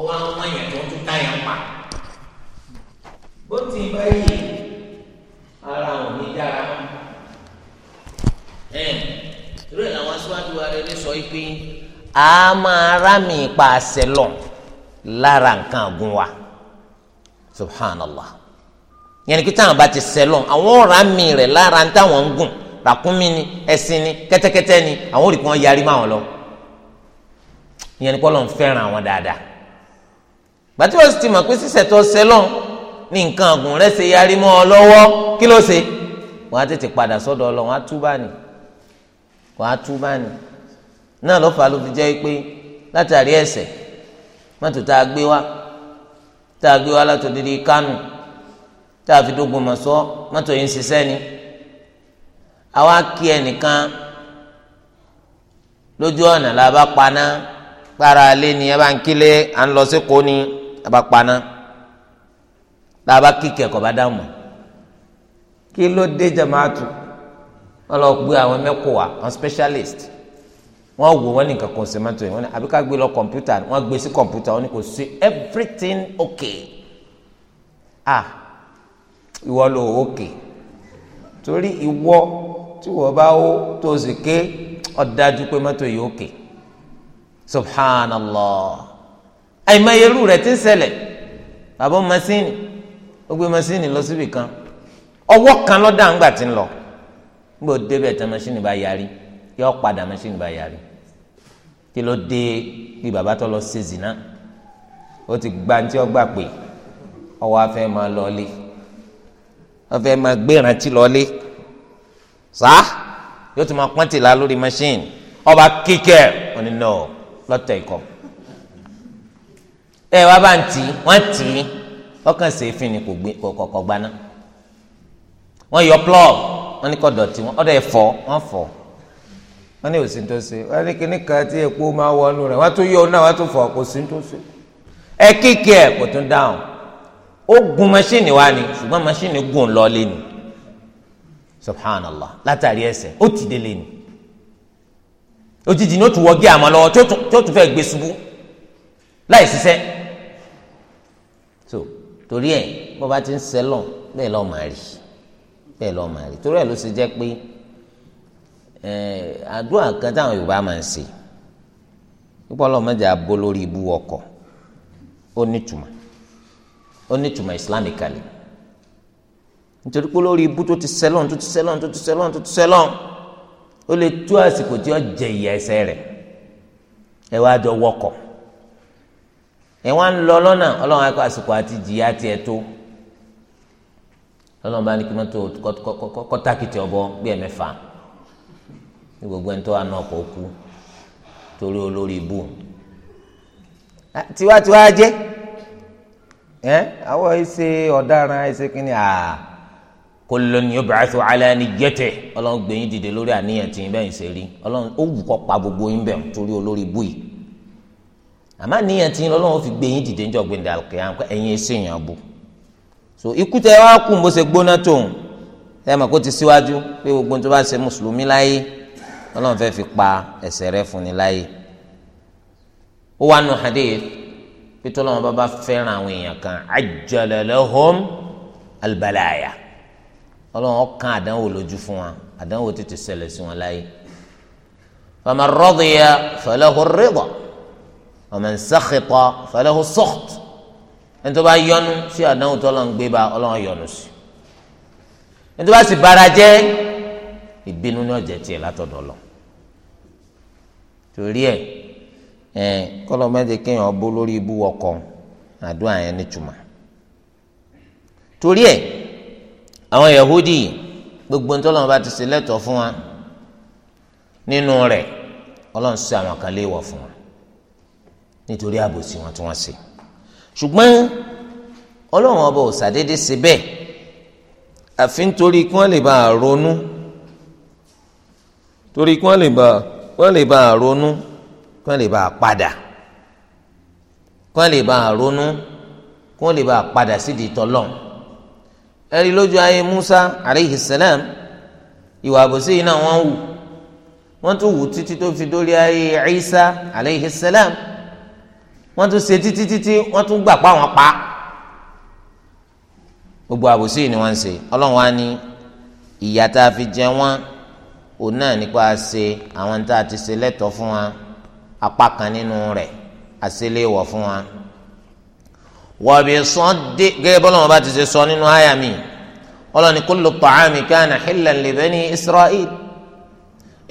ọwọ́ àwọn èèyàn tó ń tún táyà ń pa bó ti báyìí ara ò ní dára ẹ irú ẹ̀ làwọn aṣáájú wa rere sọ pé a máa rá mi pa àṣẹ lọ lára nǹkan àgùn wa subhanallah yẹn ni kí táwọn bá ti ṣẹ lọ àwọn ọ̀rá mi rẹ̀ lára ń táwọn ń gùn ràkúnmí ni ẹṣin ni kẹ́tẹ́kẹ́tẹ́ ni àwọn òrìkan yarí máa wọn lọ yẹn kọ́ ló ń fẹ́ràn àwọn dáadáa gbàtí wọ́n sì ti mọ̀ pé sísẹ̀ tó sẹ́lọ̀n ní nǹkan ọ̀gùn rẹ̀ ṣe yarí mọ́ ọ lọ́wọ́ kí ló ṣe wọ́n á tètè padà sọ́dọ̀ ọlọ́ wọ́n á tú bá ní wọ́n á tú bá ní náà ló fà á ló fi jẹ́ pé látàrí ẹ̀ṣẹ̀ mọ́tò tá a gbé wá tá a gbé wá látòdìdí kánù tá a fi dógun mọ̀ sọ́ mọ́tò yìí ń ṣiṣẹ́ ni àwa kí ẹnìkan lójú ọ̀nà la bá paná gbára lé ni ẹ bá ń kílé à ń lọ sí kò ní. Taba paná taba a bá kíkẹ́ kọ́ bá dáhùn kí ló dé jamaatu wọ́n lọ gbé àwọn mẹ́kọ̀ọ́ wa àwọn specialist wọ́n wò wọ́n ní nǹkan kan sèmẹ́ntò yìí wọ́n ní àbí ká gbé lọ kọ̀mpútà wọ́n gbé sí kọ̀mpútà wọ́n ní kò sí everything okay ah ìwọ ló okay torí ìwọ tí wọ́n bá wó tó sì ké ó pé mọ́tò yìí okay subhanallah àìmọyerú rẹ̀ ti ń ṣẹlẹ̀ bàbá masini ó gbé masini lọ síbi kan ọwọ́ kan lọ́dà ńgbà tí ń lọ níbo débẹ̀ tán masini bá yarí yọ padà masini bá yarí kí ló dé bí bàbá tó lọ ṣe zina ó ti gba ní tí ó gbà pé ọwọ́ afẹ́ máa lọlé ọfẹ́ máa gbérántí lọlé sá yóò tún máa pọ́ntì lá lórí masini ọba kíkẹ́ oní náà lọ́tẹ̀ ikọ̀ ẹ wá bá ń tì í wọ́n tì í ọkàn ṣe é fin ni kò gbé kọ̀kọ̀ gbaná wọ́n yọ plọ́ọ̀ wọ́n ní kọ́ dọ̀tí wọ́n ọ̀dọ̀ ẹ̀ fọ́ wọ́n fọ́ wọ́n ní òsì tó ṣe wọ́n ní kíní kan tí epo máa wọnú rẹ̀ wọ́n tún yọ náà wọ́n tún fọ́ kò sí tó ṣe ẹ kíkì ẹ kò tún dáhùn ó gun mọ́ṣíìnì wa ni ṣùgbọ́n mọ́ṣíìnì gùn lọ lé subhanallah látàrí ẹsẹ̀ ó ti dé lé ni òjijì ni ó tún wọ́gí àmọ́ lọ́wọ́ tó tún fẹ́ gbé ṣubú láì ṣiṣẹ́ torí ẹ bó bá ti ń sẹlọ bẹ́ẹ̀ lọ màá rí bẹ́ẹ̀ lọ màá rí torí ẹ ló ṣe jẹ́ pé ẹ àdúrà kan táwọn Yorùbá máa ń ṣe púpọ̀ lọ́mọdé abó lórí ibú ọkọ̀ ó nítumọ̀ ó nítumọ̀ islamically nítorí pé lórí ibú tó ti sẹlọ̀ tó ti sẹlọ̀ tó ti sẹlọ̀ tó ti sẹlọ̀ ó lè tó àsìkò tí ó jẹ ìyà ẹ̀ṣẹ̀ rẹ̀ ẹ wá jọ wọkọ̀ ẹ wá ń lọ lọ́nà ọlọ́run akọ àsìkò àti jìyà tiẹ̀ tó ọlọ́run bá ní kí mọ́tò kọ́tàkìtì ọ̀bọ bí ẹ̀ mẹ́fà ní gbogbo ẹni tó wà náà kọ́ kú torí olórí ibù ah, tiwantiwa jẹ́ ẹ àwọn ẹsẹ ọ̀daràn ẹsẹ kìíní à kullun yub'athu ala niyyatihi ọlọ́run gbẹ̀yìn dìde lórí àníyàn tì ń ṣe rí ọlọ́run ó wù kọ́ pa gbogbo yín bẹ́ẹ̀ torí olórí ibù yìí àmọ́ àníyàn tí Ọlọ́run fi gbé yín dìde níjọ́ gbẹ̀ndẹ̀ àlùkìyàmù pé ẹ̀yin ẹsẹ̀ yẹn bù so ikú tẹ wá kù bó ṣe gbóná tó ń ẹ mọ̀ kó ti síwájú pé gbogbo tó bá ṣe mùsùlùmí láyé Ọlọ́run fẹ́ fi pa ẹ̀ṣẹ̀ rẹ̀ fún ni láyé ó wà nù hadith pé tọ́lọ́run bá bá fẹ́ràn àwọn èèyàn kan ajjala lahum albalaya Ọlọ́run kan àdánwò lójú fún wa àdánwò tètè ṣẹlẹ̀ sí wọn láyé faman radiya falahu rida ọmọ nsaxitọ fẹlẹhu sọkt ẹnitọ́ bá yọnu sí àdánwò tó lọ́n gbé ba ọlọ́run yọnu sí ẹnitọ́ bá sì bara jẹ́ ìbínú ní ọ̀jẹ̀ tiẹ̀ látọ̀dọ̀ lọ torí ẹ ẹ kọlọ mẹ́jẹ kéèyàn bó lórí ibú ọkọ àdúrà yẹn nítumọ̀ torí ẹ àwọn yahudi gbogbo ntọ́lọ́run bá ti ṣe lẹ́tọ̀ọ́ fún wa nínú rẹ̀ ọlọ́run sọ àwọn kan léèwọ̀ fún wa nítorí àbòsí wọn tí wọ́n ṣe ṣùgbọ́n ọlọ́run ọba ò ṣàdédé ṣe bẹ́ẹ̀ àfi nítorí kí wọ́n lè bá a ronú torí kí wọ́n lè bá wọ́n lè bá a ronú kí wọ́n lè bá a padà kí wọ́n lè bá a ronú kí wọ́n lè bá a padà sídìí tọ́lọ́n ẹ̀rí lójú ayé Musa aleyhi salam ìwà àbòsí yìí náà wọ́n wù wọ́n tún wù títí tó fi dórí ayé Isa aleyhi salam wọ́n tún ṣe títí títí wọ́n tún gbà pa wọn pa gbogbo àbòsí ni wọ́n ń ṣe ọlọ́run wa ní ìyà tá a fi jẹ wọ́n òun náà nípa ṣe àwọn tá a ti ṣe lẹ́tọ̀ọ́ fún wa apá kan nínú rẹ̀ àṣeléwọ̀ fún wa wàbí sọ́n dé gẹ́gẹ́ bọ́lá bá ti ṣe sọ nínú àyà mi ọlọ́ni kullu ta'ami kana hillan li bani isra'il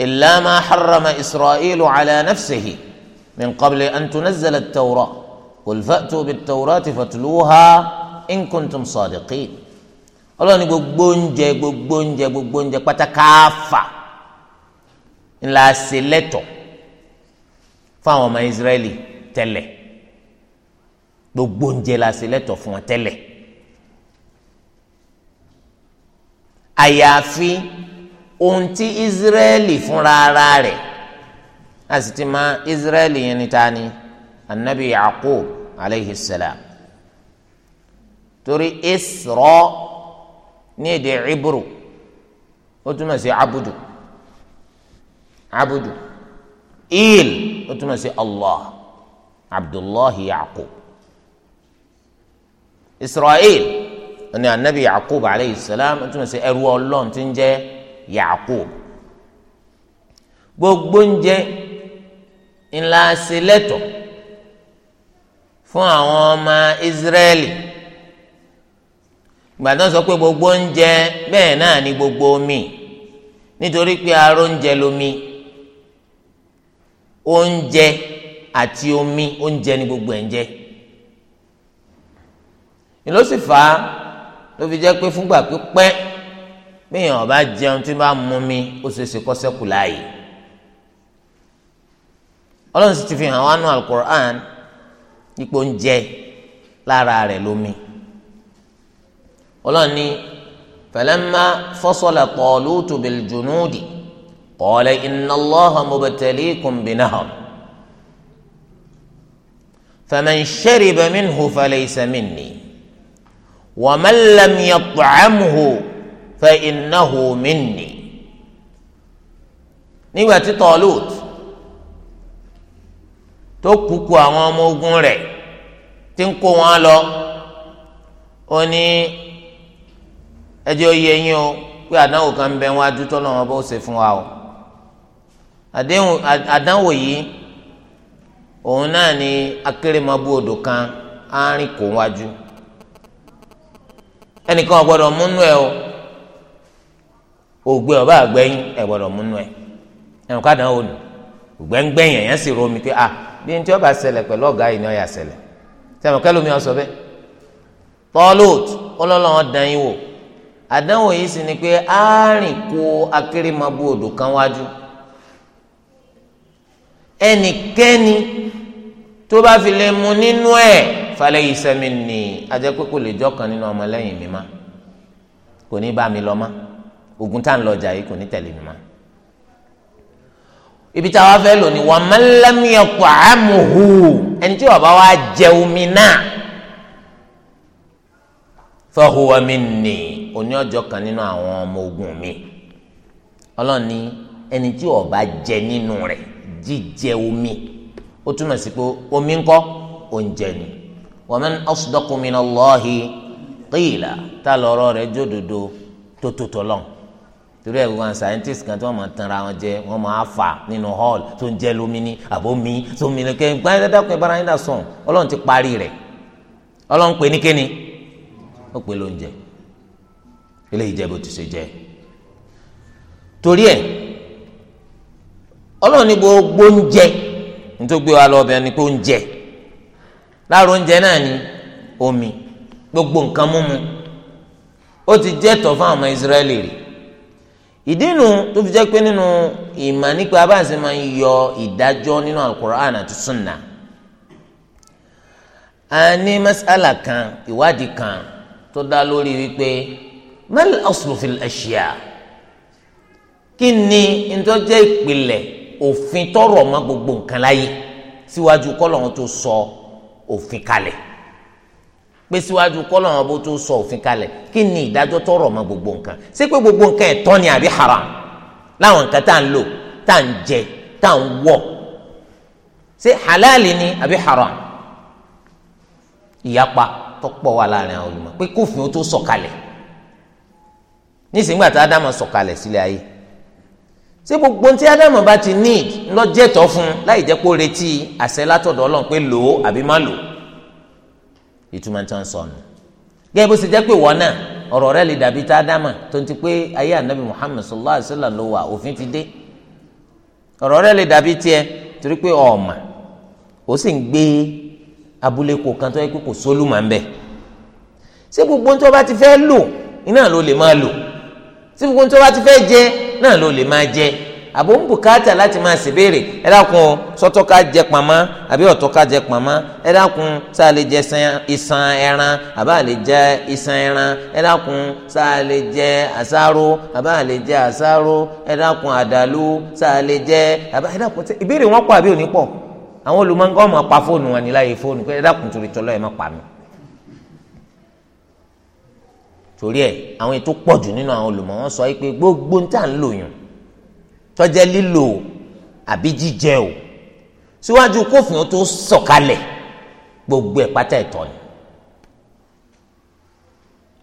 illa ma harrama isra'ilu ala nafsihi min qabli an tunazzala at-taura qul fa'tu bit-taurati fatluha in kuntum sadiqin ọlọ́ni gbogbo oúnjẹ gbogbo oúnjẹ gbogbo oúnjẹ pátá káfà ńlá ṣe lẹ́tọ̀ fáwọn ọmọ Israẹli tẹ́lẹ̀ gbogbo oúnjẹ la ṣe lẹ́tọ̀ fún wọn tẹ́lẹ̀ àyàfi ohun tí Israẹli fúnra ara rẹ̀ a sì ti ma israẹli yẹn ni ta ni anabi yaqub aleyhi salam torí isra ní èdè ibru ó túmọ̀ sí abudu abudu il ó túmọ̀ sí allah abdullahi yaqub israel ní anabi yaqub aleyhi salam ó túmọ̀ sí ẹrú ọlọ́run tí ń jẹ́ yaqub gbogbo ń jẹ́ ńlá ṣe lẹ́tọ̀ fún àwọn ọmọ Ísírẹ́lì gbàdán sọ pé gbogbo oúnjẹ bẹ́ẹ̀ náà ni gbogbo omi nítorí pé aró oúnjẹ lomi oúnjẹ àti omi oúnjẹ ni gbogbo ẹ̀ ń jẹ ìlú sì fà á ló fi jẹ́ pé fúngbà pípẹ́ bí èèyàn bá jẹun tí bá mú mi ó ṣeé ṣe kó láàyè ọlọ́run sì ti fi hàn wánú alukur'an ipò oúnjẹ lára rẹ̀ lómi ọlọ́run ní falamma fasala Talutu bil junudi qala inna Allaha mubtalikum binahar faman shariba minhu falaysa minni wa man lam yat'amhu fa innahu minni nígbà tí Talut. tó kúkú àwọn ọmọ ogun rẹ̀ tí ń kó wọn lọ ó ní ẹjẹ oyè yín o pé àdánwò kan ń bẹ wọn adútọ náà wọn bó ṣe fún wa o àdánwò yìí òun náà ni akérèmọbú odò kan àárín kò wájú ẹnìkan múnú ẹ o ògbé ọba múnú ẹ ẹnìkan àdánwò nù sì pé ah, bí n tí ó bá ṣẹlẹ̀ pẹ̀lú ọ̀gá yìí ni ó yà ṣẹlẹ̀ sẹ́wọ̀n kẹ́lómi ọ̀sọ́ bẹ́ẹ̀ tọ́lọ́t ọlọ́lọ́wọ́n dán yín wò àdánwò yìí sì ni pé àárín kó akérèmọ́bù odò kan wájú ẹnikẹ́ni tó bá fi lè mu nínú ẹ̀ falẹ̀ yìí sẹ́mi nì ajẹ́ pé kò lè jọ́kan nínú ọmọlẹ́yìn mi má kò ní bá mi lọ má ogun tá à lọ jà yìí kò ní tẹ̀lé mi má ibi táwa fẹ́ lò ní wọ́n mẹ́lẹ́mí ọkọ̀ àmùhù ẹni tí wọ́n bá wá jẹ omi náà fahuwa minni òní ọjọ́ kan nínú àwọn ọmọ ogun mi ọlọ́run ní ẹni tí wọ́n bá jẹ nínú rẹ̀ jíjẹ omi ó túmọ̀ sí pé omi ńkọ́ oúnjẹ ni wa man asdaqu minallahi qila tá lọ́rọ̀ rẹ̀ jódodo tó tó tọ́lọ́n. torí ẹ wọn scientist kan tí wọ́n máa tanra wọn jẹ wọn máa fà nínú hall tó ń jẹ lómìnì àbómi sómìnì kẹ gbáyé ìbára yín Ọlọ́run ti parí rẹ̀ Ọlọ́run pè ní kíni ó pè lóúnjẹ eléyìí jẹ bó ti ṣe jẹ torí Ọlọ́run ní gbogbo oúnjẹ nítorí gbé wa ni pé oúnjẹ omi gbogbo nǹkan ó ti jẹ́ fún àwọn ìdínú tó fi jẹ́ pé nínú ìmọ̀ nípa bá a ṣe máa ń yọ ìdájọ́ nínú alukur'an àti sunna a ní mas'ala kan ìwádìí kan tó dá lórí wípé mal aslu fil kí ni ntọ́jẹ́ ìpìlẹ̀ òfin tọrọ mọ́ gbogbo nǹkan láyé síwájú kọ́lọ́hún tó sọ òfin kalẹ̀. So, pé síwájú kọ́lọ̀ wọn bó tó sọ òfin kalẹ̀ kí ni ìdájọ́ tó rọ̀ mọ́ gbogbo nǹkan ṣé pé gbogbo nǹkan ẹ̀tọ́ ni àbí haram láwọn nǹkan tá à ń lò tá à ń jẹ tá à ń wọ̀ ṣé halali ni àbí haram ìyapa tó pọ̀ wà láàrin àwọn olùmọ̀ pé kófin ó tó sọ kalẹ̀ nísìnyí gbàtà ádámà sọ kalẹ̀ sílẹ̀ ayé ṣé gbogbo tí ádámà bá ti ní lọ́jẹ̀tọ̀ fún láì jẹ́ kó retí àṣẹ látọ̀dọ̀ ọlọ́run pé lò ó àbí má lò ó ìtumọ̀ tí wọ́n sọ nù. gẹ́gẹ́ bó ṣe jẹ́ pé wọ́n náà ọ̀rọ̀ lè dàbí tá a tó ti pé ayé ànábì Muhammad sallallahu alayhi wa sallam ló wà òfin ti dé ọ̀rọ̀ lè dàbí tiẹ̀ torí pé ọ̀ọ̀mà ó sì ń gbé abúlé kò kan tó yẹ kó kò sólù máa ń bẹ̀ ṣé gbogbo tó bá ti fẹ́ lò iná ló lè máa lò gbogbo tó bá ti fẹ́ jẹ náà ló lè máa jẹ àbò ń bùkátà láti máa ṣèbéèrè ẹ dákun sọ́tọ̀ ká jẹ pamá àbí ọ̀tọ̀ ká jẹ pamá ẹ dákun sá lè jẹ iṣan ẹran àbá lè jẹ iṣan ẹran ẹ dákun sá lè jẹ àsáró àbá lè jẹ àsáró ẹ dákun àdàlú sá lè jẹ àbá ẹ dákun ìbéèrè wọn pọ̀ àbí òní pọ̀ àwọn olùmọ̀ngàn máa pa fóònù wọn níláyè fóònù pé ẹ dákun torí tọ́lọ́ ẹ má pa mi torí ẹ àwọn ètò pọ̀jù nínú àwọn olùmọ̀ wọn sọ pé gbogbo ń tà ń lò tó jẹ́ lílò àbí jíjẹ o síwájú kófin ó tó sọ̀kalẹ̀ gbogbo ẹ̀ pátá ẹ̀tọ́ ni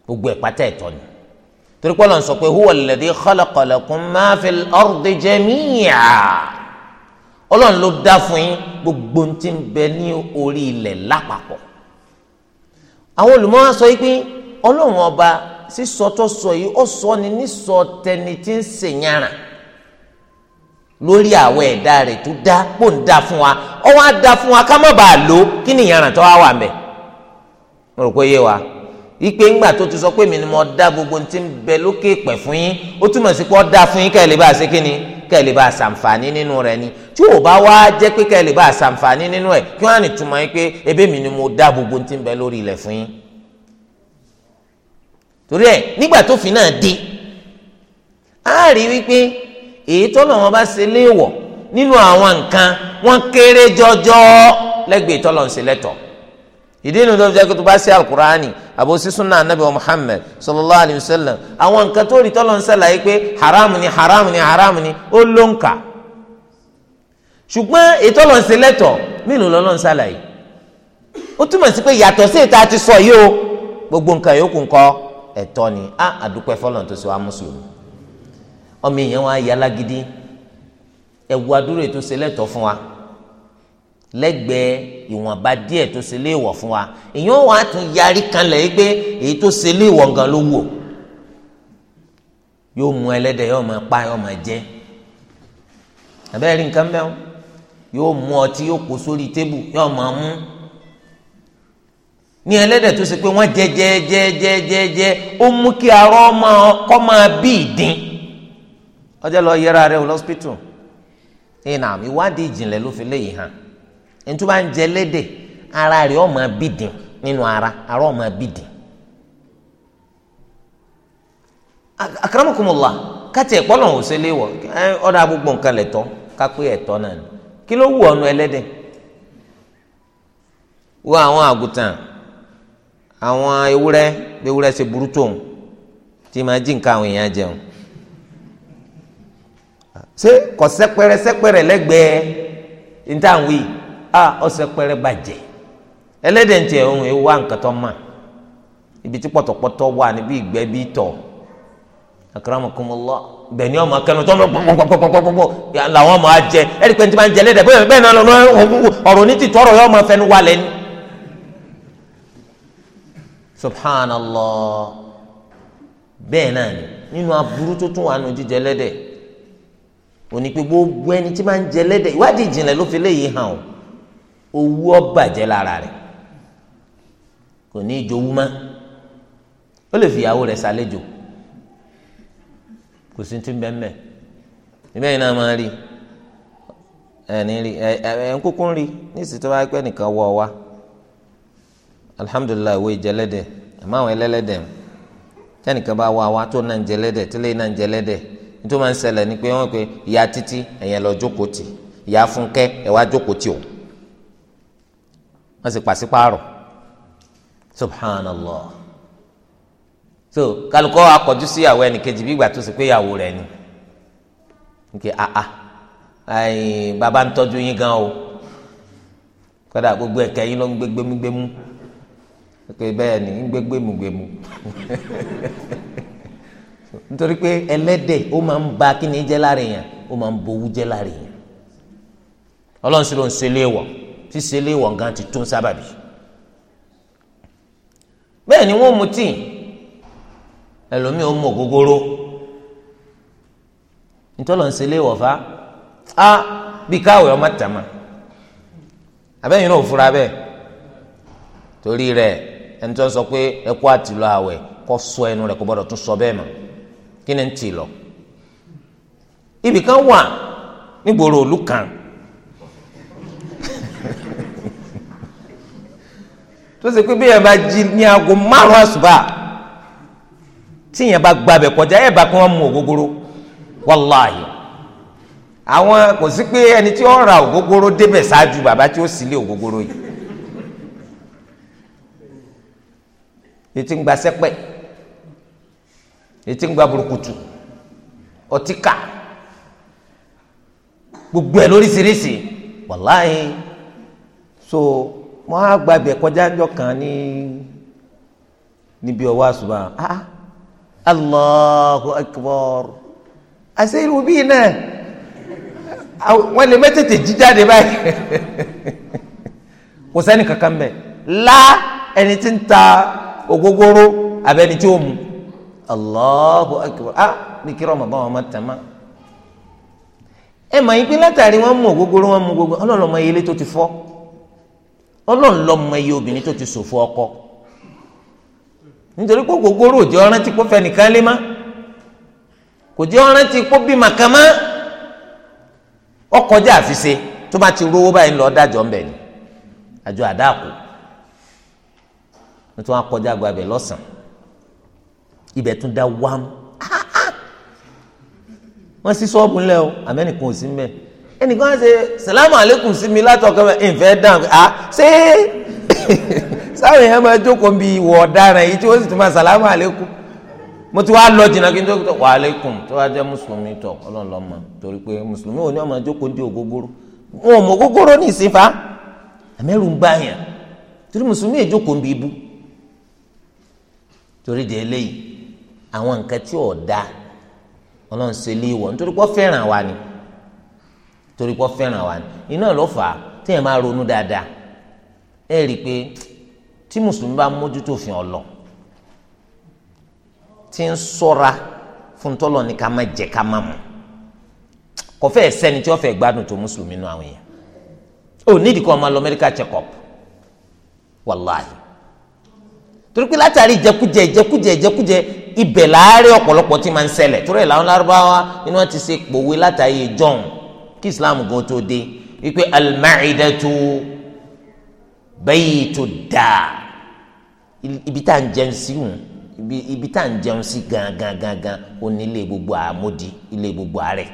gbogbo ẹ̀ pátá ẹ̀tọ́ ni torí pé Ọlọ́run sọ pé huwa alladhi khalaqa lakum ma fil ardi jami'a Ọlọ́run ló dá fún yín gbogbo ohun tí bẹ ní orí ilẹ̀ lápapọ̀ àwọn olùmọ̀ wá sọ yìí pé Ọlọ́run ọba sísọ yìí ó sọ ni nísọ tẹni tí ń sèyànràn lórí àwọn ẹ̀dá rẹ̀ tó dá kó ń dá fún wa ọ wá dá fún wa ká má bàa lò kí ni ìyàrá tó wá wà mẹ́. mo rò pé yé wa ipe ńgbà tó ti sọ pé mi ni mo dá gbogbo ti ń bẹ lókè pẹ̀ fún yín ó túmọ̀ sí pé ó dá fún yín kẹ́ ẹ lè bá a ṣe kí ni kẹ́ ẹ lè bá a ṣàǹfààní nínú rẹ̀ ni tí ò bá wá jẹ́ pé kẹ́ ẹ lè bá a ṣàǹfààní nínú ẹ̀ kí wọ́n á nìtumọ̀ yín pé ebí mi ni mo dá gbogbo ti ń bẹ lórí ilẹ̀ fún yín. torí ẹ nígbà tó fi náà dé a rí wípé èyí tọ́lọ̀ wọn bá ṣe léèwọ̀ nínú àwọn nǹkan wọn kéré jọjọ lẹ́gbẹ̀ẹ́ tọ́lọ̀ ń ṣe lẹ́tọ̀ ìdí inú tó fi jẹ́ kó tó bá ṣe anabi muhammed sallallahu alayhi wa sallam àwọn nǹkan tó rí tọ́lọ̀ ṣàlàyé haram ni haram ni haram ni ó ló ń kà ṣùgbọ́n èyí ṣe lẹ́tọ̀ ṣàlàyé ó túmọ̀ sí pé yàtọ̀ sí ìta ni a àdúpẹ́ fọlọ́n tó ṣe ọmọ èèyàn wa yà lágídí ẹ̀wù adúrò ètò sẹlẹ̀tọ̀ fún wa lẹ́gbẹ̀ẹ́ ìwọ̀nba díẹ̀ tó ṣe léèwọ̀ fún wa èèyàn wàá tún yarí kanlẹ̀ yìí pé èyí tó ṣe léèwọ̀ gan ló wò yóò mú ẹlẹ́dẹ̀ yóò máa pa yóò máa jẹ àbẹ́rẹ́ rí nǹkan mẹ́wọ́ yóò mú ọtí yóò kó sórí tébù yóò máa mú ní ẹlẹ́dẹ̀ tó ṣe pé wọ́n jẹ jẹ jẹ jẹ jẹ jẹ ó mú kí arọ́ kọ́ máa bí ìdín ọjọ́ lọ yẹra rẹ wò lọ́sípítù ìnà ìwádìí ìjìnlẹ̀ ló fi léyìí hàn ntú ń jẹ ara rẹ ọmọ abídìn nínú ara ara ọmọ abídìn. akramakumullah kátì ẹ̀pọ́ lọ́hùn ṣe léwọ̀ ọ̀dà gbogbo nǹkan lẹ̀tọ́ kápẹ́ ẹ̀tọ́ náà kí ló wù àwọn àwọn ṣe burú tí jí nǹkan àwọn èèyàn jẹun ṣé kò sẹ́pẹ̀rẹ̀ sẹ́pẹ̀rẹ̀ lẹ́gbẹ̀ẹ́ ntàwí a ọ̀sẹ̀pẹ̀rẹ̀ bàjẹ́ ẹlẹ́dẹ̀ ntẹ̀ ohun ewu nǹkan tó mà ibi tí pọ̀tọ̀pọ̀tọ̀ wà níbi ìgbẹ́ bí tọ̀ akramakumullah bẹ̀ni ọmọ akẹ́nu tó ń bọ̀ pọ̀pọ̀pọ̀pọ̀pọ̀ làwọn ọmọ ajẹ ẹ̀rí pé ntí máa ń jẹ ẹlẹ́dẹ̀ bẹ́ẹ̀ náà lọ́nà ọ̀rọ̀ ní ti tọrọ yọ̀ọ́ máa fẹnu wà lẹ́nu subhanallah bẹ́ẹ̀ náà ni nínú aburú tó tún wà nù jíjẹ ẹlẹ́dẹ̀ òní pé gbogbo ẹni tí máa ń jẹ lẹ́dẹ̀ ìwádìí ìjìnlẹ̀ ló fi léyìí hàn o owú ọ̀bàjẹ́ lára rẹ̀ kò ní ìjowú mọ́ ó lè fi ìyàwó rẹ̀ ṣàlejò kò sí ti bẹ́ẹ̀mẹ́ ìbẹ́ yìí náà máa rí ẹni rí ẹ ẹ ń kúkú rí níìsí tó bá pẹ́ nìkan wọ wa alihamudulilayi wo ìjẹlẹ́dẹ̀ àmọ́ àwọn ẹlẹ́lẹ́dẹ̀ tẹ́nìkan bá wọ àwa tó náà ń jẹlẹ́dẹ̀ tílé náà ń jẹlẹ́dẹ̀ nítorí máa ń ṣẹlẹ̀ ni pé wọ́n pe ìyá títí ẹ̀yẹn lọ jókòó tì ìyá fúnkẹ́ ẹ̀ wá jókòó tì o wọ́n sì pàṣípààrọ̀ subhanallah so kálukọ́ akọ̀jú sí ìyàwó ẹnìkejì bí ìgbà tó sì pé ìyàwó rẹ̀ ni nke aa ayin baba ń tọ́jú yín gan o kódà gbogbo ẹ̀kẹ́ yín ló ń gbé gbémúgbémú pé bẹ́ẹ̀ ni ń gbé gbémúgbémú nítorí pé ẹlẹ́dẹ̀ ó máa ń ba kíni jẹ́ lára èèyàn ó máa ń bowú jẹ́ lára èèyàn ọlọ́run sì ló ń ṣe léèwọ̀ tí ṣe léèwọ̀ gan ti tún sábàbí bẹ́ẹ̀ ni wọ́n mu tíì ẹlòmíì ó mu ògógóró ntọ́lọ̀ ń ṣe léèwọ̀ fa a bí káwé ọmọ tàmá abẹ́yìn náà ò fura bẹ́ẹ̀ torí rẹ̀ ẹni tó ń sọ pé ẹ kó àtìlọ àwẹ̀ kó sọ ẹnu rẹ̀ kó gbọ́dọ̀ tún sọ bẹ́ẹ̀ mọ́ kí ni ń tì lọ ibì kan wà nígboro òlu kan tó ṣe pé bí ẹ bá jí ní aago márùn àṣùbà tí yẹn bá gbàbẹ kọjá ẹ bá kí wọn mú ògógóró wàláhì àwọn kò sí pé ẹni tí ó ra ògógóró débẹ̀ ṣáájú bàbá tí ó sì lé ògógóró yìí ètí ń gba sẹ́pẹ̀ etí ń gba burúkutu ọtí kà gbogbo ẹ lóríṣiríṣi wàláyé so wọn á gba ibẹ̀ kọjá ńjọ́ kan ní níbi ọwọ́ àṣùbà ah Allahu akbar àṣẹ irú bíi náà wọn lè mẹtẹẹtẹ jí jáde báyìí kò sẹ́ni kankan mẹ la ẹni tí ń ta ògógóró àbẹni tí ó mu. Allahu akbar a ah, bí kí rọmọdún ọmọ tẹmá ẹ mà yín pé látàrí wọn mú ògógóró wọn mú gbogbo Ọlọ́run lọmọ ilé tó ti fọ́ Ọlọ́run lọmọ iye obìnrin tó ti ṣòfò ọkọ nítorí pé ògógóró òjò ọrán ti kó fẹnìkan lé má kò jẹ́ ọrán ti kó bí màkàmá ọkọjá àfiṣe tó bá ti rówó báyìí lọ dájọ́ ń bẹ ni àjọ àdáàkú nítorí wọn kọjá gbàgbé lọ́sàn-án. ibẹ̀ tún dá wam wọ́n sì o àmẹ́nìkan ò sí mbẹ́ ẹnìkan ṣe salamu sí mi látọ̀kọ́ ẹ̀ ń fẹ́ dàn á ah, ṣé sáwọn èèyàn máa jókòó bí ìwọ ọ̀daràn yìí tí wọ́n sì tún máa mo ti wá lọ jìnnà kí n jókòó wà aleykum tó wá jẹ́ mùsùlùmí tọ̀ ọlọ́ọ̀lọ́mọ torí pé mùsùlùmí ò ní ọmọ jókòó di ògógóró wọn ò mọ ògógóró ní ìsinfa àmẹ́rù ń àwọn nǹkan tí ò da ọlọ́run ṣe lé wọ̀ nítorí pé ó fẹ́ràn wa ni torí pé ó fẹ́ràn wa ni iná ló fà á téèyàn máa ronú dáadáa ẹ rí i pé tí mùsùlùmí bá mójútó òfin ọlọ tí ń ṣọ́ra fún tọ́lọ̀ ní ká má jẹ ká má mu kò fẹ́ sẹ́ni tí wọ́n fẹ́ gbádùn tó mùsùlùmí nù àwọn èèyàn ò nídìí kó máa lọ medical check up wàláhì torí pé látàrí ìjẹkújẹ ìjẹkújẹ ìjẹkújẹ ibẹ̀ láàárẹ̀ ọ̀pọ̀lọpọ̀ tí máa ń ṣẹlẹ̀ torí ẹ̀ làwọn lárúbáwá ni wọ́n ti ṣe pòwe látàyè john kí islam gan tó dé wípé al-ma'idatu baytu daa ibi tá à ń jẹun sí wọn ibi tá à ń jẹun sí gangan gangan ó ní ilé gbogbo àmódi ilé gbogbo àárẹ̀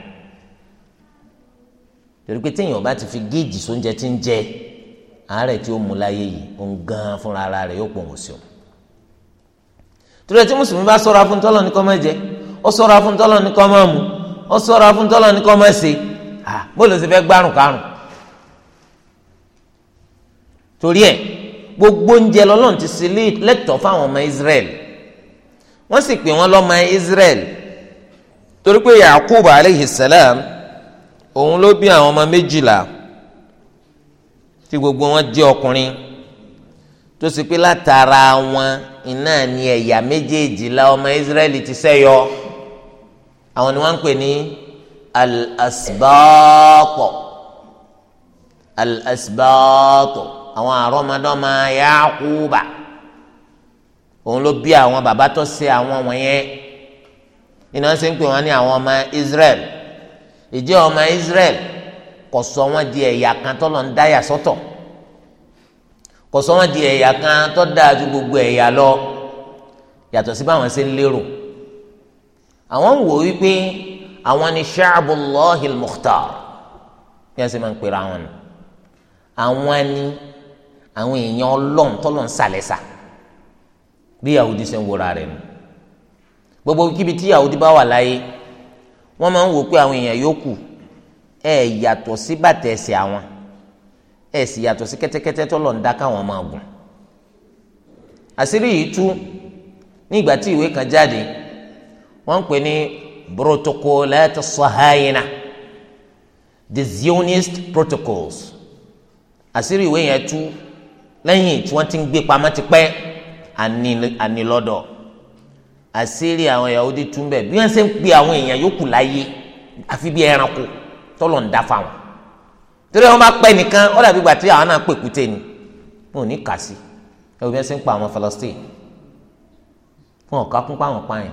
torí pé téèyàn bá ti fi géèjì sóúnjẹ tí ń jẹ àárẹ̀ tí ó mú láyé yìí ó ń gan fúnra rẹ̀ yóò pọ̀ wọ́n sí o torí ẹ tí mùsùlùmí bá sọ̀rọ̀ afúntọ́lọ̀ ní kọ́ máa jẹ ó sọ̀rọ̀ afúntọ́lọ̀ ní kọ́ máa mu ó sọ̀rọ̀ afúntọ́lọ̀ ní kọ́ máa ṣe à bóòlù sì fẹ́ gbárùn kárùn torí ẹ gbogbo oúnjẹ lọ́lọ́run ti ṣe lẹ́tọ̀ọ́ fáwọn ọmọ Israel wọ́n sì pè wọ́n lọ́mọ Israel torí pé Yakub aleyhi salam òun ló bí àwọn ọmọ méjìlá tí gbogbo wọn jẹ́ ọkùnrin tó sì pé látara wọn iná ni ẹ̀yà méjèèjì la ọmọ Israẹli ti ṣẹ́yọ àwọn ni wọ́n ń pè ní al-asbaqo al-asbaqo àwọn àrọ́mọdọ́mọ Yakuba òun ló bí àwọn bàbá tó ṣe àwọn wọ̀nyẹn iná ṣe ń pè wọ́n ní àwọn ọmọ Israẹl ìjẹ́ ọmọ Israẹl kò sọ wọ́n di ẹ̀yà kan tó lọ ń dáyà sọ́tọ̀. So kò sọ wọn di ẹ̀yà kan tó dáa ju gbogbo ẹ̀yà lọ yàtọ̀ sí báwọn ṣe ń lérò àwọn ń wò wípé àwọn ni sha'abullahi al-mukhtar bí wọ́n ṣe máa ń pera wọn ni àwọn ni àwọn èèyàn ọlọ́run tọ́lọ́ ń sàlẹ̀sà bí yahudi ṣe ń wòra rẹ̀ nù gbogbo kíbi tí yahudi bá wà láyé wọ́n máa ń wò pé àwọn èèyàn yòókù ẹ̀ yàtọ̀ sí bàtẹ̀ ẹ̀sẹ̀ àwọn ẹ sì yàtọ̀ sí kẹ́tẹ́kẹ́tẹ́ tó lọ ń dá káwọn máa gùn àṣírí yìí tú nígbà tí ìwé kan jáde wọ́n ń pè ní Protocolat Sahayina the Zionist Protocols àṣírí ìwé yẹn tú lẹ́yìn tí wọ́n ti ń gbé pamọ́ tipẹ́ ànilọ́dọ̀ àṣírí àwọn Yahudi tún bẹ̀ bí wọ́n ṣe ń pe àwọn èèyàn yòókù láyé àfi bí ẹranko tọ́lọ̀ ń dá fáwọn torí wọn bá pẹ́ nìkan ó dàbí gbà tí àwọn náà pè kúté ni wọn ò ní kà sí ẹwù bí wọn ṣe ń pa àwọn Palestine fún ọ̀ka kún pa àwọn pààyàn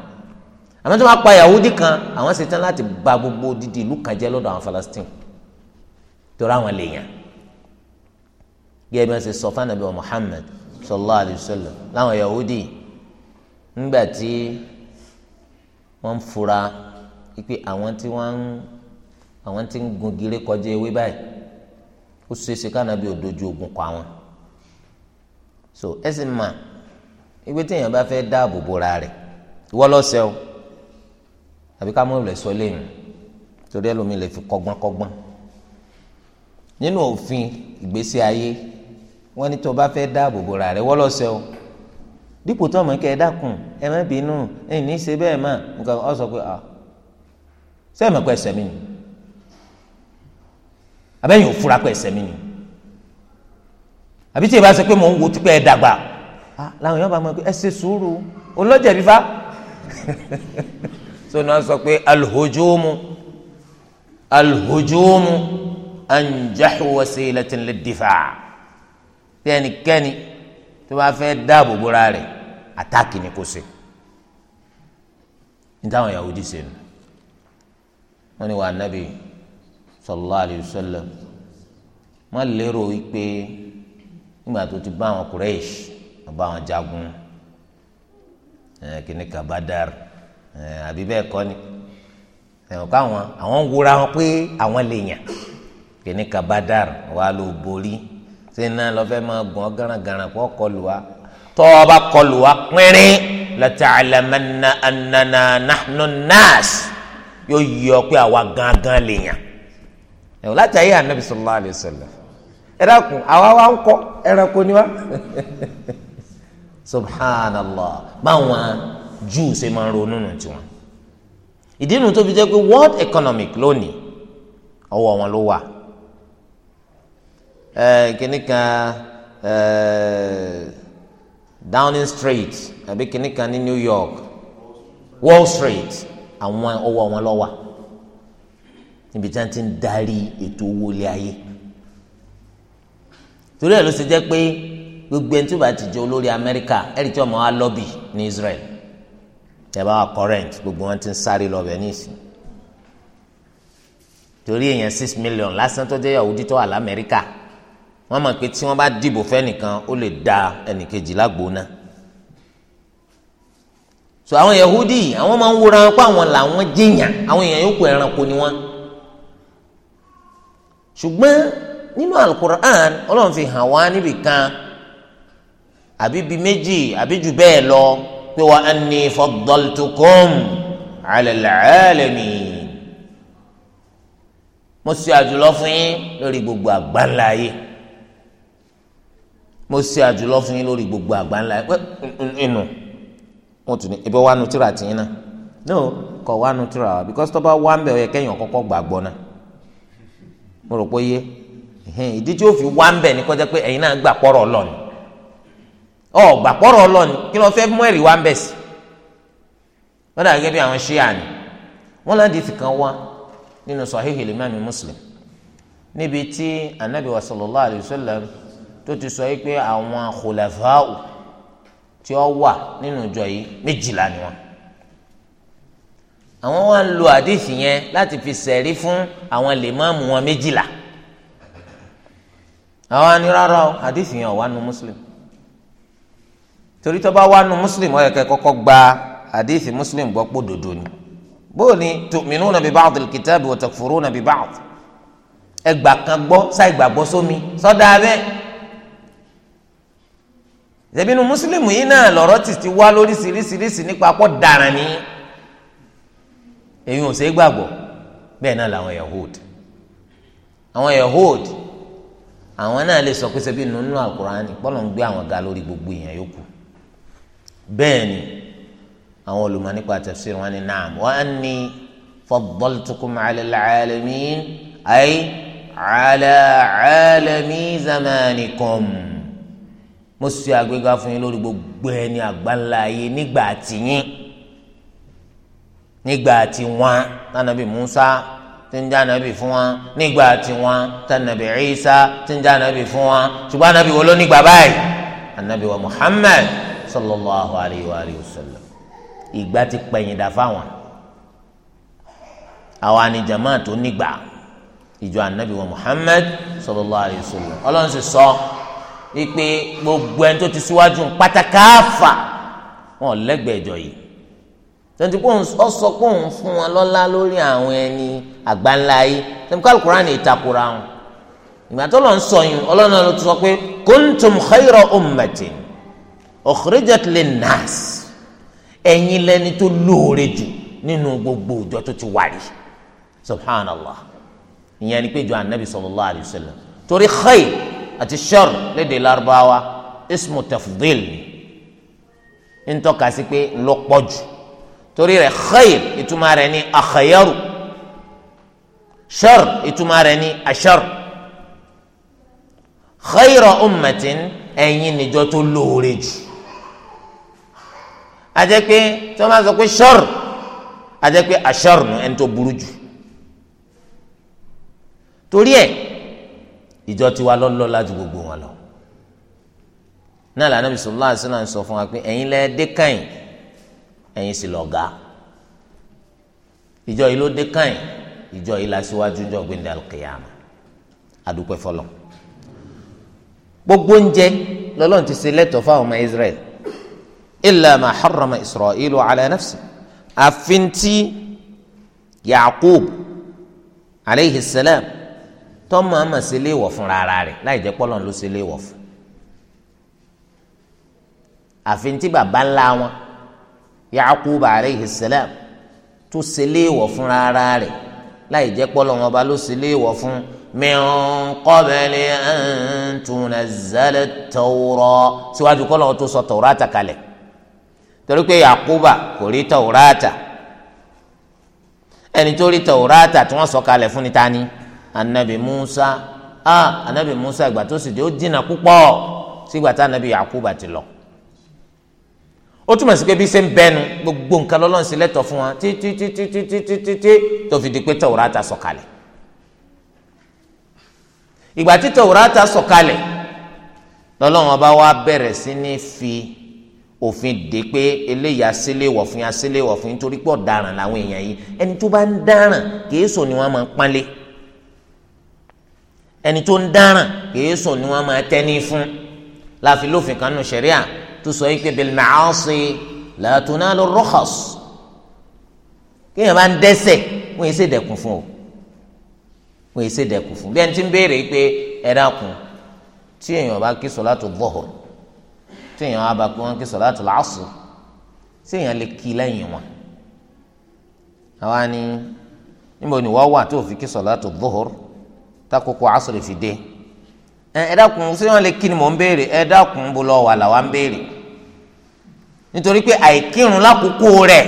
àmọ́ tí wọ́n pa Yahudi kan àwọn ṣe tán láti ba gbogbo dídì ìlú kan jẹ́ lọ́dọ̀ àwọn Palestine torí àwọn lèèyàn gẹ́gẹ́ bí wọ́n ṣe sọ fún Ànábì wa Muhammad sallallahu alayhi sallam láwọn Yahudi nígbà tí wọ́n ń fura pé àwọn tí wọ́n ń àwọn kọjá ewé báyìí ó ṣeéṣe kánábì ò dojú ogun kọ àwọn so ẹ sì mà ìgbé téèyàn bá fẹ́ dáàbò bora rẹ̀ ìwọ lọ́sẹ̀ o àbí ká mọ̀ rẹ̀ sọ léyìn torí ẹlòmíì lè fi kọ́gbọ́n kọ́gbọ́n nínú òfin ìgbésí ayé wọ́n ní tó bá fẹ́ dáàbò bora rẹ̀ ìwọ lọ́sẹ̀ o dípò tó ọmọ kẹ ẹ dákun ẹ má bínú ẹ ní í ṣe bẹ́ẹ̀ mà ọ sọ pé ah sẹ́ẹ̀ mọ̀ pé ẹsẹ̀ abẹ́yìn òfurá pẹ̀ sẹ́mi ni àbí tí ìbá ṣe pé mò ń wo tipẹ́ ẹ̀ dàgbà làwọn yóò bá mọ̀ pé ẹ ṣe sùúrù olójẹ̀bí fa so náà sọ pé alhujumu alhujumu anjahu wasilatin liddifa tí tó bá fẹ́ dáàbò bóra rẹ̀ àtàkì ni kò ṣe ní táwọn Yahudi ṣe nù wọ́n ní wà nábì yìí sallallahu alayhi wa sallam má lérò wípé nígbà tó ti bá àwọn Quraysh bá àwọn jagun kíní kabadar àbí bẹ́ẹ̀ kọ́ ni ẹ̀wọ̀n káwọn àwọn ń wúra wọn pé àwọn lè yàn kíní kabadar wà ló borí sínú lọ́fẹ́ máa gbọ́n garangaran kó kọlù wa tọ́ kọlù wa pínrín lata'lamanna annana nahnu nas yóò yọ pé àwa gangan lè yàn ẹ̀wọ̀n láti ayé ànábì sallallahu alayhi wa sallam ẹ dákun àwa wa ń kọ́ ẹranko ni wa subhanallah báwọn júù ṣe máa ń ronú nù tiwọn ìdí nu tó fi jẹ́ pé world economic lónìí ọwọ́ wọn ló wà ẹ kìnnì kan ẹ Downing Street àbí kìnnì ní New York Wall Street àwọn ọwọ́ wọn ló wà níbi tí wọ́n ti ń darí ètò owó ilé ayé torí ẹ̀ ló ṣe jẹ́ pé gbogbo ẹni tó bá ti jẹ́ olórí Amẹ́ríkà ẹ̀rí tí wọ́n máa wá lọ́bì ní Israel tẹ̀bá wa current gbogbo wọn ti ń sáré lọ́bẹ̀ nísìn torí èèyàn six million lásán tó jẹ́ Yahudi tó wà l'Amẹ́ríkà wọ́n mọ̀ pé tí wọ́n bá dìbò fẹ́nìkan ó lè da ẹnìkejì lágbóná so àwọn Yahudi àwọn máa ń wúra wọn pé àwọn làwọn jẹ̀yàn àwọn èèyàn yòókù ẹranko ni wọ́n ṣùgbọ́n nínú alukur'an ọlọ́run fi hàn wá níbì kan àbí bíi méjì àbí jù bẹ́ẹ̀ lọ pé wa anni faddaltukum ala al-alamin mo ṣe àjùlọ fún yín lórí gbogbo àgbáńlá ayé mo ṣe àjùlọ fún yín lórí gbogbo àgbáńlá ayé inú wọn tún ní ibi wà nù tíra tìyín náà no kọ wà nù tíra wa because tó bá wà ń bẹ̀ ọ yẹ kẹ́yìn ọ̀kọ́kọ́ gbàgbọ́ náà mo rò pé yé ìdí tí ó fi wá ń bẹ̀ ni kọjá pé ẹ̀yin náà gbà pọ́rọ̀ ọlọ́ni ọ gbà pọ́rọ̀ ọlọ́ni kí ló fẹ́ mú ẹ̀rí wá ń bẹ̀ sí wọ́n dà gẹ́gẹ́ bí àwọn ṣíà ni wọ́n láti ti kan wá nínú sahihi limami muslim níbi tí anabi wa sallallahu alayhi wa sallam tó ti sọ pé àwọn khulafa'u tí ó wà nínú ìjọ yìí méjìlá ni wọ́n àwọn wá ń lo àdìsí yẹn láti fi sẹ̀rí fún àwọn lèmọ́ọ̀mù wọn méjìlá àwọn anirárá àdìsí yẹn wà nù muslim torí tó bá wà nù muslim ó yẹ kẹ́ kọ́kọ́ gba àdìsí muslim gbọ́ pò dòdò ni bóò ni tu'minuna bi ba'dil kitabi wa takfuruna bi ba'd ẹgbà kan gbọ́ sáì gbàgbọ́ sómi sọ́dà abẹ́ ìṣẹ́bínú muslim yìí náà lọ́rọ́ ti ti wá lóríṣiríṣiríṣi nípa pọ́ dàrán nìyí èyí ò ṣeé gbàgbọ́ bẹ́ẹ̀ náà làwọn yahood àwọn yahood àwọn náà lè sọ pé ṣebí nínú alukurani bọ́lọ̀ ń gbé àwọn ga lórí gbogbo èèyàn yòókù bẹ́ẹ̀ ni àwọn olùmọ̀ nípa tafsir wọn ni naam wa anni faddaltukum ala al-alamin ay ala mo ṣe àgbéga fún yín lórí gbogbo ẹni àgbáńlá ayé nígbà tìyín nígbà tí wọn tànàbí Musa tí ń já nàbí fún wọn nígbà tí wọn tànàbí Isa tí ń já nàbí fún wọn ṣùgbọ́n ànàbí wo ló nígbà báyìí ànàbí wa Muhammad sallallahu alayhi wa alayhi wa sallam ìgbà tí pẹ̀yìn dà fáwọn àwọn ànijàmá tó nígbà ìjọ ànàbí wa Muhammad sallallahu alayhi wa sallam ọlọ́run sì sọ wípé gbogbo ẹni tó ti síwájú pátákáfà wọn ò lẹ́gbẹ̀ẹ́ ìjọ yìí tẹ̀ntì pé ọ sọ pé òun fún wọn lọ́lá lórí àwọn ẹni àgbáńlá yìí tẹ̀ntì pé alukóran ní ìtakùrà wọn ìgbà tó lọ ń sọ yìí ọlọ́run ló ti sọ pé kuntum khayra ummatin ukhrijat linnas ẹ̀yin lẹni tó lóore jù nínú gbogbo ìjọ tó ti wárí subhanallah ìyẹn ni pé ìjọ anabi sallallahu alayhi torí khayr àti shar lédè lárúbáwá ismu tafdil ni ń tọ́ka sí pé ńlọpọ̀ jù torí rẹ̀ khayr ìtumọ̀ rẹ̀ ní akhayyaru shar ìtumọ̀ rẹ̀ ní ashar khayra ummatin ẹ̀yin níjọ tó lóore jù àjẹ́ pé tí wọ́n máa sọ pé shar àjẹ́ pé ashar nù ẹni tó burú jù torí ẹ̀ ìjọ tiwa lọ́lọ́lá ju gbogbo wọn lọ náà lànà bisalòlá sinna sọ fún wa pé ẹ̀yin lẹ́ẹ̀dẹ́kàn yìí ẹ̀yin sì lọ̀gá ìjọ yìí ló dé káyìn ìjọ yìí la síwájú jọ gbẹndé alùkìyàmù adúpẹ́ fọlọ́ gbogbo oúnjẹ lọ́lọ́run ti ṣe lẹ́tọ̀ọ́ fáwọn ọmọ Israel illa ma harrama Isra'ilu ala nafsi àfin tí Yaqub aleyhi salam tọ́mọ àmọ̀ sí ilé ìwọ̀ fún rárá rẹ̀ láì jẹ́ pọ́lọ́n ló sí ilé ìwọ̀ fún àfin tí baba ńlá wọn yaakuba aleyhi salam tó ṣe léèwọ̀ fúnra ara rẹ̀ láì jẹ́ pọ́lọ́ wọn ba ló ṣe léèwọ̀ fún min qabli an tunazzala at-taura síwájú kọ́lọ́ wọn tó sọ tawrata kalẹ̀ torí pé yaakuba kò rí tawrata ẹni tó rí tawrata tí wọ́n sọ kalẹ̀ fún ni tani anabi musa ah anabi musa ìgbà tó sì dé ó dínà púpọ̀ sígbà tá anabi yaakuba ti lọ ó túmọ̀ sí pé bí ṣe ń bẹnu gbogbo nǹkan lọ́lọ́run sí lẹ́tọ̀ fún wọn títítítítítítí tó fi di pé tẹ̀wúrátà sọ̀kalẹ̀ ìgbà tí tẹ̀wúrátà sọ̀kalẹ̀ lọ́lọ́run ọba wa bẹ̀rẹ̀ sí ní fi òfin dè pé eléyìí aṣẹ́léwọ̀ fún aṣẹ́léwọ̀ fún nítorí pé ọ̀daràn làwọn èèyàn yìí ẹni tó bá ń dáràn kèésò ni wọ́n máa ń pánlé ẹni tó ń dáràn kèésò ni wọ́n máa tẹ́ ní fún láfi lófin kanú ṣẹ̀ríà tó sọ yìí pé bil ma'asi la tunalu rukhas kéèyàn bá ń dẹ́ṣẹ̀ wọ́n yìí ṣe dẹ̀kun fún o wọ́n yìí ṣe dẹ̀kun fún bí ẹni tí ń béèrè pé ẹ dákun tí èèyàn bá kí sọ̀látù dhuhr tí èèyàn bá kí wọ́n kí sọ̀látù làásù tí èèyàn lè kí lẹ́yìn wọn. àwa ni níbo ni wọ́n wà tó fi kí sọ̀látù dhuhr tákòókò àsùrì fi dé ẹ dákun sí wọn lè kí ni mò ń béèrè ẹ dákun bó lọ wà làwa ń béèrè nítorí pé àìkírun lákòókò rẹ̀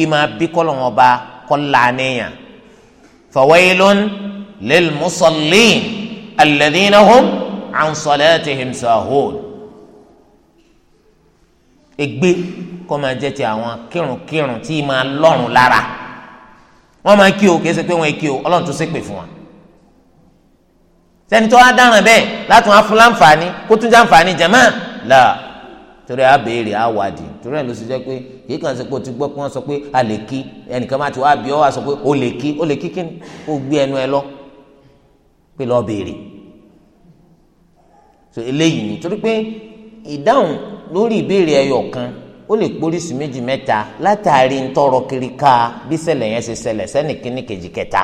ìmọ̀ abíkọ́lọ̀ wọn bá kọ́lá níyàn fawailun lil musallin alladhina hum an salatihim sahun ègbé kọ́ máa jẹ́ ti àwọn kírunkírun tí máa lọ́rùn lára wọ́n máa kí o kì í ṣe pé wọ́n kí o ọlọ́run tún ṣépè fún wa sẹ́ni tó wá dáràn bẹ́ẹ̀ láti wọn fún láǹfààní kó tún jáǹfààní jẹ̀mọ́ là torí a béèrè a wádìí torí ẹ̀ ló ṣe jẹ́ pé kì í kàn ṣe pé o ti gbọ́ pé wọ́n sọ pé a lè kí ẹnìkan má ti wá bí ọ́ wá sọ pé o lè kí o lè kí kí ni o gbé ẹnu ẹ lọ pé lọ́ọ́ béèrè so eléyìí ni torí pé ìdáhùn lórí ìbéèrè ẹyọ kan ó lè póríṣi méjì mẹ́ta látàrí ń tọrọ kiri ká bí ṣẹlẹ̀ yẹn ṣe ṣẹlẹ̀ sẹ́nìkíní kejì kẹta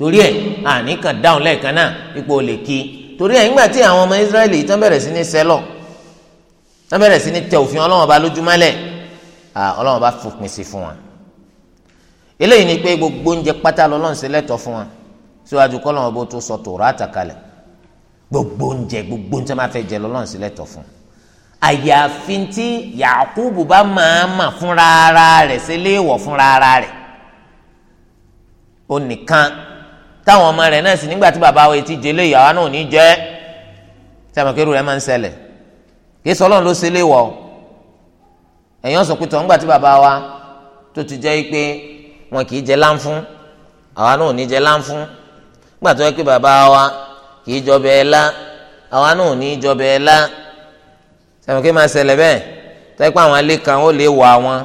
torí ẹ̀ àní kan dáhùn lẹ́ẹ̀kan náà ipò olè kí torí ẹ̀ nígbà tí àwọn ọmọ Israẹli tán bẹ̀rẹ̀ sí ní sẹ́lọ̀ tán bẹ̀rẹ̀ sí ní tẹ òfin Ọlọ́run Ọba lójúmọ́lẹ̀ Ọlọ́run Ọba fòpin sí fún wa eléyìí ni pé gbogbo oúnjẹ pátá lọ́lọ́run ṣe lẹ́tọ̀ fún wa síwájú kọ́lọ́run bó tó sọ Tòrátà kalẹ̀ gbogbo oúnjẹ gbogbo oúnjẹ máa fẹ́ jẹ lọ́lọ́run ṣe lẹ́tọ̀ fún àyàfi tí Yakubu bá máa mà fúnra ara rẹ̀ ṣe fúnra ara ó nìkan táwọn ọmọ rẹ̀ náà sì nígbà tí bàbá wa ti jẹ́ léyìí àwa náà ò ní jẹ́ sàmàkẹ́rù rẹ̀ máa ń ṣẹlẹ̀ kí sọlọ́n ló ṣe léwọ̀ ẹ̀yàn sọ pé tọ̀ nígbà tí bàbá wa tó ti jẹ́ pé wọn kì í jẹ láǹfún àwa náà ò ní jẹ láǹfún nígbà tó yẹ pé bàbá wa kì í jọbẹ ẹ lá àwa náà ò ní jọbẹ ẹ lá sàmàkẹ́rù máa ṣẹlẹ̀ bẹ́ẹ̀ tọ́ pé àwọn alẹ́ kan ó lè wọ àwọn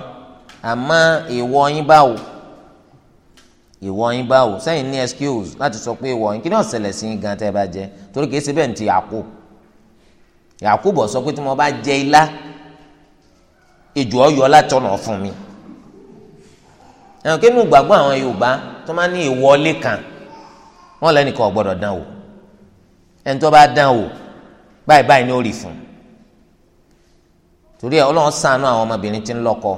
àmọ́ ìwọ yín báwo ìwọ yín bá wò sẹ́yìn ní excuse láti sọ pé ìwọ yín kí ni ọ̀sẹ̀lẹ̀ sí yín gan tẹ́ ẹ bá jẹ torí kìí ṣe bẹ́ẹ̀ ní ti yàkó yàkó bọ̀ sọ pé tí mo bá jẹ ilá ìjọ ọyọ látọ̀nà fún mi ẹ̀hún kí nínú gbàgbọ́ àwọn Yorùbá tó máa ní ìwọlé kan wọ́n lẹ́nìkan ọ̀gbọ́dọ̀ dán wò ẹni tó bá dán wò báyìí báyìí ni ó rì fún torí ẹ Ọlọ́run ṣàánú àwọn ọmọbìnrin tí ń lọ́kọ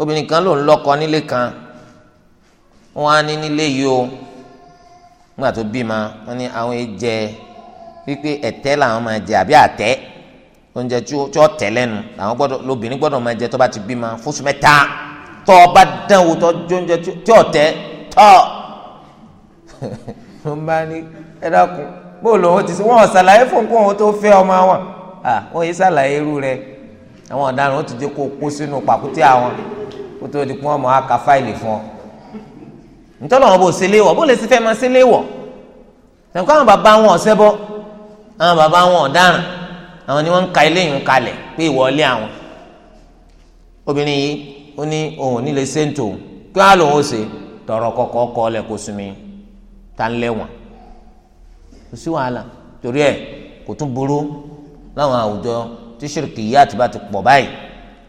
obìnrin kan ló ń lọ́kọ wọn á ní nílé yìí o nígbà tó bí ma wọn ní àwọn jẹ wípé ẹ̀tẹ́ làwọn máa jẹ àbí àtẹ́ oúnjẹ tí ó tẹ́ lẹ́nu làwọn gbọ́dọ̀ lóbìnrin gbọ́dọ̀ máa jẹ tó bá ti bí ma fóṣù mẹ́ta tó o bá dán o tó oúnjẹ tí ó tẹ́ tọ́ ló ń bá ní ẹ dákun bó lòun ti sọ wọn ò ṣàlàyé fún kó òun tó fẹ́ ọmọ wọn wọn yìí ṣàlàyé irú rẹ̀ àwọn ọ̀daràn ó ti jẹ́ kó o kó sínú pàkúté àwọn kó tó di pé wọ́n mọ̀ á fáìlì fún ọ ntọ́lọ̀ wọn bò sílé wọ̀ bó lè sífẹ́ máa sílé wọ̀ sẹ́kọ́ àwọn bàbá wọn ọ̀sẹ́ bọ́ àwọn bàbá wọn ọ̀daràn àwọn ni wọ́n ń ka eléyìí kalẹ̀ pé ìwọlé àwọn obìnrin yìí ó ní òun nílé sèǹtò kí wàá lòun ó ṣe tọrọ kọkọ kọ ọ lẹ kó sunmi ta ń lẹ́wọ̀n kò sí wàhálà torí ẹ kò tún burú láwọn àwùjọ tí ṣìrìkì yìí àtibá ti pọ̀ báyìí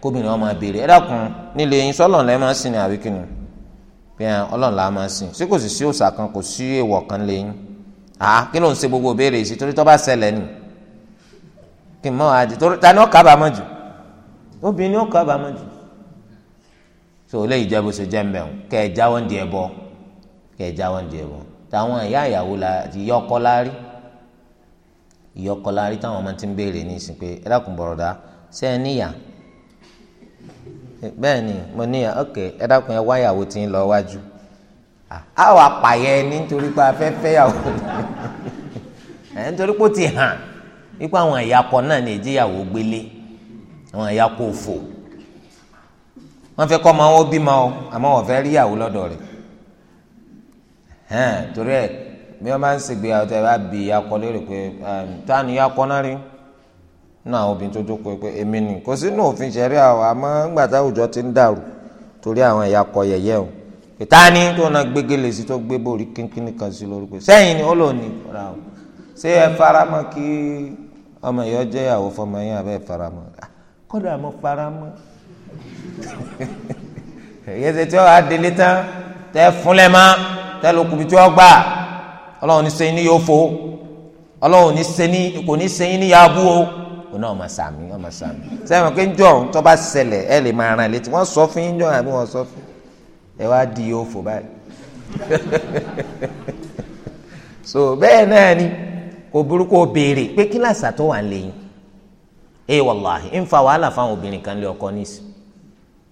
kóbìnrin wọn máa ẹ dákun nílé yín sọlọ pé ẹ ọlọ́run la máa sìn ṣé kò sì sí òòṣà kan kò sí èèwọ̀ kan lẹ́yìn à kí ló ń ṣe gbogbo béèrè yìí torí tó bá ṣẹlẹ̀ nì kí n mọ àdì torí ta ni ó kábàámọ̀ jù obìnrin ó kábàámọ̀ jù tó o lè jẹ́ bó ṣe jẹ́ mbẹ́ o kẹ́ ẹ jáwọ́ ń di ẹ bọ́ kẹ́ ẹ jáwọ́ ń di ẹ bọ́ táwọn ìyá ìyàwó la ìyá ọkọ la rí ìyá ọkọ la rí táwọn ọmọ ti ń béèrè ní ìsìn pé ẹ dákun bọ̀rọ̀dá sẹ́ẹ̀ níyà bẹ́ẹ̀ ni mo ní ok ẹ dákun ẹ wáyàwó tí ń lọ wájú a wà pààyẹ nítorí pé a fẹ́ fẹ́yàwó ẹ̀ nítorí pé ó ti hàn wípé àwọn ìyàkọ náà ní ìjìyàwó gbélé àwọn ìyàkọ òfò wọ́n fẹ́ kọ́ ọmọ wọn bímọ o àmọ́ wọ́n fẹ́ rí ìyàwó lọ́dọ̀ rẹ̀ hẹ́n torí ẹ̀ bí wọ́n bá ń ṣègbéyàwó tẹ̀ bá bi ìyàkọ lérò pé táà ìyàkọ náà rí. na àwọn obìnrin tó jókòó pé èmi nì kò sínú òfin ṣẹ̀rí àwọn àmọ́ ńgbà tá àwùjọ ti ń dàrú torí àwọn ẹ̀yà kọ yẹ̀yẹ́ o ìtaní tó na gbégélé sí tó gbé bòrí kínkín kan sí lórúkọ sẹ́yìn ni ó lò ní o ṣé ẹ faramọ́ kí ọmọ ìyọ́ jẹ́ ìyàwó fọmọ yín abẹ́ faramọ́ kódà mo faramọ́ tí ó tí ó gbà ọlọ́run ní sẹ́yìn ní yóò fo ọlọ́run ní sẹ́yìn kò ní sẹ́yìn ní òun náà ọmọ sàmì ọmọ sàmì sẹ́wọ̀n pé njọ́ ọ̀hún tó bá ṣẹlẹ̀ ẹ lè máa ràn létí wọ́n sọ fún yín jọ́ àbí wọ́n sọ fún ẹ wá di òfò báyìí so bẹ́ẹ̀ náà ni kò burúkú o béèrè pé kí làṣà tó wà ń lẹ́yìn ẹ wàláhì ń fa wàhálà fáwọn obìnrin kan lé ọkọ nísì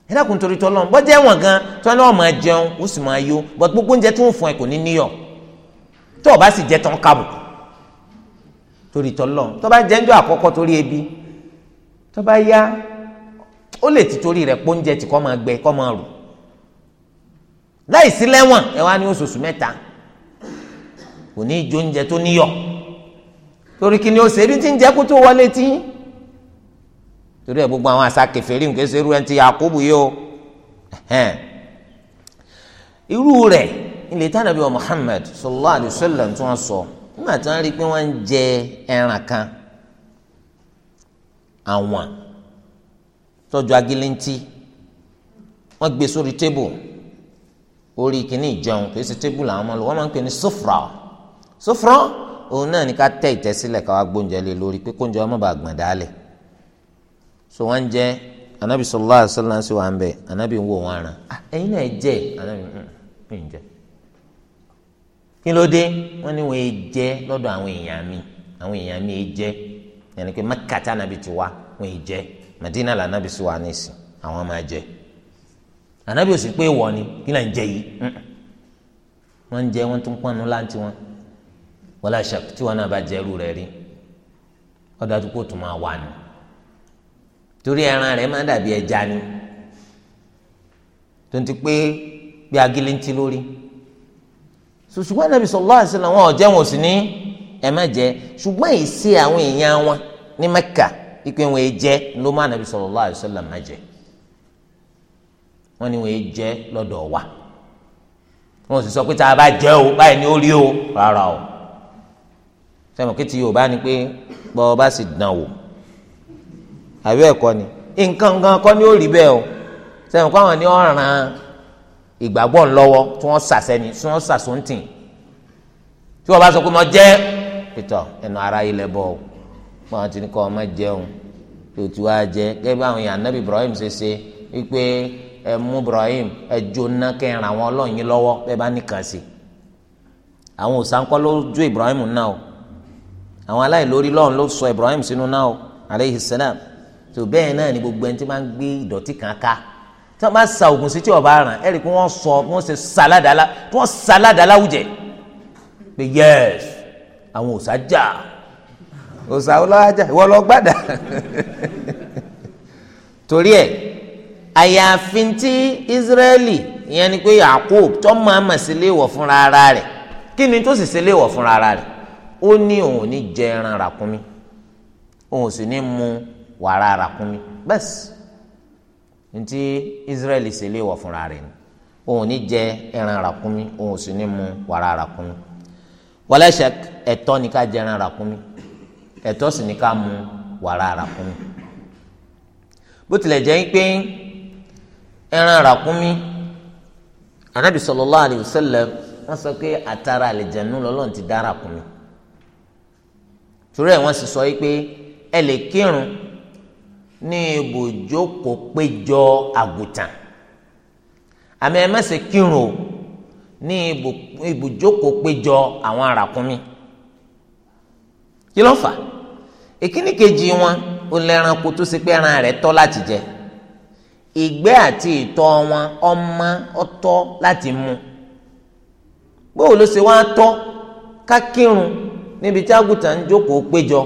ẹ dákun torí tọ́lọ́ bọ́ jẹ́ wọn gan tó ní ọmọ jẹun ó sì máa yó bọ́t gbogbo oúnjẹ tó ń fún ẹ kò ní níyọ̀ tó o bá sì jẹ tán kábùkù torí tọlọ́n tó bá jẹ́njọ́ àkọ́kọ́ torí ebi tó bá yá ó lè ti torí rẹ̀ pọ́njẹ tí kọ́ máa gbẹ kọ́ máa rù láì sí lẹ́wọ̀n ẹ oṣooṣù mẹ́ta kò ní í jó oúnjẹ tó níyọ̀ torí kí ni ó ṣe ebi tí ń jẹ́ kó tó wọlé tí torí ẹ gbogbo àwọn àṣà kẹfẹ́rí nǹkan ṣe irú ẹ ti Yakubu yìí o irú rẹ̀ ilé tánàbí wa Muhammad sallallahu alayhi wa sallam tí wọ́n sọ. So nígbà tí wọ́n rí i pé wọ́n ń jẹ ẹran kan àwọn tọ́jú agilẹ́ntì wọ́n gbé sórí tébù orí kìíní ìjẹun kìí ṣe tébù làwọn máa lò wọ́n máa ń pè ní sofra sofra òun náà ní ká tẹ ìtẹ́sílẹ̀ káwá gbóúnjẹ lé lórí pé kóúnjẹ wọn má bàa gbọ̀n so wọ́n ń jẹ anabi sallallahu alaihi wasallam sí wa ń bẹ̀ anabi ń wò wọn ara ah, ẹ̀yin náà jẹ anabi hmm, ń jẹ kí ló dé wọn ní wọn jẹ lọ́dọ̀ àwọn èèyàn mi àwọn èèyàn mi jẹ yẹn pé mẹkàtà nàbì ti wá wọn jẹ Madina là nàbì sí wa nísìn àwọn máa jẹ ànábì ò sì pé wọ ni kí là ń jẹ yìí wọn ń jẹ wọn tún pọnú láǹtí wọn wọlé àṣà tí wọn náà bá jẹrú rẹ rí ọdọ àdúgbò tó máa wà ní torí ẹran rẹ máa dàbí ẹja ni tó ń ti pé bí agilé ń ti lórí ṣùgbọ́n anabi sallallahu alaihi wasallam wọn ò jẹ́ wọn ò sì ní ẹ má jẹ ṣùgbọ́n ìṣe àwọn èèyàn wọn ní mẹ́kà ipe wọn è jẹ ló má anabi sallallahu alaihi wasallam má jẹ wọn ni wọn è jẹ lọ́dọ̀ wa wọn sì sọ pé tá a bá jẹ o báyìí ni ó rí o rárá o sẹ́mi kí ti yorùbá ni pé gbọ́ ọ bá sì dán o àbí ẹ̀kọ́ ni nǹkan kan kọ́ ni ó rí bẹ́ẹ̀ o sẹ́mi kọ́ àwọn ni ọ̀ràn ìgbàgbọ́ ńlọ́wọ́ tí wọ́n sàsẹ́ni tí wọ́n sàsóńtìn tí wọ́n bá sọ pé mo jẹ́ pétọ́ ẹnu ara ilẹ̀ bọ̀ ọ́ pọ́n àti ní ọmọ jẹun tí o jẹ gẹ́gẹ́ àwọn èèyàn anábì Ibrahim ṣe ṣe wípé ẹ mú Ibrahim ẹ jóná kẹrin àwọn ọlọ́yin lọ́wọ́ ẹ bá nìkan sí àwọn òsánkọ́ ló jó Ibrahim náà o àwọn aláìlórí lọ́run ló sọ Ibrahim sínú náà o aleyhi salam tó bẹ́ẹ̀ náà ni gbogbo ẹni tí máa ń gbé ìdọ̀tí kan ká tí wọ́n bá sa oògùn sí tí ọba aràn ẹ rí i pé wọ́n sọ wọ́n ṣe sàládàlá tí wọ́n sàládàlá wùjẹ́ pé yẹ́s àwọn òòsà jà òòsà ọlọ́jà ìwọ lọ gbàdà torí ẹ àyàfi ti Israẹli ìyẹn ni pé Yakub tó máa mà sí léèwọ̀ fúnra ara rẹ̀ kí ni tó sì sí léèwọ̀ fúnra ara rẹ̀ ó ní òun ò ní jẹ ẹran ràkúnmí òun sì ní mu wàrà ràkúnmí bẹ́ẹ̀ sì ntí Israeli ṣe lè wọ̀ fúnra rẹ̀ ni òun ò ní jẹ ẹran ràkúnmí òun sì ní mu wàrà ràkúnmí wala ẹ̀tọ́ ni ká jẹ ẹran ràkúnmí ẹ̀tọ́ sì ni ká mu wàrà ràkúnmí bó tilẹ̀ jẹ́ pé ẹran ràkúnmí anabi sallallahu alayhi wa sallam wọ́n sọ pé àtàrà àlìjẹ̀nu lọ́lọ́run ti dá ràkúnmí torí ẹ̀ wọ́n sì sọ pé ẹ lè kírun ní ibùjókòó péjọ àgùntàn àmì ẹ má ṣe kírun o ní ibùjókòó péjọ àwọn arákùnmí kí ló fà ìkíní kejì wọn ó lẹ́ranko tó ṣe pé ẹran rẹ̀ tọ́ láti jẹ ìgbẹ́ àti ìtọ̀ wọn ọmọ ọtọ́ láti mu bóò ló ṣe wá tọ́ ká kírun níbi tí àgùntàn ń jókòó péjọ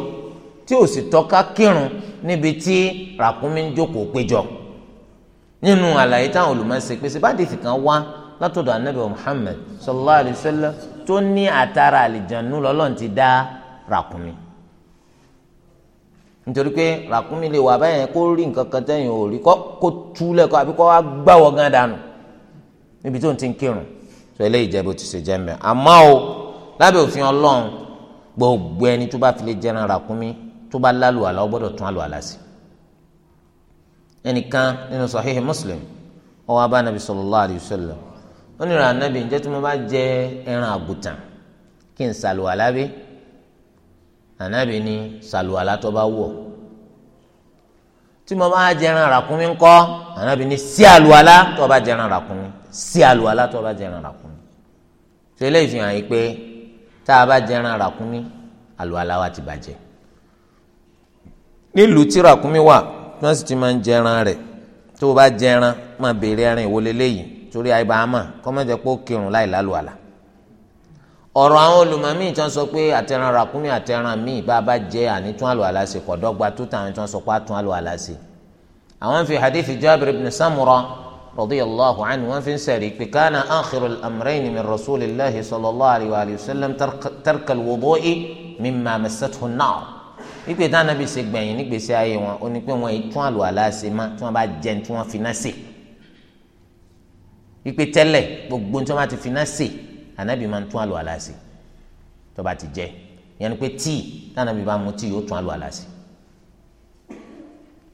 tí ò sì tọ́ ká kírun níbi tí ràkúnmí ń jókòó péjọ nínú àlàyé táwọn olùmọ̀ọ́sẹ̀ pèsè bádìsì kan wá látọ̀dọ̀ anabi muhammed sallallahu alayhi wa sallam tó ní àtàrà àlìjánu lọ́lọ́run ti dá ràkúnmí nítorí pé ràkúnmí lè wà báyẹn kó rí nǹkan kan tẹ́yìn ò rí kó tú lẹ́kọ̀ọ́ àbí kó wá gbàwọ̀ gan dànù níbi tó ń ti ń kírun tó eléyìí jẹ́ bó ti ṣe jẹ́ mẹ́ àmọ́ o lábẹ́ òfin ọlọ́run gbogbo ẹni tó bá fi lè jẹran ràkúnmí tó bá lálù àlá ó gbọ́dọ̀ tún àlù àlá sí ẹnìkan nínú sọhíhì muslim ó wá bá nàbì sallallahu alayhi wa sallam ó ní ra nàbì ǹjẹ́ tí mo bá jẹ ẹran àgùtàn kí n sàlù àlá bí nànàbì ni sàlù àlá tó bá wọ̀ tí mo bá jẹ ẹran ràkúnmí ńkọ́ nànàbì ni sí àlù àlá tó bá jẹ ẹran ràkúnmí sí àlù àlá tó bá jẹ ẹran ràkúnmí ṣe eléyìí fi hàn yín pé tá a bá jẹ ẹran ràkúnmí àlù àlá wa ti bàjẹ́ nílùú tí ràkúnmí wà tí wọ́n sì ti máa ń jẹran rẹ̀ tó o bá jẹran máa béèrè ẹran ìwọlé léyìí torí àìbá àmà kọ́mọ́jẹ́ pé ó kírun láì lálù àlà ọ̀rọ̀ àwọn olùmọ̀mí tí wọ́n sọ pé àtẹran ràkúnmí àtẹran míì bá a bá jẹ ànítún àlù àlà sí kò dọ́gba tó tàn tí wọ́n sọ pé àtún àlù àlà sí àwọn fi hadithi Jabir ibn Samura radiyallahu anhu wọ́n fi ń sẹ̀rí pé kana akhiru al-amrayni rasulillahi sallallahu alayhi wa sallam tarkal wudu'i wípé táwọn nàbì ṣe gbẹ̀yìn nígbèsè ayé wọn ó ní pé wọn tún àlùwàlá ṣe má tí wọn bá jẹun tí wọn finá sè wípé tẹ́lẹ̀ gbogbo tí wọn bá ti finá sè ànábì máa ń tún àlùwàlá ṣe tó bá ti jẹ yẹn ni pé tíì táwọn nàbì bá mu tíì yóò tún àlùwàlá ṣe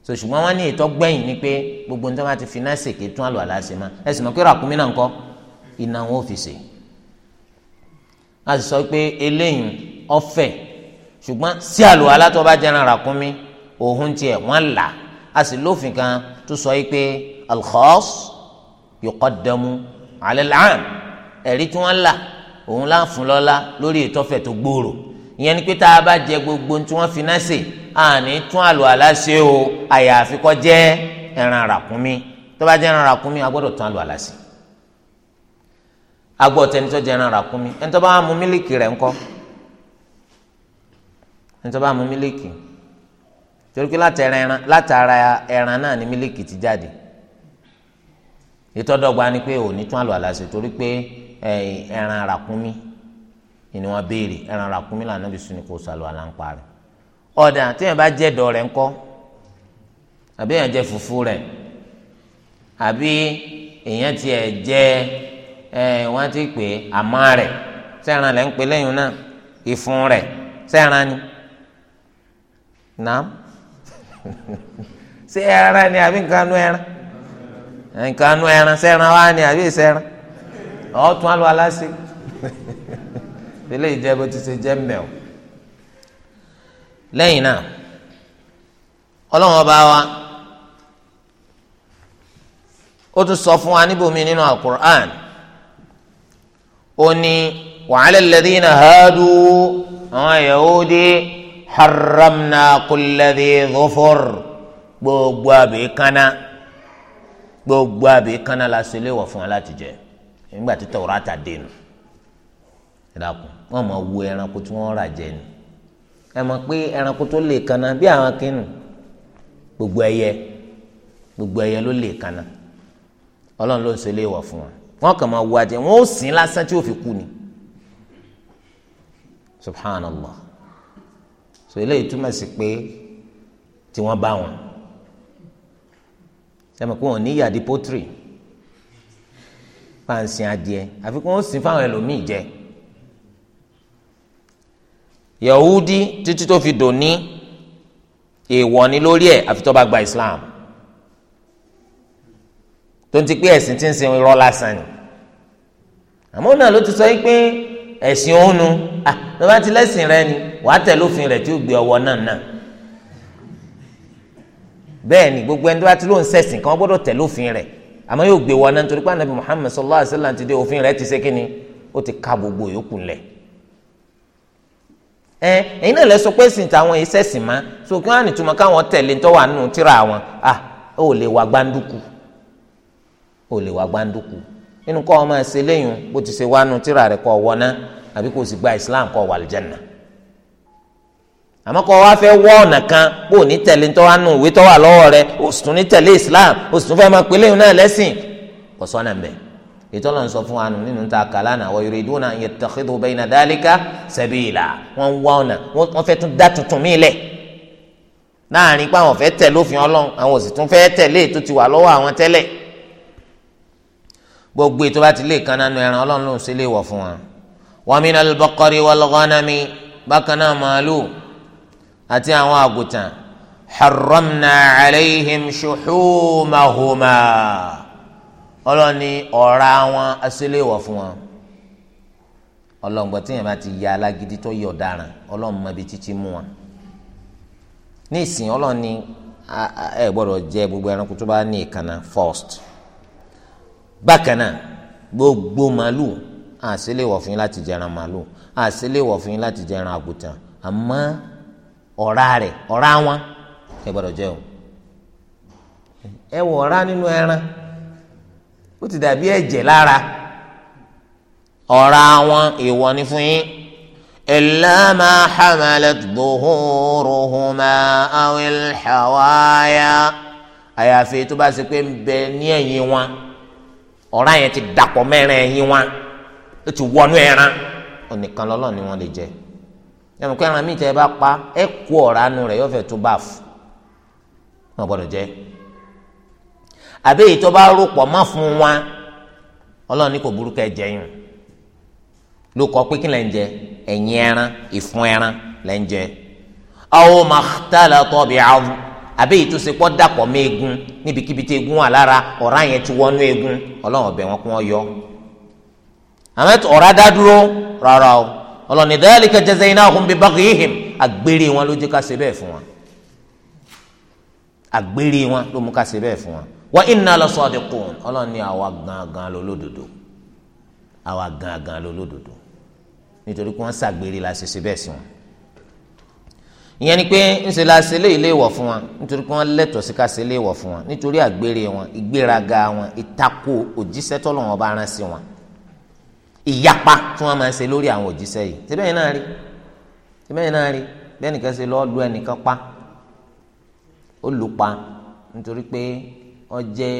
so ṣùgbọ́n wọn ní ètò gbẹ̀yìn ni pé gbogbo nítorí wọn ti fi náà ṣèké tún àlùwàlá ṣe má ẹ sì mọ̀ pé ràkúnmí náà ń kọ́ iná wọn ò fi ṣe a sì sọ pé eléyìí ọ̀fẹ́ ṣùgbọ́n sí àlùwàlá tó bá jẹran ràkúnmí òun tiẹ̀ wọ́n là á sì lófin kan tó sọ yìí pé alkhas yuqaddamu ala al-aam ẹ̀rí tí wọ́n là òun là ń fún lọ́lá lórí ìtọ́fẹ̀ tó gbòòrò ìyẹn ni pé tá a bá jẹ gbogbo tí wọ́n fi náà sè àní tún àlùwàlá ṣe o àyàfi kó jẹ́ ẹran ràkúnmí tó bá jẹ́ ẹran ràkúnmí a gbọ́dọ̀ tún àlùwàlá ṣe agbọ́ tẹnitọ́ jẹ́ ẹran ràkúnmí ẹni tó bá wà mú mílíkì rẹ̀ ńkọ́ nítorí bá a mílíkì torí pé látara ẹran náà ni mílíkì ti jáde ìtọ́dọ̀gba ni pé òní tún àlọ́ àlàsè torí pé ẹran ràkúnmí ni wọ́n béèrè ẹran ràkúnmí lànà bí sunni kò sàlọ́ àlàǹpa rẹ̀ ọ̀dà téèyàn bá jẹ́ dọ̀ rẹ̀ ńkọ́ àbí èèyàn jẹ fufu rẹ̀ àbí ti pè àmọ́ rẹ̀ sẹ́ran lẹ́ ń lẹ́yìn náà ìfun rẹ̀ nàám ṣé ẹran ni àbí nǹkan nu ẹran nǹkan nu ẹran sẹ́ran wá ni àbí ìsẹ́ran ọ̀tún alọ́ aláṣẹ ilé ìjẹ́ bó ti ṣe jẹ́ mẹ́ọ̀ lẹ́yìn náà ọlọ́run ọba wa ó tún sọ fún wa níbòmí nínú alukur'an ó ní wa ala alladhina hadu àwọn Yahudi haramna kulladhi dhufur gbogbo àbíkánná gbogbo àbíkánná la ṣe léwọ̀ fún wa láti jẹ nígbà tí Tawrata dénú ìdàkùn wọn máa wo ẹranko tí wọn rà jẹ ni ẹ mọ̀ pé ẹranko tó lè kanna bí àwọn kínú gbogbo ẹyẹ gbogbo ẹyẹ ló lè kanna Ọlọ́run ló ń ṣe léèwọ̀ fún wa wọn kàn máa wo àjẹ wọn ó sìn lásán tí ó fi kú ni subhanallah so eléyìí túmọ̀ sí pé tí wọ́n bá wọn sẹ́mi pé wọ́n ní yàdí pọ́tìrì pàǹsìn adìẹ àfi kí wọ́n sìn fáwọn ẹlòmíì jẹ yahudi títí tó fi dòní èèwọ̀ ni lórí ẹ̀ àfi gba islam tó ń ti pé ẹ̀sìn tí ń sin irọ́ lásán ni àmọ́ náà ló ti sọ yìí pé ẹ̀sìn òun nu ah ló bá ti lẹ́sìn rẹ ni wàá tẹ̀lé òfin rẹ̀ tí ó gbé ọwọ́ náà náà bẹ́ẹ̀ ni gbogbo ẹni tó bá ti ló ń kan gbọ́dọ̀ tẹ̀lé rẹ̀ àmọ́ yóò gbé wọn náà nítorí pé anabi Muhammad sallallahu alayhi wa sallam ti dé òfin rẹ̀ ti ṣe kí ni ó ti ka gbogbo yòókù lẹ̀ ẹ ẹ̀yin náà lẹ sọ pé sìn táwọn yìí ṣẹ̀sìn má so kí wọ́n á nìtumọ̀ káwọn tẹ̀lé ń tọ́wọ́ àánú tíra wọn à ó lè wà gbáǹdùkú ó lè wà gbáǹdùkú nínú kọ́ ọ máa ṣe léyìn bó ti ṣe wá nu tíra rẹ̀ kọ́ ọ wọ náà àbí kó sì gba Islam kọ́ ọ àmọ́ kọ́ wa fẹ́ wọ́ ọ̀nà kan bó ní tẹ̀lé tó wà nù ìwé tó wà lọ́wọ́ rẹ o sì tún ní tẹ̀lé Islam o sì tún fẹ́ máa pélé náà lẹ́sìn kò sọ́nà mbẹ́ ètò ọ̀nà sọ fún wa nù nínú ta kàlá náà wa yuriduna an yattakhidhu bayna dhalika sabila wọ́n wá ọ̀nà wọ́n fẹ́ tún dá tuntun mí lẹ̀ láàrin pé àwọn fẹ́ tẹ̀ lófin Ọlọ́run àwọn ò àti àwọn àgùtàn haramna alayhim shuhumahuma ọlọ́ni ọ̀ra wọn aṣẹ́léwọ̀ fún wọn ọlọ́ngbọ́n tí yẹn bá ti ya alágídí tó yọ ọ̀daràn ọlọ́run mọ ibi títí mú wọn ní ìsìn ọlọ́ni ẹ gbọ́dọ̀ jẹ gbogbo ẹranko tó bá ní ìkànnà first bákan gbogbo màálù àṣẹléwọ̀ fún yín láti jẹran màálù àṣẹléwọ̀ fún yín láti jẹran àgùtàn àmọ́ ọ̀rá rẹ̀ ọ̀rá wọn ẹ gbọ́dọ̀ jẹ o ẹ wọ ọ̀rá nínú ẹran ó ti dàbí ẹ̀jẹ̀ lára ọ̀rá wọn ìwọ ni fún yín àyàfi tó bá ṣe pé ń bẹ ní wọn ọ̀rá yẹn ti dàpọ̀ mẹ́rin ẹnu kí ẹran mi tẹ bá pa ẹ kú ọ̀rá nu rẹ̀ yóò fẹ́ wọn jẹ àbí tó bá rò pọ̀ má fún wa ọlọ́run ní kò burúkú ẹ jẹyìn ló pé kí lẹ́ ń jẹ ẹ̀yìn ẹran ìfun ẹran lẹ́ ń jẹ aw makhtalata bi'adhm tó ṣe pọ́ egun wà lára wọn kún ọ yọ àmọ́ ọ̀rá dá dúró rárá o. ọlọ́ni dhalika jazaynahum bi baghihim àgbèrè wọn ló jẹ́ ká ṣe bẹ́ẹ̀ fún wọn àgbèrè wọn ló mú ká ṣe bẹ́ẹ̀ fún wọn wa inna lasadiqun ọlọ́ni àwa gangan lólódodo àwa gangan lólódodo nítorí pé wọ́n ṣàgbèrè la ṣe ṣe bẹ́ẹ̀ sí wọn ìyẹn ni pé ńṣe la ṣe lé ilé ìwọ̀ fún wọn nítorí pé wọ́n lẹ́tọ̀ọ́ sí ká ṣe ilé ìwọ̀ fún wọn nítorí àgbèrè wọn ìgbéraga wọn ìtakò òjíṣẹ́ tọ́lọ́run bá rán sí wọn ìyapa tí wọ́n máa ń ṣe lórí àwọn òjíṣẹ́ yìí síbẹ̀ yìí náà rí síbẹ̀ yìí náà rí bẹ́ẹ̀ nìkan ṣe lọ́ọ́ lu ẹnìkan pa ó lù pa nítorí pé ó jẹ́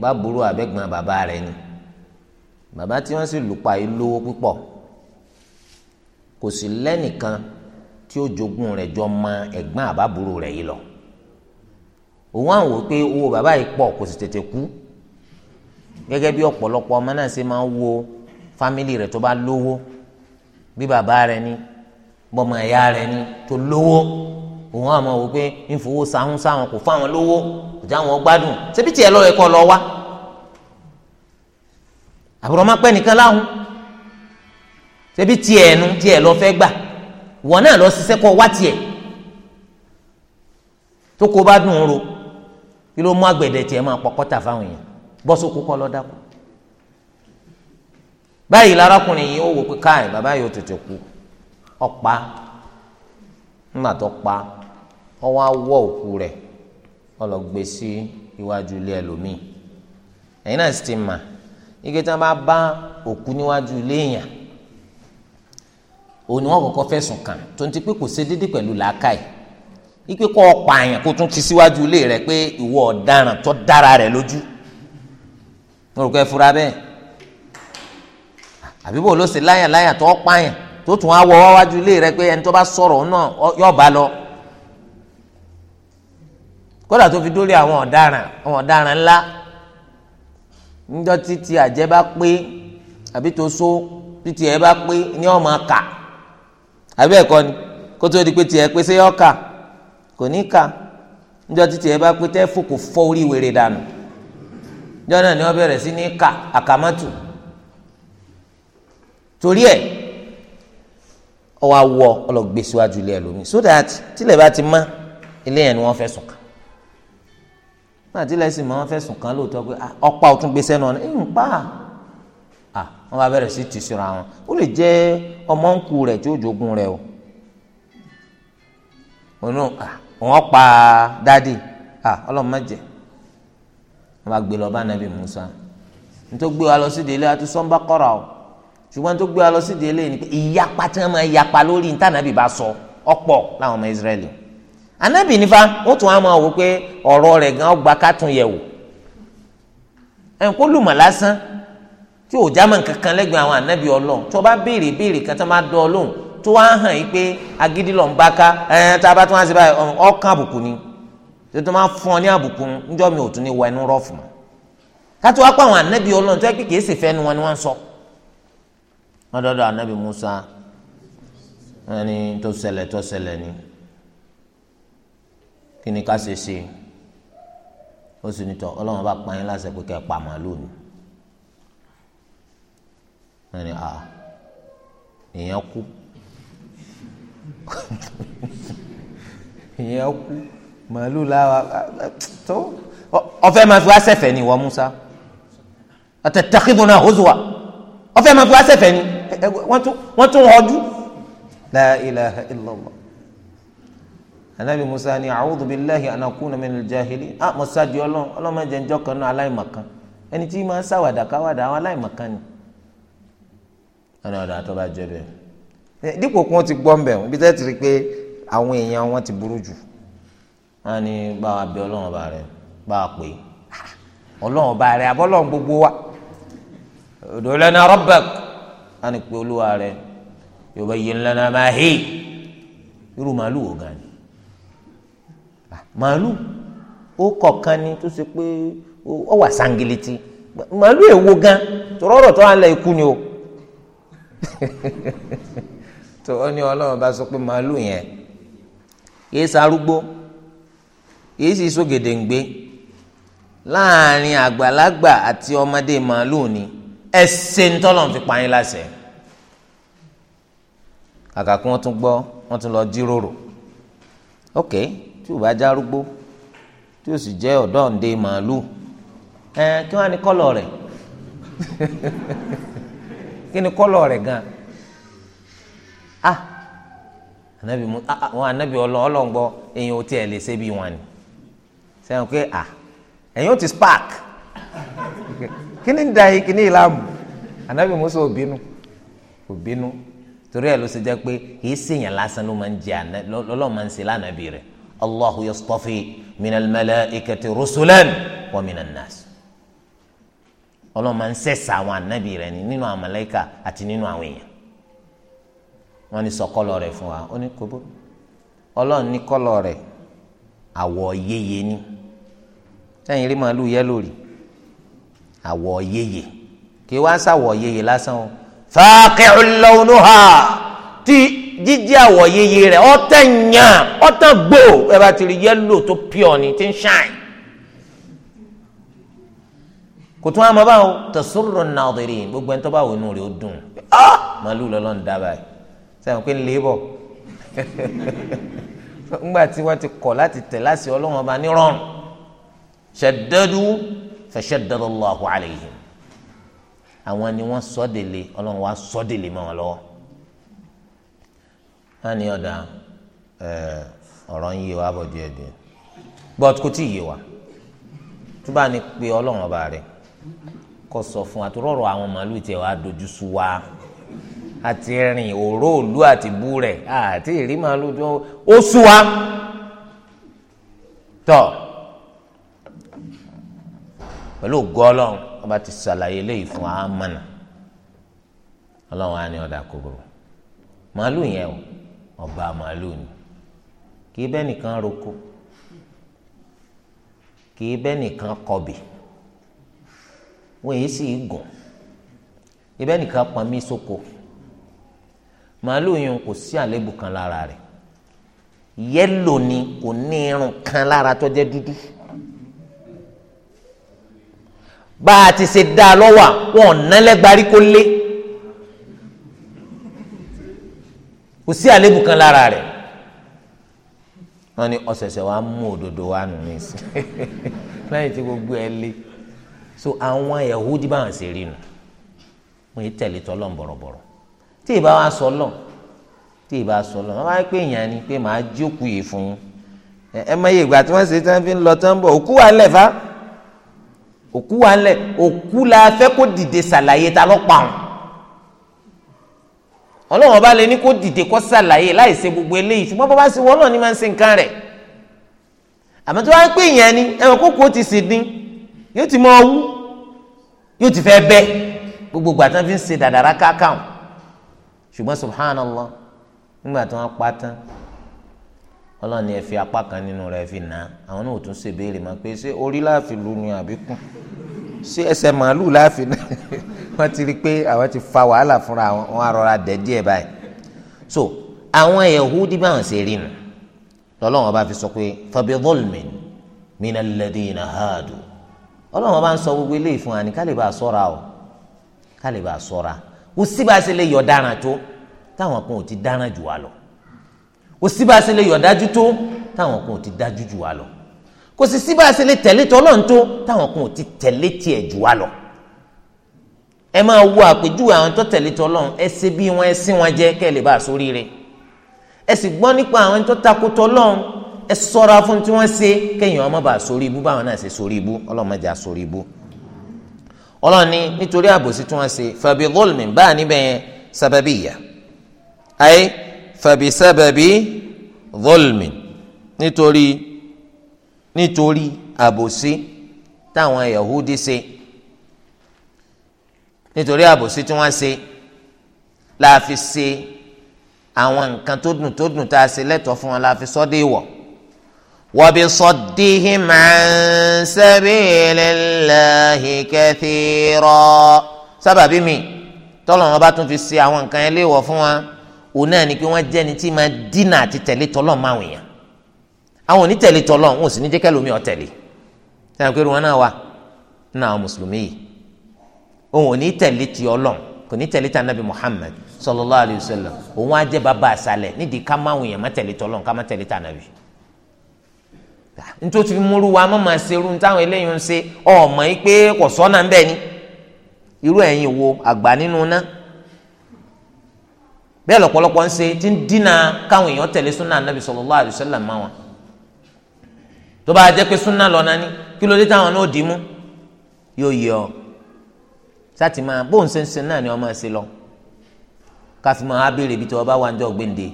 báburú àbẹ́gbọ́n bàbá rẹ̀ ni bàbá tí wọ́n sì lù pa yìí lówó púpọ̀ kò sí lẹ́nìkan tí ó jogún rẹ̀ jọ mọ ẹ̀gbọ́n àbábúrò rẹ̀ yìí lọ òun àwọn wò pé owó bàbá yìí pọ̀ kò sì tètè kú gẹ́gẹ́ bí ọ̀pọ̀lọpọ̀ ọmọ náà ṣe máa ń wo fámìlì rẹ̀ tó bá lówó bí bàbá rẹ̀ ni bọ́mọ ẹ̀yà rẹ̀ ni tó lówó òun àmọ́ wò pé ń fowó sáhún sáhún kò fáwọn lówó kò já wọn gbádùn ṣebí tiẹ̀ lọ́ọ́ ẹ̀kọ́ lọ wá àbúrò máa pẹ́ nìkan láhùn ṣebí tiẹ̀ nu tiẹ̀ lọ fẹ́ gbà wọn náà lọ ṣiṣẹ́ kọ́ wá tiẹ̀ tó kó bá dùn ún ro kí ló mú àgbẹ̀dẹ tiẹ̀ máa pọkọ́ta fáwọn èèyàn bọ́sọ̀kú kọ́ lọ́dàkú báyìí lárakùnrin yìí ó wò pé káì bàbá yìí ó tètè kú ọ̀pá ńgbà tó pa ọwọ́ awọ́ òkú rẹ̀ ọlọ́gbé sí iwájú ilé ẹlòmíì ẹ̀yin náà sì ti mà ike tí bá bá òkú níwájú ilé èèyàn òun ni wọ́n kọ́kọ́ fẹ̀sùn kàn tó ń ti pé kò ṣe pẹ̀lú kọ́ ọ̀pá àyàn kó tún ti mo efura pé ẹ fura bẹ́ẹ̀ àbí bò ló ṣe láyàn láyàn tó pààyàn tó wọ wáwájú ilé rẹ pé ẹni tó bá sọ̀rọ̀ náà yóò lọ kódà tó fi dórí àwọn ọ̀daràn àwọn ọ̀daràn ńlá níjọ́ títí àjẹ́ bá pé àbí tó so títí ẹ bá pé ní ọmọ kà àbí ẹ̀kọ́ ni kó tó di pé tiẹ̀ pé ṣé kà kò ní kà títí ẹ bá jọ́nà ni wọ́n bẹ̀rẹ̀ sí ní ka àkàmọ́tù torí ẹ̀ ọwọ́ awọ ọlọ́gbé síwájú ilé ẹlòmíì so that tílẹ̀ bá ti mọ́ ilé yẹn ni wọ́n fẹ̀sùn kàn náà tílẹ̀ sì mọ́ wọ́n fẹ̀sùn kàn lóòótọ́ pé ọ̀pá ọ̀tún gbé sẹ́nu ọ̀nà ẹ̀yìn pa à wọ́n bá bẹ̀rẹ̀ sí ti sọ̀rọ̀ àwọn ó lè jẹ́ ọmọ ńkù rẹ̀ tí ó jogun rẹ̀ o òun náà òun ọ̀pá dádì ọlọ́mọ jẹ́ wọn bá gbé lọ bá Musa nítorí gbé wa lọ sí délé àti sọ́nba kọ́ra o ṣùgbọ́n tó gbé wa lọ sí délé ni pé ìyapa tí wọ́n máa yapa lórí níta nàbì bá sọ ọ̀pọ̀ láwọn ọmọ Israẹli anabi nífa wọ́n tún á máa wò pé ọ̀rọ̀ rẹ̀ gan ọgbà kátún yẹ̀ wò ẹ̀ńkó lùmọ̀ lásán tí ò já mọ̀ kankan lẹ́gbẹ̀ẹ́ àwọn anabi ọlọ́run tó bá béèrè béèrè kan tó máa dán ọlọ́run tó wá hàn yí pé agídí lọ́n bá a bá tún wá sí báyìí ọkàn àbùkù ni. tó ma máa fún ọ ní àbùkù níjọ́ mi ò tún ní wọ ẹnu rọ́ọ̀fù mọ́ kátó wá pa àwọn ànábì ọlọ́run tó yẹ Musa ẹni tó sẹlẹ tó sẹlẹ ni kí ni ká ṣe ṣe ó sì ní tọ ọlọ́run bá pa yín láṣẹ pé pa ẹni màálù láwa tó ọfẹ máa fi wá ṣẹ̀fẹ̀ ni ìwọ Musa atattakhiduna huzwa ọfẹ máa fi wá ṣẹ̀fẹ̀ ni wọn tún họjú la ilaha illallah anabi Musa ni a'udhu billahi an akuna minal jahilin ah Musa di Ọlọ́run Ọlọ́run máa jẹ njọ kan náà aláìmọ̀kan ẹni tí máa ń ṣàwàdà káwàdà àwọn aláìmọ̀kan ni ọ̀nà ọ̀dà àtọ́ bá jẹ bẹ́ẹ̀ dípò kí wọ́n ti gbọ́ ń bẹ̀ wọ́n ibi rí i pé àwọn èèyàn wọn ti burú jù wọn ni bá wa bẹ ọba rẹ bá wa pè ọba rẹ abọ́lọ́run gbogbo wa ud'u lana rabbak wọn ni pe olúwa rẹ yubayyin lana na hi irú màálù wò gan ni ah, màálù ó kọ̀ọ̀kan ni tó ṣe pé ó wà sangiliti màálù èwo gan tọrọrọ tó wà lẹ ikú ni o tó ó ni ọlọ́run bá sọ pé màálù yẹn kì kìí sì so gèdèǹgbé láàrin àgbàlagbà àti ọmọdé màálùú ni ẹsẹ ntọ́lọ̀ fi pa yín láṣẹ kàkà kí wọ́n tún gbọ́ wọ́n tún lọ jíròrò ok tí ò bá já arúgbó tí ò sì jẹ́ ọ̀dọ́ ǹdẹ màálùú ẹ kí wọ́n á ní kọ́lọ̀ kí ni kọ́lọ̀ rẹ̀ gan ah anabi mu ah, ah wọn anabi ọlọ́ọ̀lọ́ ń gbọ́ èèyàn ò tiẹ̀ lè ṣe bí wọn ni sẹ́yìn pé à ẹ̀yin ó ti spark kí ni da yìí kí ni ìlàmù anabi musa òbínú òbínú torí ẹ̀ ló ṣe jẹ́ pé kì í ṣèyàn lásán ló máa ń jẹ lọ́lọ́ọ̀ máa ń ṣe lánàbì rẹ̀ allahu yastafi minal malaikati rusulan wa minan nas ọlọ́ọ̀ máa ń ṣẹ̀ṣà àwọn anabi rẹ̀ nínú àwọn àti nínú àwọn èèyàn wọ́n ní sọkọlọ rẹ̀ fún wa ó ní kóbó ọlọ́ọ̀ ní kọ́lọ̀ rẹ̀ àwọ̀ yéye ni. Kolore, sẹ́yìn rí màálù yẹ́lò rí àwọ̀ yeye kí wá sàwọ̀ yeye lásán o faqi'ul lawnuha tí jíjẹ́ àwọ̀ yeye rẹ̀ ọ̀tẹ̀ yàn ọ̀tẹ̀ gbò ẹ bá ti rí yẹ́lò tó pure ni tí ń ṣàn kò tún àmọ́ báwo tasurru an-nadirin gbogbo ẹni tó bá wò inú rẹ̀ ó dùn màálù lọ́lọ́ ń dábàá sẹ́yìn pé ń lé bọ̀ ńgbà tí wọ́n ti kọ̀ láti tẹ̀ láti ọlọ́wọ́n ọba nírọ̀rùn ṣaddadu fashaddada Allahu alayhim àwọn ni wọ́n sọ́dẹ̀lẹ̀ ọlọ́run wa sọ́dẹ̀lẹ̀ mọ́ wọn lọ́wọ́ á ní ọ̀dà ọ̀rọ̀ ń yé wa bọ̀ díẹ̀ díẹ̀ but kò tí ì yé wa tó bá ní pé ọlọ́run ọba rẹ̀ kó sọ fún wa tó rọrọ̀ àwọn màálù tiẹ̀ wá dojú sú wa àti rìn òró òlu àti bú rẹ̀ àti ìrí màálù tó ó sú wa tọ́. So, pẹ̀lú ògo ọlọ́run ọba ti ṣàlàyé léyìí fún wa mọ̀nà ọlọ́run á ní ọ̀dà kúburú màálù yẹn o ọba màálù ni kì í bẹ́ẹ̀ nìkan roko kì í bẹ́ẹ̀ nìkan kọbì wọ́n èyí sì gùn ibẹ̀ nìkan pọnmi sóko màálù yẹn kò sí àlébù kan lára rẹ̀ yẹ́lò ni kò ní irun kan lára tó jẹ́ dúdú bá a ti ṣe dá a lọ́wọ́ wọn ò nálẹ́gbárí kó lé kò sí àlébù kan lára rẹ̀ wọ́n ní ọ̀sẹ̀sẹ̀ wa mú òdodo wa nù ní ìsìn lẹ́yìn tí gbogbo ẹ lé so àwọn Yahudi bá wọn ṣe rí nu wọn yìí tẹ̀lé tọ́lọ̀ ń bọ̀rọ̀bọ̀rọ̀ tí ì bá wa sọ lọ tí ì bá sọ lọ wọn bá pè yàn ni pé màá jókòó yìí fún yín ẹ mọ iye ìgbà tí wọ́n ṣe tí wọ́n fi ń lọ tán bọ̀ òkú wa ń òkú wa ńlẹ̀ òkú la fẹ́ kó dìde ṣàlàyé ta ló pa òun ọlọ́run ọba lè ní kó dìde kó ṣàlàyé láì ṣe gbogbo eléyìí ṣùgbọ́n bàbá sí wọn náà ni máa ń ṣe nǹkan rẹ̀ àmọ́ tí wọ́n á pè yẹn ni ẹ̀wọ̀n kókó ti sì dín yóò ti mọ ọwú yóò ti fẹ́ bẹ́ gbogbo ìgbà tí wọ́n fi ń ṣe dàdàrà káàkàn ṣùgbọ́n subhanallah nígbà tí wọ́n pa tán ọlọ́run ni ẹ fi apá kan nínú rẹ̀ fi nà àwọn náà ò tún ṣe béèrè mọ́ pé ṣé orí láàfin lu ni àbí kún ṣé ẹsẹ̀ màálù láàfin náà wọ́n ti rí i pé àwọn ti fa wàhálà fúnra wọn arọra dẹ̀ díẹ̀ báyìí so àwọn Yahudi báwọn ṣe rí nu lọ́lọ́wọ́n bá fi sọ pé fabi zulmin mina alladhina hadu ọlọ́wọ́n bá ń sọ gbogbo eléyìí fún wa ní kálí sọ́ra o kálí sọ́ra kò síbáṣe lè yọ dáràn tó táwọn kan ò ti dáràn jù wá lọ kò sí bá a ṣe lè yọ̀ dájú tó táwọn kan ò ti dájú jù wá lọ kò sì sí bá a ṣe lè tẹ̀lé tọ́lọ́run tó táwọn kan ò ti tẹ̀lé tiẹ̀ jù wá lọ ẹ máa wo àpèjúwe àwọn tó tẹ̀lé tọ́lọ́run ẹ ṣe bí wọn ẹ sìn wọn jẹ kẹ́ ẹ lè bá a sórí rẹ ẹ sì gbọ́ nípa àwọn tó takò tọ́lọ́run ẹ sọ́ra fún tí wọ́n ṣe kẹ́yìn ọmọ bá a sórí ibú báwọn náà ṣe sórí ibú ọlọ́mọdé sórí ibú ọlọ́ni nítorí fàbísẹ́bẹ̀bí zulmi nítorí nítorí àbòsí táwọn yahudi ṣe nítorí àbòsí tí wọ́n ṣe la fi ṣe àwọn nǹkan tó dùn tó dùn tá a ṣe lẹ́tọ̀ọ́ fún wọn la fi sọ́ dé ìwọ̀ wọ́bi sọ́díhìn máa ń sabilillahi kathira sábàbí mi tọ́lọ̀ wọn bá tún fi ṣe àwọn nǹkan ẹlẹ́wọ̀ fún wọn. òun náà ni pé wọ́n jẹ́ ni tí ma dínà àti tẹ̀lé tọ́lọ́ máwìn yàn àwọn òní tẹ̀lé tọ́lọ́ wọn sì ní jẹ́ kẹ́lómi ọ̀tẹ̀lé sẹ́yìn pé wọn náà wà nínú àwọn mùsùlùmí yìí òun òní tẹ̀lé ti kò ní tẹ̀lé ta nabi Muhammad sallallahu alayhi wa sallam òun á jẹ́ bàbá di nídìí ká máwìn yàn má tẹ̀lé tọ́lọ́n ká má tẹ̀lé ta nítorí bẹ́ẹ̀ lọ́pọ̀lọpọ̀ ń ṣe tí ń dínà káwọn èèyàn tẹ̀lé súnà anábì sallallahu alaihi wasallam máa wọn tó bá jẹ́ pé súnà lọ́nà ni kí ló dé táwọn náà dì í mú yóò yẹ ọ sátì máa bóun ṣe ń ṣe náà ni ọmọ ẹ ṣe lọ káfí máa ibi tí bá wà gbèǹde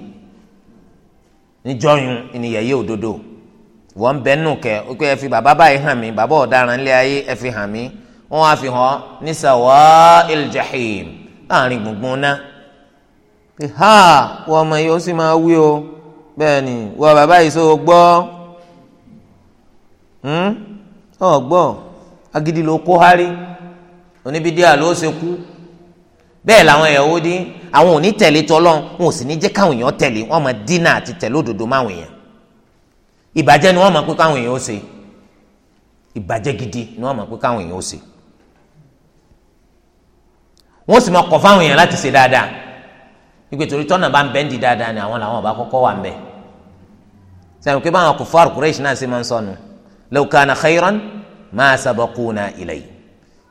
wọn fi bàbá báyìí hàn mí bàbá ọ̀daràn ilé ayé ẹ fi hàn mí fi hàn ní ha wọ́n ọmọ yìí ó sì máa wí o bẹ́ẹ̀ ni wọ́n bàbá yìí sọ gbọ́ hmm? ọ gbọ́ agídí ló kó hárí oníbídíà ló ṣe kú bẹ́ẹ̀ làwọn ẹ̀yàwó dín àwọn ò ní tẹ̀lé tọ́lọ́n wọn ò sì ní jẹ́ káwọn èèyàn tẹ̀lé wọn máa dínà àti tẹ̀lé òdodo máwọn èèyàn ìbàjẹ́ ni wọ́n máa pé káwọn èèyàn ó ṣe ìbàjẹ́ gidi ni wọ́n máa pé káwọn èèyàn ó ṣe wọ́n sì máa kọ̀ fáwọn èèyàn láti ṣe dáadáa wípé torí tọ́nà bá ń bẹ́ǹdì dáadáa ni àwọn làwọn ọba kọ́kọ́ wà ń bẹ̀ sẹ́yìn pé báwọn kufar Quraysh náà ṣe máa ń sọnù law kana khayran ma sabaquna ilayhi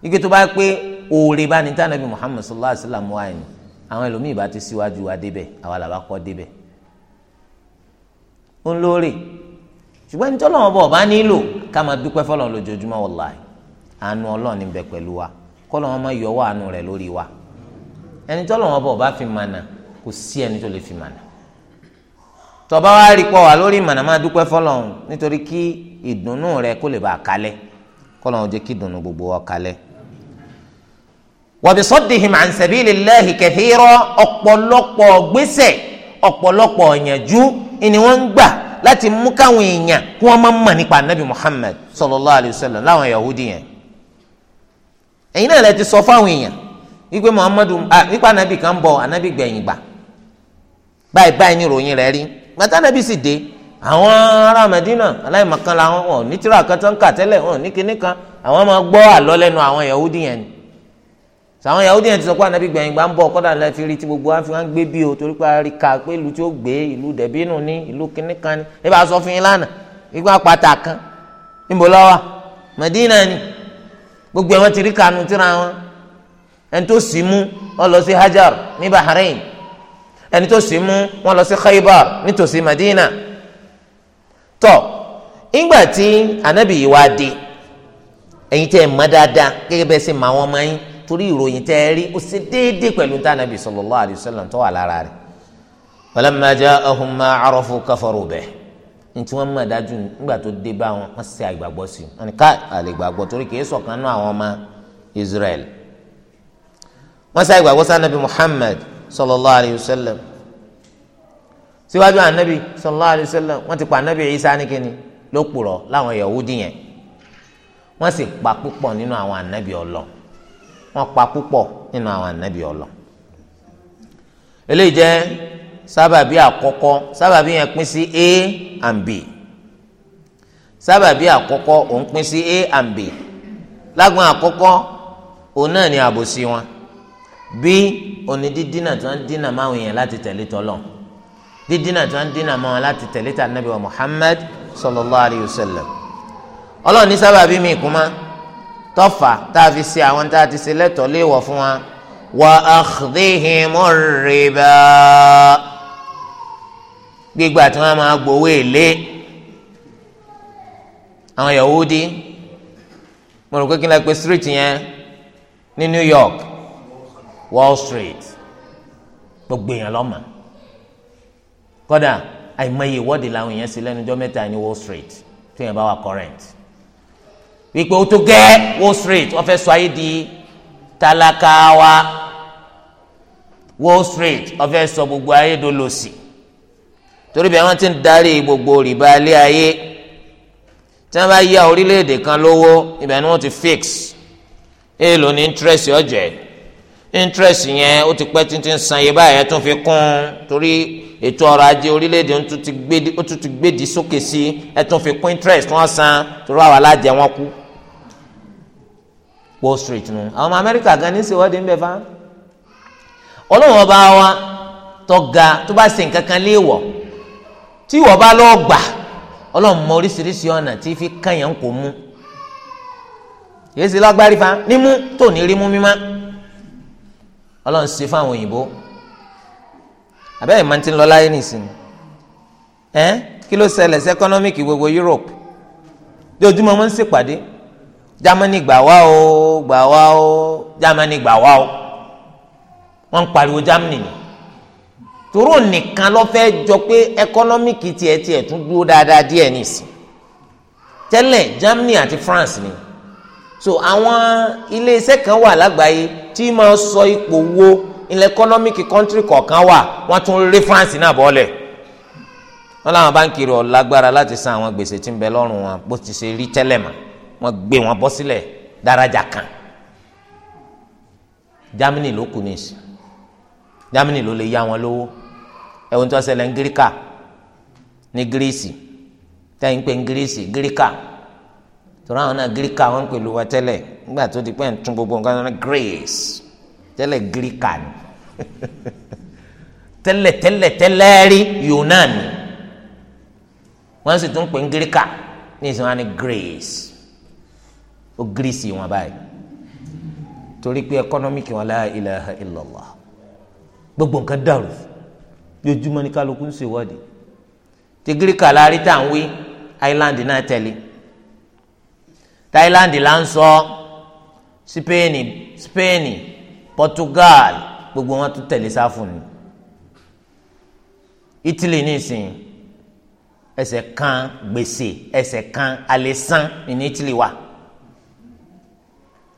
wípé tó bá pé oore bá ní tànàbí Muhammad sallallahu alayhi wa sallam wáyé ni àwọn ẹlòmíì bá ti síwájú wa débẹ̀ àwa làbá kọ́ débẹ̀ ń lóore ṣùgbọ́n ní tọ́lọ́wọ́n bọ̀ bá nílò ká máa dúpẹ́ fọlọ́n lójoojúmọ́ wàláì àánú ọlọ́ọ̀ni ń fi mànà kò sí ẹni tó lè fi mànà tọba wa rí pọ wà lórí ìmọ̀nà máa dúpẹ́ fọlọ́run nítorí kí ìdùnnú rẹ kó lè bá a kalẹ̀ gbogbo wa kalẹ wàbí sọ́dìhìm ọ̀pọ̀lọpọ̀ gbèsè ọ̀pọ̀lọpọ̀ ni wọ́n ń gbà láti mú anabi Muhammad alayhi yahudi yẹn. ẹ̀yin náà ti sọ fáwọn èèyàn wípé Muhammadu wípé anabi kan bọ̀ anabi gbẹ̀yìn báyìí báyìí ní ìròyìn rẹ̀ rí gbàtà nàbí sì dé àwọn ará Madina aláìmọ̀kan làwọn ọ̀ ní tíra kan tó ń kà tẹ́lẹ̀ ọ̀ ní kinní kan àwọn máa gbọ́ àlọ́ lẹ́nu àwọn Yahudi yẹn ni sàwọn Yahudi yẹn ti sọ pé anabi gbẹ̀yìn gbà ń bọ̀ kọ́dà lẹ́ fi rí tí gbogbo wa fi wá gbé bí o torí pé a rí ka pé ìlú tí ó gbé ìlú dẹ̀bínú ní ìlú kínní kan ní ẹ bá sọ fún yín lánàá igbó apáta kan níbo lọ́wọ́ Madina ni gbogbo ẹ̀ wọ́n ti rí kanu tíra wọn ẹni tó sì mú ọ lọ sí Hajar ní Bahrain ẹni tó sì mú wọn lọ sí Khaybar nítòsí Madina tọ ìgbà tí anabi yìí wá dé ẹ̀yin tẹ́ ẹ mọ̀ dáadáa gẹ́gẹ́ bẹ́ẹ̀ sì máa wọn máa yín torí ìròyìn tẹ́ ẹ rí ó sì déédéé pẹ̀lú tá anabi sallallahu alaihi wasallam tó wà lára rẹ̀ falamma ja'ahum ma arafu kafaru bihi ntí wọn mọ̀ dájú nígbà tó dé bá wọn wọn sì àgbàgbọ́ sí i wọn ká àlègbàgbọ́ torí kìí sọ̀kan náà àwọn ọmọ Israel wọn sì àgbàgbọ́ sí anabi Muhammad sallallahu الله عليه وسلم. síwájú anabi sallallahu alayhi wa sallam wọ́n ti pa anabi isa nìkíni ló لا هو yahudi yẹn wọ́n sì pa púpọ̀ nínú àwọn anabi ọlọ wọ́n pa púpọ̀ nínú àwọn anabi ọlọ eléyìí jẹ́ sábàbí àkọ́kọ́ sábàbí yẹn pín sí a and b sábàbí àkọ́kọ́ òun pín sí a and b lágbọn àkọ́kọ́ òun náà ni àbòsí wọn bí òní dídínà tí wọ́n dínà máwọn èèyàn láti tẹ̀lé tọ́lọ̀ dídínà tí wọ́n dínà máwọn láti tẹ̀lé tà nàbí wa Muhammad sallallahu alayhi wa sallam ọlọ́run ní sábàbí mi kú mọ́ tọ́fà tá a fi ṣe àwọn tá a ti ṣe lẹ́tọ̀ọ́ léèwọ̀ fún wa wà á xdíhìn mọ́ rìbá gbígbà tí wọ́n máa gbowó èlé àwọn Yahudi mo rò pé kí n lè pe street yẹn ní New York. Wall Street gbogbo èèyàn lọ́mọ kódà àìmọye ìwọ́de làwọn èèyàn sí lẹ́nu ọjọ́ mẹ́ta ní Wall Street tó yẹn bá wà current wípé ó tó gẹ́ Wall Street wọ́n fẹ́ sọ ayé di tálákà wa Wall Street wọ́n fẹ́ sọ gbogbo ayé dolòṣì torí bí wọ́n ti ń darí gbogbo rìbá ilé ayé tí wọ́n bá yá orílẹ̀-èdè kan lówó ibẹ̀ ni wọ́n ti fix èèlò ní interest ọ̀jẹ̀ interest yẹn ó ti pẹ́ títí ń san iye báyẹn tún fi kún torí ètò ọrọ̀ ajé orílẹ̀-èdè ó tún ti gbèdì sókè sí ẹ tún fi kún interest wọ́n san torí àwọn alájẹ wọn kú Wall Street nu àwọn ọmọ Amẹ́ríkà gan ní ìṣèwọ́de ń bẹ fáwọn ọlọ́run ọba wa tọ́ga tó bá ṣe nǹkan kan léèwọ̀ tí ìwọ bá lọ́ọ́ gbà ọlọ́run mọ oríṣiríṣi ọ̀nà tí fi kànyàn kò mú yéésì lágbárí fa nímú tó ní rí mú mímá ọlọ́run ṣe fún àwọn òyìnbó àbẹ́yẹ̀ máa ti ń lọ láyé nìsín ẹ́ kí ló ṣẹlẹ̀ sí ẹkọ́nọ́mìkì gbogbo Europe lójúmọ́ wọn ń ṣèpàdé Germany gbà wá o gbà wá o Germany gbà wá o wọ́n ń pariwo Germany ni tòró nìkan ló fẹ́ jọ pé ẹkọ́nọ́mìkì tiẹ̀ tiẹ̀ tún dúró dáadáa díẹ̀ nìsín tẹ́lẹ̀ Germany àti France ni so àwọn iléeṣẹ́ kan wà lágbàáyé tí máa sọ ipò wo ilẹ̀ economic country kọ̀ọ̀kan wà wọ́n tún rí France náà bọ́ọ̀lẹ̀ wọ́n láwọn báńkì rẹ̀ lágbára láti san àwọn gbèsè tí ń bẹ lọ́rùn wọn bó ti ṣe rí tẹ́lẹ̀ mà wọ́n gbé wọn bọ́ sílẹ̀ dáràjà kan Germany ló kù níìsì Germany ló lè yá wọn lówó ẹ̀wọ̀n tó ṣẹlẹ̀ ń gíríkà ní gírísì tẹ́yìn pé ń gírísì gíríkà tọ́ra àwọn náà gíríkà wọn ń pèlú wa tẹ́lẹ̀ nígbà tó di pé ń tún gbogbo nǹkan náà grace tẹ́lẹ̀ gíríkà ni tẹ́lẹ̀ tẹ́lẹ̀ tẹ́lẹ̀ rí yunani wọ́n sì tún pè ń gíríkà ní ìsìn wọn ni grace ó gírísì wọn báyìí torí pé ẹkọ́nọ́mìkì wọn la ilaha illallah gbogbo nǹkan dàrú lójúmọ́ ní kálukú ń ṣèwádìí tí gíríkà la rí tá à ń wí island náà tẹ̀lé Thailand là ń sọ Spain Spain Portugal gbogbo wọn tún tẹ̀lé sáfùn ni Italy nísìnyí ẹsẹ̀ kan gbèsè ẹsẹ̀ kan alẹ́ san ní Italy wa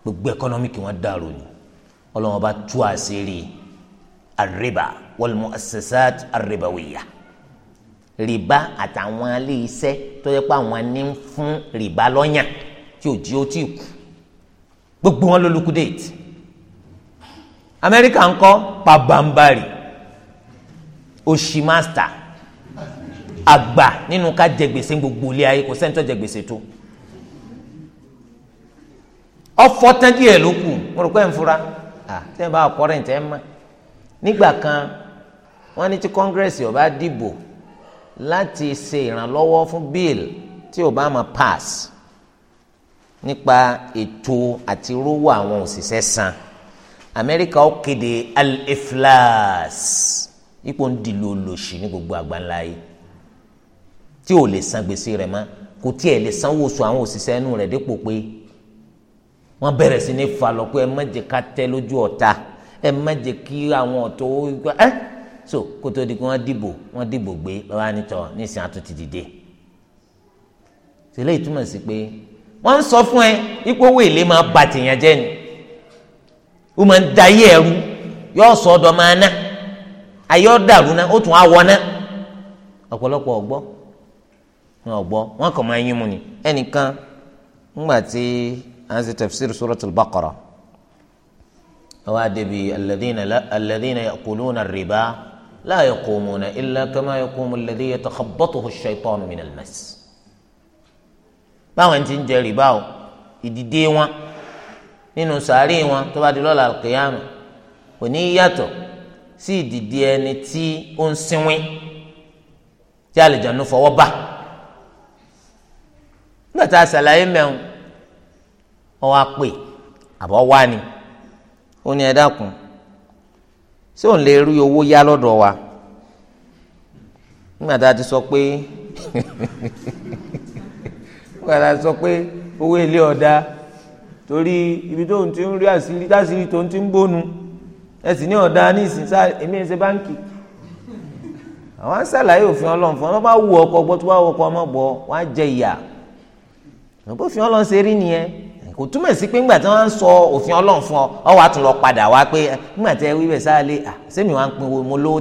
gbogbo economic wọn dàrú ni ọlọ́wọ́n bá tú àṣírí àríbà wal mu'assasat àríbàwìyà rìbá àtàwọn ilé iṣẹ́ tó yẹ pé àwọn ní ń fún rìbá lọ́yàn tí ò jí ó tí kù gbogbo wọn ló liquidate amẹ́ríkà ń kọ́ pabambari òṣì master àgbà nínú ká jẹ gbèsè gbogbo ilé ayé kò sẹ́ni tó jẹ gbèsè tó ọfọ tán díẹ̀ ló kù mo rò pé ń fura tẹ́lẹ̀ bá ọkọ̀rẹ́ ń tẹ́ ń mọ́ nígbà kan wọ́n ní tí kọ́ngírẹ́sì ó dìbò láti ṣe ìrànlọ́wọ́ fún bíìlì tí ó máa pass nípa ètò àti rówó àwọn òṣìṣẹ́ san amẹ́ríkà ó kéde al-iflas ipò ń di lòlòṣì ní gbogbo àgbáńlá yìí tí ò lè san gbèsè rẹ̀ mọ́ kò tiẹ̀ lè sanwó oṣù àwọn òṣìṣẹ́ inú rẹ̀ dípò pé wọ́n bẹ̀rẹ̀ sí ní fa lọ pé ẹ má jẹ́ ká tẹ́ lójú ọ̀tá ẹ má kí àwọn ọ̀tọ̀ ẹ́ so kó di pé wọ́n dìbò wọ́n dìbò gbé lọ́wọ́ ànitọ́ nísìnyí àtúntì dìde tẹ́lẹ̀ ìtumọ̀ sí pé wọ́n ń sọ fún ẹ ipò owó èlé máa ba tèèyàn jẹ́ ni ó máa ń da ayé ẹ̀rú yóò sọ ọ̀dọ̀ máa ná ayé ọ̀dàrú ná ó tún á wọ ná ọ̀pọ̀lọpọ̀ ọ̀gbọ́ wọn ọ̀gbọ́ wọn kàn máa yín mu ni ẹnìkan ńgbà tí a ń ṣe tafsir suratul Baqara àwọn àdèbí alladhina ya'kuluna ar-riba la yaqumuna illa kama yaqumu alladhi yatakhabbathu ash-shaytanu min báwọn ẹni tí ń jẹ rìbá o ìdìde wọn nínú sàárì wọn tó bá di lọ́la kìyàmù kò ní yàtọ̀ sí ìdìde ẹni tí ó ń sinwin tí àlejànú fọwọ́ bá nígbà tá a ṣàlàyé mẹ́rin wọn wá pè àbọ̀ wá ni ó ní ẹ dákun ṣé òun lè rí owó yá lọ́dọ̀ wa nígbà tá a ti sọ pé. kọ́ra sọ pé owó ilé ọ̀dà torí ibi tó ń ti ń rí àṣírí táṣírí tó ń ti ń bónu ẹ̀sìn ní ọ̀dà ní ìsìn èmi ẹ̀ ṣe báńkì àwọn aṣàlàyé òfin ọlọ́run fún bá wù ọkọ ọmọ wọ́n á jẹ ìyà òpó òfin ọlọ́run ṣe rí nìyẹn kò túmọ̀ sí pé ńgbà tí wà á ẹ wí sáà lé à sẹ́mi ń pin mo lówó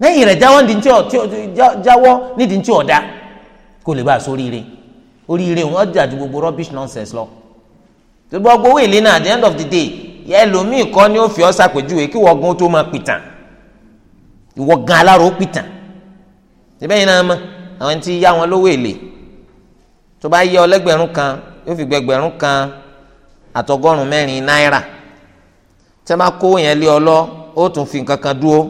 na rẹ̀ jáwọ́ ní tí jáwọ́ nídìí tí ọ̀dà kò lè bá a sóríire oríire wọn gbogbo rubbish nonsense lọ tó bá gbowó ìlé náà at the end of the day ẹlòmíì kọ́ ni ó fi ọ́ sàpèjúwe kí wọ́n gan tó máa pìtàn ìwọ gan aláró pìtàn síbẹ̀ yìí náà àwọn yá wọn lówó èlé tó bá yẹ ọ kan yóò fi gbẹgbẹ̀rún kan àtọgọ́rùn mẹ́rin náírà tẹ́ yẹn lé ọ lọ ó tún fi nǹkan dúró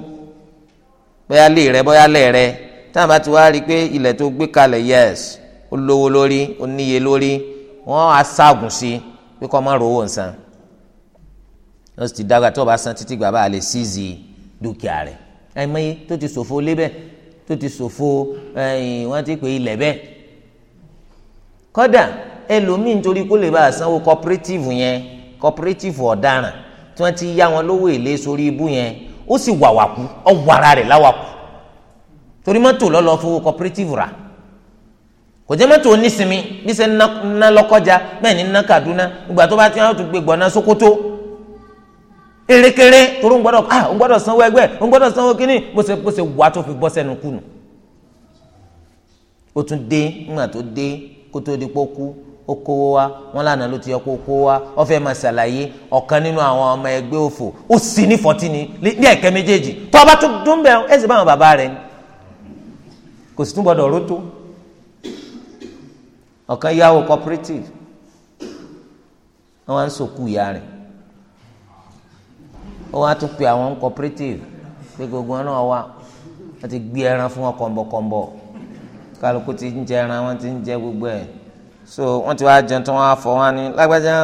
bóyá lé rẹ bóyá lẹ rẹ tá a bá ti wá rí i pé ilẹ̀ tó gbé kalẹ̀ yes ó lówó lórí ó níye lórí wọ́n á ságùn sí pé kọ́ má rówó nsàn ó sì ti dágbà tó o bá san títí gbà bá a lè ṣíìzì dúkìá rẹ̀ ẹ̀mọ́yé tó ti ṣòfò lébẹ̀ tó ti ṣòfò wọ́n ti pè ilẹ̀ bẹ́ẹ̀ kódà ẹlòmíì nítorí kó lè bá a sanwó cooperative yẹn cooperative ọ̀daràn tí wọ́n ti yá wọn lówó èlé sórí ibú yẹn ó sì wàwàkú ọ wàrà rẹ̀ láwàkú torí mọ́tò lọ́lọ́ fowó cooperative rà kò jẹ́ mọ́tò onísìnmi níṣẹ́ ńná lọ́kọ́já bẹ́ẹ̀ ni ńná Kaduna ìgbà tó bá ti hàn tó gbé gbọ̀nà Sokoto erékeré torí ń gbọ́dọ̀ ah ń gbọ́dọ̀ sanwó ẹgbẹ́ ń gbọ́dọ̀ sanwó kínní ó wa wọn lànà ló ti yẹ kó kówó wa ó ṣàlàyé nínú àwọn ọmọ ẹgbẹ́ òfò ó sì ní fọ́tí ni ní ẹ̀kẹ́ méjèèjì tó ọba tó dún bẹ́ẹ̀ sì bá àwọn bàbá rẹ ni kò sì tún gbọdọ̀ rótó ọ̀kan cooperative wọn ìyá so wọ́n ti wá jẹun tí wọ́n á fọ wọn ni lágbájá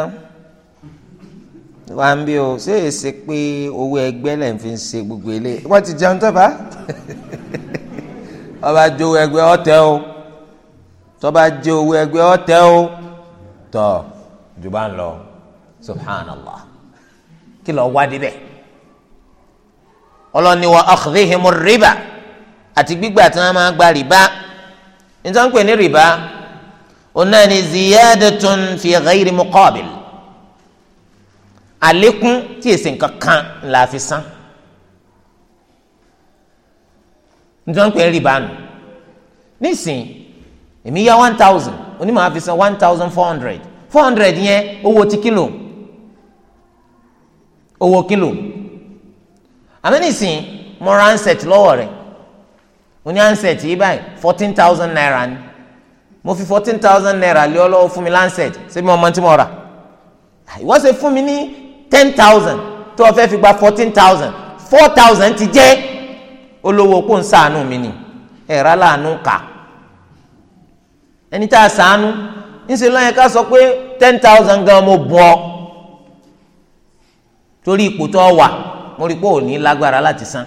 wà ń bí o ṣé è ṣe pé owó ẹgbẹ́ lẹ̀ ń fi ṣe gbogbo ilé wọ́n ti jẹun tó bá ọba jẹ owó ẹgbẹ́ ọ̀tẹ̀ o tọ́ba jẹ owó ẹgbẹ́ ọ̀tẹ̀ o tọ́ jù bá ń lọ subhanallah kí lọ wá débẹ̀ ọlọ́ni wa akhdhihimu rìbá àti gbígbà tí wọ́n máa gba rìbá nítorí pé ní rìbá ọ̀nà ni ziyadatun fi ghayri muqabil àlékún tí èsì nǹkan kan la fi san nítorí pé rìbá nù nísìn èmi yá one thousand onímọ̀ àfi san one thousand four hundred four hundred yẹn owó ti kílò owó kílò àmì nísìn mo ra handset lọ́wọ́ rẹ̀ mo ní handset yìí báyìí fourteen thousand naira ni mo fi fourteen thousand naira lé ọ lọ́wọ́ fún mi lancet ṣé mi ọmọ tí mo rà ah, ìwọ ṣe fún mi ní ten thousand tó o fẹ́ fi gba fourteen thousand four thousand ti jẹ́ olówó kó n ṣàánú mi ni ẹ̀rọ aláàánú kà ẹni tá a ṣàánú ńṣe lọ́yẹ ká sọ pé ten thousand gan mo bùn ọ torí ipò tó wà mo rí i pé ò ní lágbára láti san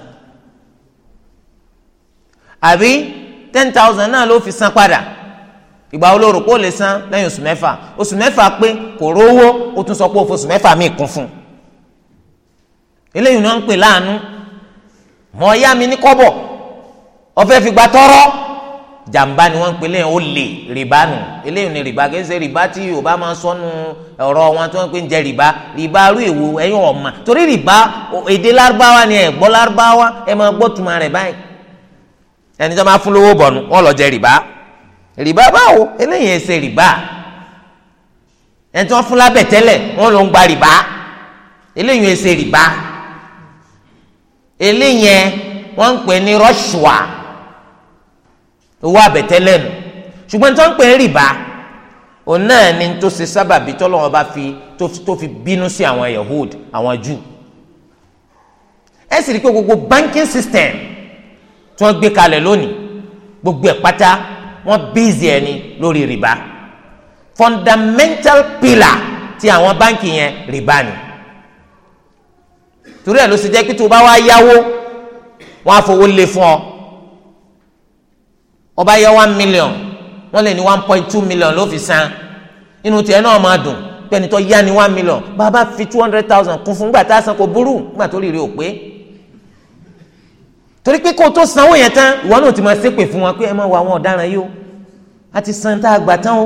àbí ten thousand náà ló fi san padà ìgbà wo ló rò pé ó lè san lẹ́yìn oṣù mẹ́fà oṣù mẹ́fà pé kò rówó ó tún sọ pé oṣù mẹ́fà míì kún fún un eléyìí ni wọ́n ń pè láàánú mọ ya mi ní kọ́bọ̀ ọ̀fẹ́ fi gba tọ́rọ́ jàǹbá ni wọ́n ń pè lẹ́yìn ó lè rìbá nù eléyìí ni rìbá kì í ṣe rìbá tí yorùbá máa sọnù ọ̀rọ̀ wọn tí wọ́n pè ń jẹ rìbá rìbá arú èwo ẹ̀yìn ọ̀ma torí rìbá èdè lárúbáwá ni ẹ̀ gbọ́ lárúbáwá ẹ̀ máa gbọ́ tuma rẹ̀ báyìí ẹni tó máa fún lówó bọ̀nù wọ́n lọ jẹ rìbá rìbá báwo eléyìí ẹsẹ̀ rìbá ẹni tí wọ́n fún lábẹ̀ tẹ́lẹ̀ wọ́n ló ń gba rìbá eléyìí ẹsẹ̀ rìbá eléyìí wọ́n ń pè ní rọ́ṣùà owó àbẹ̀tẹ́lẹ̀ nù ṣùgbọ́n tí wọ́n ń pè ní rìbá òun náà ni tó ṣe sábàbí tọ́lọ́wọ́n bá fi tó fi bínú sí àwọn Yahud àwọn Júù ẹ sì rí i pé gbogbo banking system tí wọ́n gbé kalẹ̀ lónìí gbogbo ẹ̀ pátá wọ́n bíìsì ẹ̀ ní lórí rìbá fundamental pillar ti àwọn báǹkì yẹn rìbá ni torí ẹ̀ ló ṣe jẹ́ pé tó o bá wá yáwó wọ́n á fowó lé fún ọ ọba yá one million wọ́n lè ní one point two million ló fi san inú tiẹ̀ náà máa dùn pẹ́ni tó yá ni one million bàbá fi two hundred thousand kún fún gbàtà san kò burú gbàtó rírì ò pé torí pé kó o tó sanwó yẹn tán ìwọ náà ti máa ṣépè fún wọn pé ẹ máa wọ àwọn ọ̀daràn yìí o a ti san tá a gbà tán o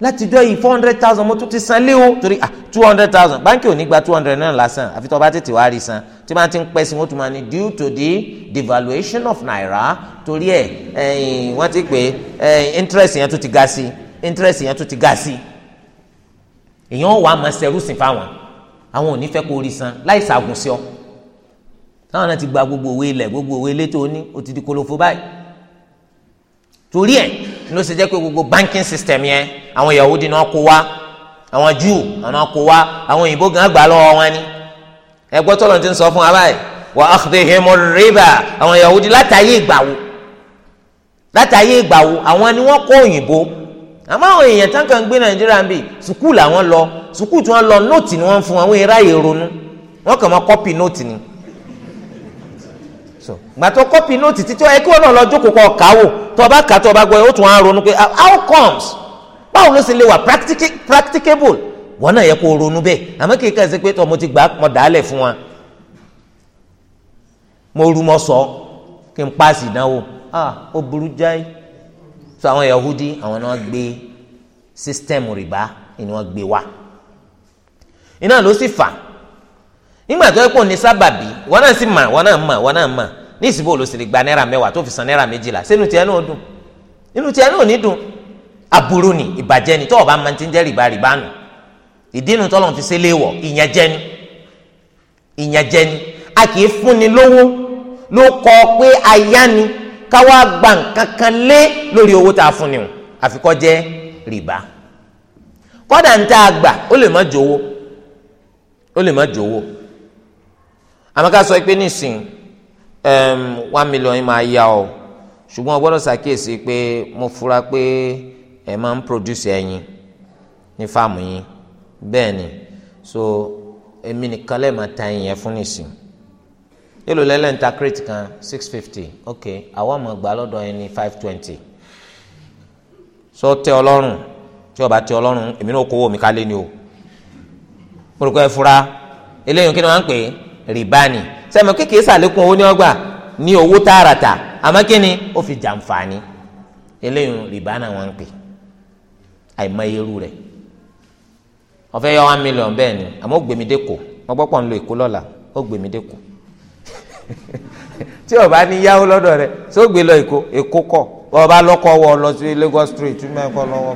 láti jọ yìí four hundred thousand mo tún ti san lé o torí ah two hundred thousand báńkì ò ní gba two hundred náà lásán àfi tó bá tètè wá rí san tí wọ́n ti ń pẹ́ sí wọ́n tún máa ní due to the devaluation of naira torí ẹ̀ wọ́n ti pè é interest yẹn tún ti ga sí interest yẹn tún ti ga sí èèyàn wà á máa ṣerú sí fáwọn àwọn ò ní fẹ́ kó rí san láì ṣàgùn sí ọ táwọn náà ti gba gbogbo òwe ilẹ̀ gbogbo òwe ilé tó ní o di kolofo báyìí torí ẹ̀ ló ṣe jẹ́ pé gbogbo banking system yẹn àwọn Yahudi náà kó wá àwọn Júù náà kó wá àwọn òyìnbó gan gbà lọ́wọ́ wọn ni ẹgbẹ́ tọ́lọ̀ ti ń sọ fún wa báyìí wà á fi himu rìbá àwọn Yahudi látàyè ìgbàwo látàyè ìgbàwo àwọn ni wọ́n kó òyìnbó àmọ́ àwọn èèyàn tán kàn ń gbé Nàìjíríà ń bì sùkúù làwọn lọ sùkúù tí wọ́n lọ nóòtì ni wọ́n fún wọn wọ́n ráyè ronú wọ́n kàn máa kọ́pì nóòtì ni so gbà tó kọ́pì títí ẹ kí náà lọ jókòó kọ káwò tó o kà tó o bá gbọ́ tún á ronú pé ah, how comes báwo ló ṣe lè wà practicable wọn náà yẹ kó o ronú bẹ́ẹ̀ àmọ́ kì í kà sí pé tọ́ mo ti gbà mọ̀ dálẹ̀ fún wa mo rú mọ́ sọ kí n paasi ìdánwò ah ó burú jáì so àwọn Yahudi àwọn náà gbé sísítẹ́ẹ̀mù rìbá ni wọ́n gbé wá iná ló sì fà á nígbà tó yẹ kó ní sábàbí wọn náà sì mà wọn náà mà wọn náà mà ní ìsìnbó olóṣèlú gba náírà mẹ́wàá tó fi san náírà méjìlá sínú tiẹ̀ náà dùn inú tiẹ̀ náà ní dùn aburú ni ìbàjẹ́ ni tọ́wọ́ bá máa ti ń jẹ́ rìbá rìbá nù ìdínú tọ́lọ́ fi ṣe léèwọ̀ ìyẹn jẹ́ ni ìyẹn jẹ́ ni a kì í fúnni lówó ló kọ pé aya ni káwá gba nǹkan kan lé lórí owó tá a fún ni o àfikọ́ jẹ́ rìbá kọ́dà ń tá a gbà ó lè má jowó ó lè má jowó àmọ́ ká sọ pé nísìn one million yìí máa yá o ṣùgbọ́n o gbọ́dọ̀ ṣàkíyèsí pé mo fura pé ẹ máa ń produce ẹyin ní fáàmù yín bẹ́ẹ̀ ni so èmi nìkan lẹ́ẹ̀ máa ta ẹyin yẹn fún nísìn yóò lò ń ta crate kan six fifty ok àwọn ọmọ gbà lọ́dọ̀ yẹn five twenty so tẹ ọlọ́run tí ọba tẹ ọlọ́run èmi náà kówó mi ká lé ni o mo rò pé ẹ fura eléyìí kí ni wọ́n á ń pè é. Ribani, ni sẹ́mi kékeré sàlékún owó ní ọgbà ní owó tààràtà àmọ́ kí ni ó fi jàǹfààní eléyìí rìbá náà wọ́n ń pè àìmọ irú rẹ̀ ọ̀fẹ́ yọ one million bẹ́ẹ̀ ni àmọ́ gbèmídé kò wọ́n gbọ́pọ̀ ń lo èkó lọ́la ó gbèmídé kò tí o ní yáwó lọ́dọ̀ rẹ̀ tí ó gbé lọ èkó èkó kọ̀ ọba lọ́kọ̀ wọ lọ sí Lagos street tún mẹ́kọ̀ lọ́wọ́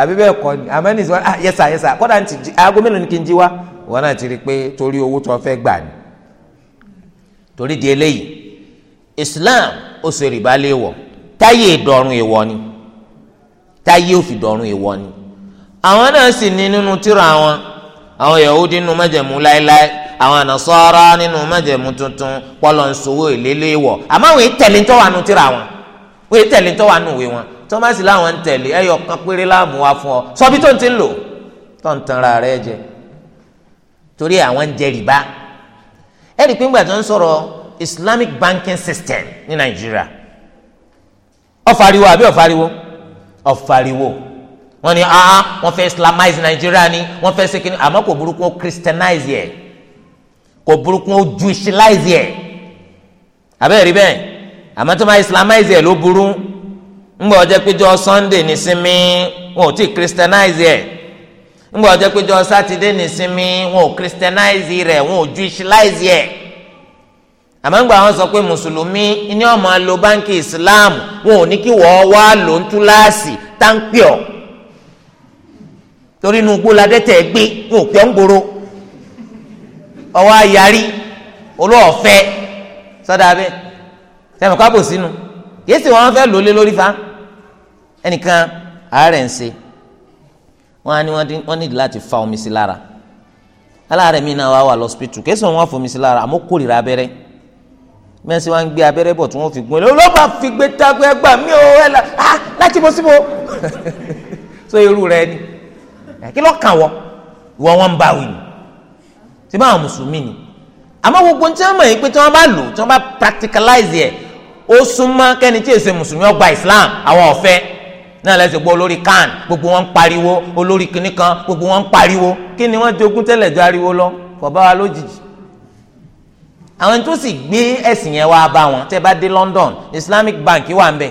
àbí bẹ́ẹ̀ kọ́ ni àmọ́ ní ìsọ̀rọ̀ ah yẹ́sà yẹ́sà kọ́dà ní ti aago mélòó ni kí n jí wá wọn náà ti rí i pé torí owó tó fẹ́ gbà ni torí di eléyìí Islam ó ṣe rìbá léèwọ̀ táyé ìdọ̀rùn èèwọ̀ ni táyé ó fi dọ̀rùn èèwọ̀ ni àwọn náà sì ní nínú tírà wọn àwọn Yahudi nínú májẹ̀mú láéláé àwọn Nasara nínú májẹ̀mú tuntun pọlọ ń sowó ìléléèwọ̀ àmọ́ àwọn ètẹ̀lé tó wà nù tírà wọn wọ́n ètẹ̀lé tó wà nù ìwé wọn tọ́másì láwọn ń tẹ̀lé ẹ̀yọ̀ kan péré láàmú wa fún ọ sọ́bí tó ń ti lò tó ń tanra jẹ́ torí àwọn ń jẹ rìbá ẹ rí i pé ńgbà tó ń sọ̀rọ̀ Islamic banking system ní Nàìjíríà ọ̀fariwo àbí ọ̀fariwo ọ̀fariwo wọ́n ní ah wọ́n fẹ́ Islamize Nàìjíríà ni wọ́n fẹ́ ṣe kí ni àmọ́ kò burúkú ó Christianize yẹ kò burúkú ó Jewishize yẹ àbẹ́ẹ̀rí bẹ́ẹ̀ àmọ́ tó máa Islamize yẹ ló burú ńgbà ọjọ́ péjọ Sunday ní sinmi wọn ò tí Christianize yẹ. ńgbà ọjọ́ pé jọ sátidé wọn ò christianize rẹ wọn ò jewishize ẹ̀ àmọ́ wọn sọ pé mùsùlùmí ní ọmọ lo báńkì islam wọn ò ní kí wọ́n wá lò ń túláàsì táǹpìọ̀ torí inú gbó ladẹ́tẹ̀ gbé wọn ò pẹ́ ń gbòòrò ọwọ́ ayarí olóòfẹ́ sẹ́mi kábò sínú yéésì wọn fẹ́ lò lé ẹnìkan àárẹ̀ ṣe. wọn á ní wọn nídìí láti fa omi sí lára aláàárẹ̀ mi náà wá wà lọ́sípítù kẹsàn-án wọn fomi sí lára àmọ́ kórìíra abẹ́rẹ́ mẹ́sì wá ń gbé abẹ́rẹ́ bọ̀ tí wọ́n fi gún ẹ lọ́ba fi gbé tágbé ẹgbà mí ò ẹ la á láti bọ́ síbò so irú rẹ ni kí ló kàn wọ́ wọ́n wọ́n ń bá wí ni tí báwọn mùsùlùmí ni àmọ́ gbogbo tí wọ́n mọ̀ yìí pé tí wọ́n bá lò tí wọ́n bá practicalize ẹ̀ ó súnmọ́ kẹ́ni tí èsè mùsùlùmí ọgbà Islam àwọn ọ̀fẹ́ náà lẹ́sìn pé olórí kan gbogbo wọn ń pariwo olórí kìnnì kan gbogbo wọn ń pariwo kí ni wọ́n jogún tẹ́lẹ̀ ju lọ kò wa lójijì. àwọn tó sì gbé ẹ̀sìn yẹn wá bá wọn tẹ́ bá dé London Islamic Bank wà ń bẹ̀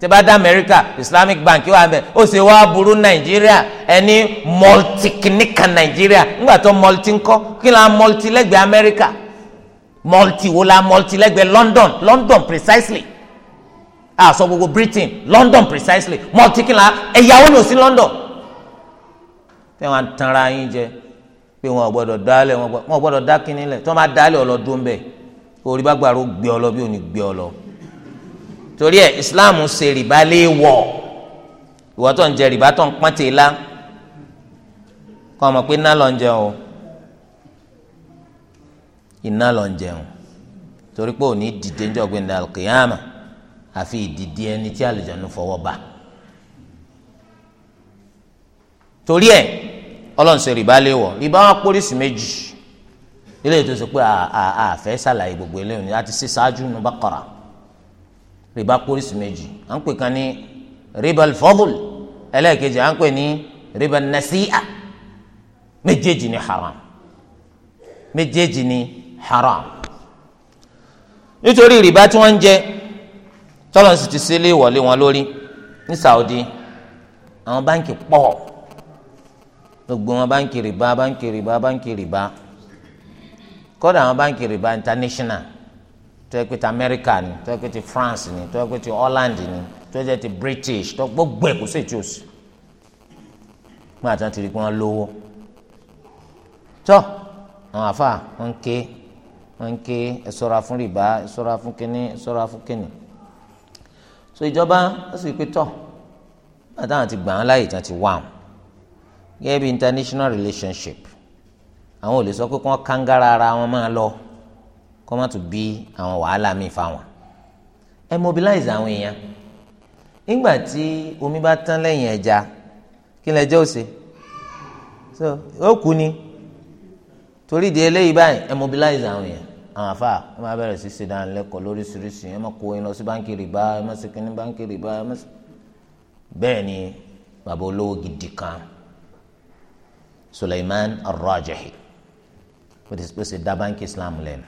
tẹ́ bá dé America Islamic Bank wà ń bẹ̀ ó sì wá burú Nàìjíríà ẹni multi-kìnnìkan Nàìjíríà ńgbà tó multi ńkọ́ kí ni a multi lẹ́gbẹ̀ẹ́ America multi wo la multi lẹ́gbẹ̀ẹ́ London London precisely àsọ ah, gbogbo Britain London precisely mọtíkìlá ẹyàwó ni ò sí London tẹ wọn tanra yín jẹ pé wọn gbọ́dọ̀ dálẹ̀ wọn gbọ́dọ̀ dá kínní lẹ tí wọn bá dálẹ̀ ọlọdún bẹ orí bá gbàrú gbé ọ lọ bí òní gbé ọ lọ torí ẹ Islam ṣe rìbá léèwọ̀ ìwọ tó ń jẹ rìbá tó ń pọ́n tè la kọ́ ọmọ pé iná lọ ń jẹun iná lọ ń jẹun torí pé òní dìde ń jọ gbé ní alkiyama àfi ìdìdí ẹni tí àlùjànnú fọwọ́ bá torí ẹ ọlọ́run ṣe rìbá léwọ̀ rìbá wọn pólísì méjì eléyìí tó ṣe pé àfẹ́ ṣàlàyé gbogbo eléyìí àti ṣe ṣáájú nu Baqara rìbá pólísì méjì à ń pè kan ní rìbá al-fadl ẹlẹ́ẹ̀kejì à ń pè ní rìbá an méjèèjì ni haram méjèèjì ni haram nítorí rìbá tí wọ́n ń jẹ tọ́lọ̀ sì ti sílé ìwọlé wọn lórí ní Saudi àwọn báńkì pọ̀ gbogbo wọn báńkì rìbá báńkì rìbá báńkì rìbá kọ́dà àwọn báńkì rìbá international tó yẹ pé ti America ni tó ti France ni tó yẹ ti Holland ni tó ti British tó gbogbo ẹ̀ kó sì tí o sì pé àti wọn ti rí pé wọn lówó tọ́ àwọn àfa wọn ké wọn ké ẹ ṣọ́ra fún rìbá ẹ ṣọ́ra fún kínní ẹ ṣọ́ra fún kínní so ìjọba ó sì pé tọ̀ àtàwọn ti gbà án láyè tí wọ́n ti wá àwọn gẹ́gẹ́ bí international relationship àwọn ò lè sọ pé kí wọ́n kángára ara wọn máa lọ kó má tún bí àwọn wàhálà míì fáwọn ẹ mobilize àwọn èèyàn nígbà tí omi bá tán lẹ́yìn ẹja kí lẹ jẹ́ òsè so ó kú ni torí ìdí eléyìí báyìí ẹ mobilize àwọn èèyàn àwọn afa ẹ máa bẹ̀rẹ̀ sí ṣe dánilẹ́kọ̀ọ́ lóríṣiríṣi ẹ máa kó yín lọ sí báńkì rìbá ẹ máa ṣe kí ní báńkì rìbá ẹ máa ṣe. bẹ́ẹ̀ ni bàbá olówó gidi kan Suleiman Ar-Rajahi ó sì dá báńkì Islam lẹ̀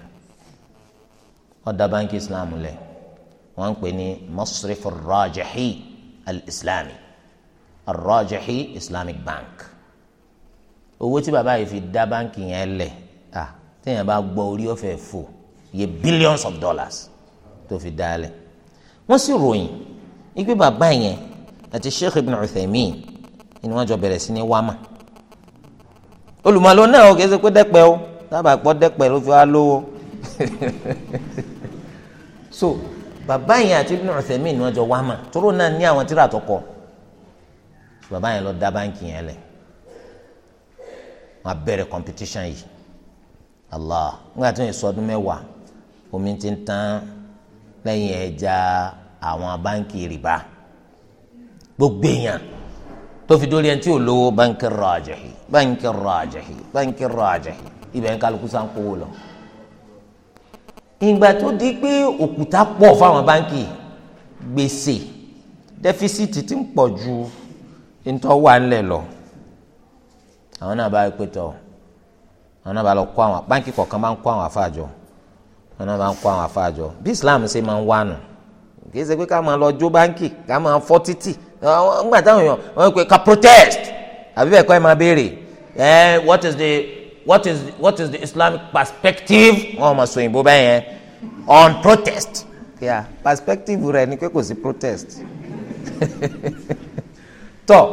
ó dá báńkì Islam lẹ̀ wọ́n ń pè ní Masrif Ar-Rajahi al Islamic Bank owó tí bàbá yìí fi dá báńkì yẹn lẹ̀ téèyàn bá gbọ́ orí ọ̀fẹ́ fò yẹ billions of dollars tó fi dálẹ̀ wọ́n sì ròyìn ìgbé bàbá yẹn àti Sheikh Ibn Uthaymin ni wọ́n jọ bẹ̀rẹ̀ sí ní wámà olùmọ̀lọ́ náà ó kẹsẹ́ pé dẹ́pẹ́ o sábà pọ́ dẹ́pẹ́ ló fi wá lówó so bàbá yẹn àti Ibn Uthaymin ni wọ́n jọ wámà tóró náà ní àwọn tíra tó kọ bàbá yẹn lọ dá báńkì yẹn lẹ̀ wọ́n á bẹ̀rẹ̀ competition yìí allah nígbà tí wọ́n sọ ọdún mẹ́wàá omi ti ń tán lẹ́yìn ẹja àwọn báńkì rìbá gbogbo èèyàn tó fi dórí ẹni tí ò lówó báńkì rajahi báńkì rajahi báńkì rajahi ibẹ̀ ń kálukú sá ń kówó lọ. ìgbà tó di pé òkúta pọ̀ fáwọn báńkì gbèsè dẹ́físítì ti ń pọ̀ ju ntọ́wà ńlẹ̀ lọ àwọn náà bá pẹ́ tọ̀ wọn náà bá lọ kó àwọn báńkì kọ̀ọ̀kan máa ń kó àwọn afáàjọ wọn náà máa ń kó àwọn afáàjọ bí islam ṣe máa ń wá nù kì í ṣe pé ká máa lọ jó báńkì ká máa fọ́ títì ńgbà táwọn èèyàn wọn pe ká protest àbí bẹ́ẹ̀ kọ́ ẹ máa béèrè ẹ what is the what is what is the islamic perspective wọn máa sọ òyìnbó bẹ́ẹ̀ yẹn on protest yeah perspective rẹ ni pé kò sí protest tọ́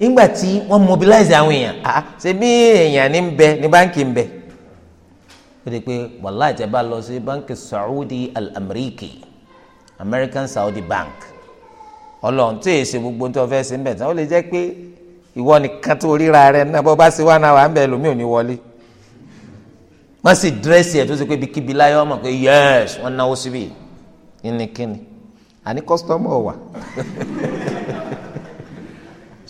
nígbà tí wọ́n mobilize àwọn èèyàn ah ṣe bí èèyàn ní bẹ ní báńkì ń bẹ ó di pé wàláì tẹ́ bá lọ sí báńkì Saudi al-Amriki American Saudi Bank ọlọ́run tí èyí ṣe gbogbo tó fẹ́ ṣe ń bẹ̀ tán ó lè jẹ́ pé ìwọ nìkan tó ríra rẹ náà bọ́ bá ṣe wà náà wà ń bẹ̀ lómi ò ní wọlé wọ́n sì dírẹ́sì ẹ̀ tó ṣe pé ibikíbi láyé ọmọ pé yẹ́s wọ́n náwó síbi ìníkíni àní kọ́sítọ́mù ọ̀wà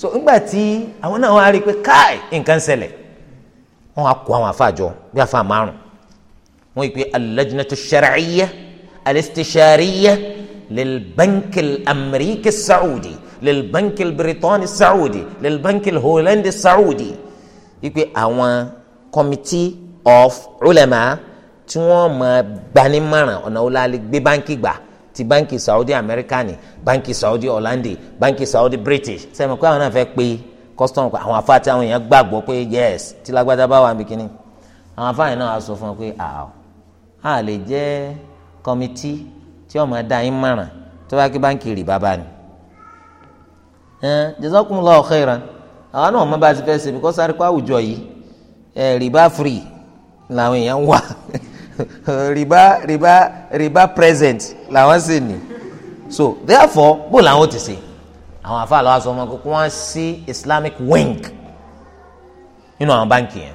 so ńgbà tí àwọn náà wá rí i pé káì nǹkan ṣẹlẹ̀ wọ́n á kó àwọn afáàjọ bí afáà márùn wọ́n yìí pé al-lajnatu ash-shar'iyyah al-istishariyah lil-bank al-amriki as-saudi lil-bank al-britani lil-bank al-holland yìí pé àwọn committee of ulama tí wọ́n máa gbanímọ̀ràn ọ̀nà wo la gbé báńkì gbà ti báńkì Saudi amẹ́ríkàní báńkì Saudi ọ̀làndì báńkì Saudi British sẹ́mi pé àwọn náà fẹ́ pé kọ́sítọ́mù àwọn afáàtì àwọn èèyàn gbàgbọ́ pé yes tí lágbádá bá wà bìkínní àwọn afáàyè náà wàá sọ fún ọ pé àá a lè jẹ́ kọ́mítì tí ọmọ ẹ̀dá yín mọ̀ràn tó bá kí báńkì rì bàbá ni. jazakumullahu khairan àwọn náà ọmọ bá ti fẹ́ ṣe bíkọ́sí àríkọ́ àwùjọ yìí rìbá free làwọn èèyàn wà riba riba riba present làwọn sì ní so therefore bó làwọn ti ṣe àwọn afa àlọ́ aṣọ ọmọ kókó wọn sí islamic wing nínú àwọn báǹkì yẹn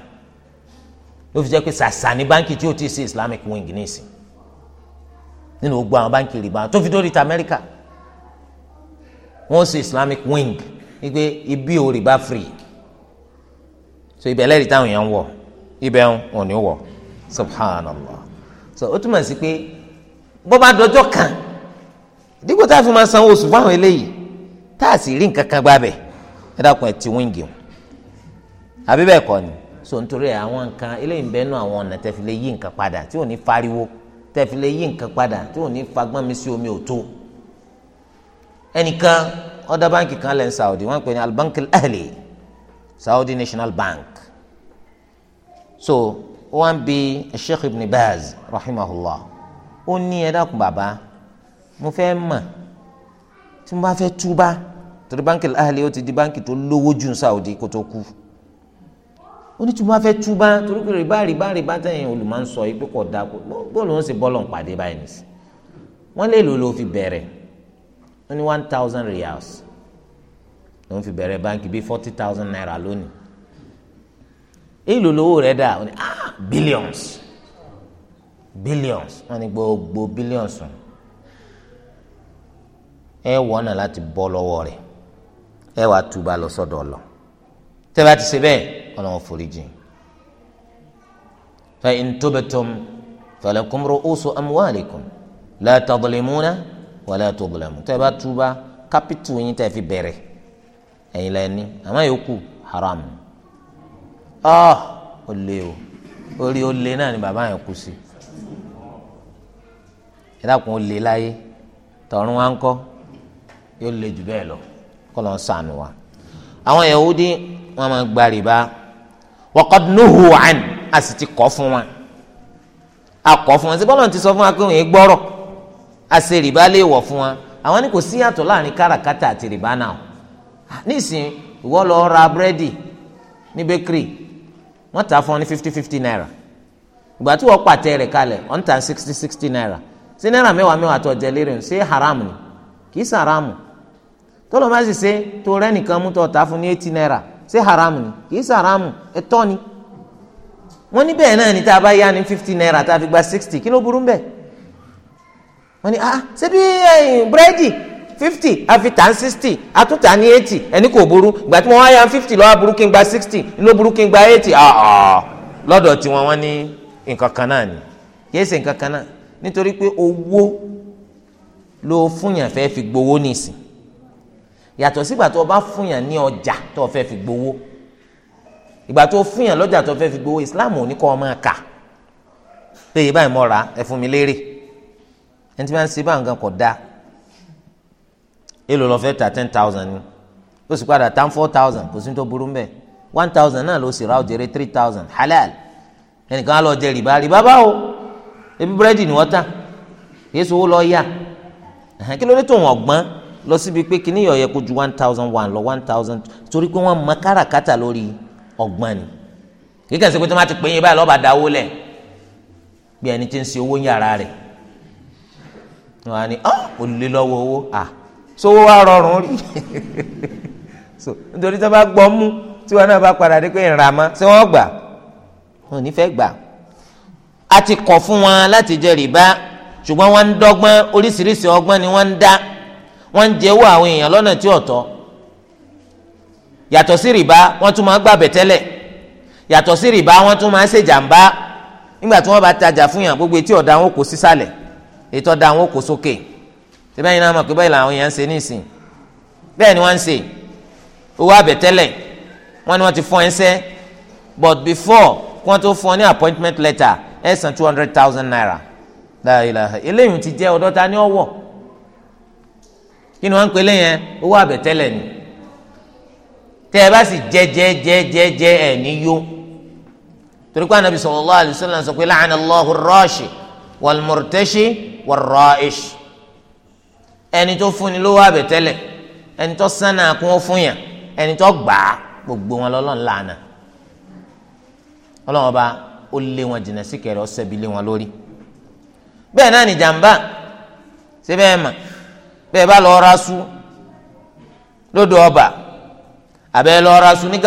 ló fi jẹ́ pé sàṣà ní báǹkì tí ó ti sí islamic wing nísìn nínú gbogbo àwọn báǹkì riba tó fi dórí ta amẹ́ríkà wọ́n sí islamic wing wípé ibi ò riba free so ibẹ̀ lẹ́rìí táwọn èèyàn ń wọ̀ ibẹ̀ ń ò wọ̀ subhanallah so ó túmọ̀ sí pé bó bá dọjọ́ kan dípò tá a fi máa san oṣù fáwọn eléyìí tá a sì rí nǹkan kan gbá bẹ̀ ẹ dákun ẹ ti wíńgì o àbí bẹ́ẹ̀ kọ́ ni so nítorí àwọn nǹkan eléyìí ń bẹ́ẹ̀ nú àwọn ọ̀nà tẹ́fi lè yí nǹkan padà tí ò ní fariwo tẹ́fi lè yí nǹkan padà tí ò ní fagbọ́n mi sí omi òtó ẹnìkan ọ̀dà báńkì kan lẹ́ Saudi wọ́n ń pè ní albank al-ahli Saudi National Bank so wọ́n bi sheikh ibn baz rahimahullah ó ní ẹ dákun bàbá mo fẹ́ mọ̀ tí mo bá fẹ́ túbá torí báńkì ahli ó ti di báńkì tó lówó jù ní saudi kó tó kú ó ní tí mo bá fẹ́ túbá torí pé rìbá rìbá rìbá tẹ̀yìn olùmọ̀ ń kò dáa kó bóòlù ó sì bọ́ọ̀lù ń pàdé báyìí nìsí wọ́n lè lò ló fi bẹ̀rẹ̀ ó ní one thousand riyals ló ń fi bẹ̀rẹ̀ báńkì bíi forty thousand naira lónìí èlò lówó rẹ̀ dà ó ní ah billions billions wọ́n ní gbogbo billions ẹ wọ́n náà láti bọ́ lọ́wọ́ rẹ̀ ẹ wàá túbà lọ sọ́dọ̀ ọlọ tẹ́ bá ti ṣe bẹ́ẹ̀ Ọlọ́run foríjìn fa in tubtum falakum ru'usu amwalikum la tadlimuna wa la tudlamu tẹ́ bá túbà kápítù yín tẹ́ fi bẹ̀rẹ̀ ẹ̀yin lẹni àmọ́ yòókù haram ọ ò lè o orí ó náà ni bàbá yẹn kú sí ìdàkùn ó lè láyé tọ̀run wa ń kọ́ yóò lè jù bẹ́ẹ̀ lọ kọ́ lọ́n sànù wa àwọn Yahudi wọn máa gba rìbá waqad nuhu an a sì ti kọ́ fún wa a kọ́ fún wa sí bọ́lá ti sọ fún wa pé òun yẹn gbọ́rọ̀ a ṣe rìbá lè wọ̀ fún wa àwọn ni kò sí yàtọ̀ láàrin káràkátà àti rìbá náà ah, nísìnyí ìwọ lọ ra búrẹ́dì ní bẹ́kìrì wọ́n tà fún ọ ní fifty fifty naira ìgbà tí wọ́n pàtẹ rẹ̀ kalẹ̀ wọ́n tà sixty sixty naira sí náírà mẹ́wàá mẹ́wàá tó ọjà lérè ṣé haram ni kì í sàrámù tọ́lọ́ má sì ṣe tó rẹ́ nìkan mú tó tà fún ní eighty naira ṣé haram ni kì í sàrámù ẹ̀tọ́ ni wọ́n ní bẹ́ẹ̀ náà ni tá a bá yá ní fifty naira tá a fi gba sixty kí ló burú bẹ́ẹ̀ wọ́n ní ah ṣé bí eh, búrẹ́dì fifty àfi tà sixty àtúntà ní eighty ẹni kò burú ìgbà tí wọ́n wá yan fifty lọ́wọ́ burú kí n gba sixty ló burú kí n gba eighty ah, ah. lọ́dọ̀ tiwọn wọ́n ní nǹkan kan náà ni kìí ṣe nǹkan kan náà nítorí pé owó ló fúnyàn fẹ́ fi gbowó nìsín yàtọ̀ sígbà tó o bá fúnyàn ní ọjà tó o fẹ́ fi gbowó ìgbà tó o fúnyàn lọ́jà tó o fẹ́ fi gbowó Islam ò ní kọ́ ọ máa pé yìí báyìí mọ́ mi lérè ẹni tí wọ́n ń ṣe báwọn gan kò dáa èlò lọ fẹ́ ta ten thousand ni ó sì padà tán four thousand kò sí tó burú mbẹ one thousand náà ló sì ra òjèrè three thousand halal ẹnìkan á lọ jẹ rìbá rìbá báwo ebi búrẹ́dì ni wọ́n tà yéésù owó lọ yá kí ló dé tó wọ́n gbọ́n lọ síbi pé kíní yọ̀ kó ju one thousand one lọ one thousand torí pé wọ́n mọ káràkátà lórí ọgbọ́n ni kíkẹ́ sí pé tó má ti pè é yín báyìí lọ́ba dáwó lẹ̀ bí ẹni tí ń ṣe owó yàrá rẹ̀ wọ́n á ní ọ́ olùlé owó ah sówó wa rọrùn rí so nítorí tí wọ́n bá gbọ́ mú tí wọ́n náà bá padà dé pé ìràmá tí wọ́n gbà wọn ò ní fẹ́ gbà a ti kọ̀ fún wọn láti jẹ rìbá ṣùgbọ́n wọ́n ń dọ́gbọ́n oríṣiríṣi ọgbọ́n ni wọ́n ń dá wọ́n ń jẹ́wọ́ àwọn èèyàn lọ́nà tí ọ̀tọ̀ yàtọ̀ sí rìbá wọ́n tún máa gbà bẹ̀tẹ́lẹ̀ yàtọ̀ sí rìbá wọ́n tún máa ń ṣèjàmbá nígbà tí wọ́n bá tajà fún yàn gbogbo etí ọ̀dà wọn kò sísàlẹ̀ ètò ọ̀dà wọn kò sókè. So síbẹ̀ yìí náà mọ̀ pé báyìí làwọn èèyàn ń ṣe nísìn bẹ́ẹ̀ ni wọ́n ń ṣe owó àbẹ̀tẹ́lẹ̀ wọ́n ní wọ́n ti fún ẹ ṣẹ́ but before kí wọ́n tó fún ní appointment letter ẹ san two hundred thousand naira láìláha eléyìí ti jẹ́ ọ̀dọ́ta ní ọ̀wọ̀ kí ni wọ́n ń pè léyìn owó àbẹ̀tẹ́lẹ̀ ni tẹ́ ẹ bá sì jẹ́ jẹ́ jẹ́ jẹ́ jẹ́ ẹ̀ níyó torí pé anabi sallallahu alaihi wasallam sọ pé la'ana Allahu ar-rashi wal ẹni tó fúnni ló wà bẹ̀tẹ́lẹ̀ ẹni tó sánà kún ó fún yàn ẹni tó gbà á gbogbo wọn ọba ó lé wọn jìnnà sí kẹrẹ ọsẹ lé wọn lórí bẹ́ẹ̀ náà ní jàǹbá ṣé bẹ́ẹ̀ mà bẹ́ẹ̀ bá lọ́ọ́ lódò ọba àbẹ́ lọ́ọ́ ní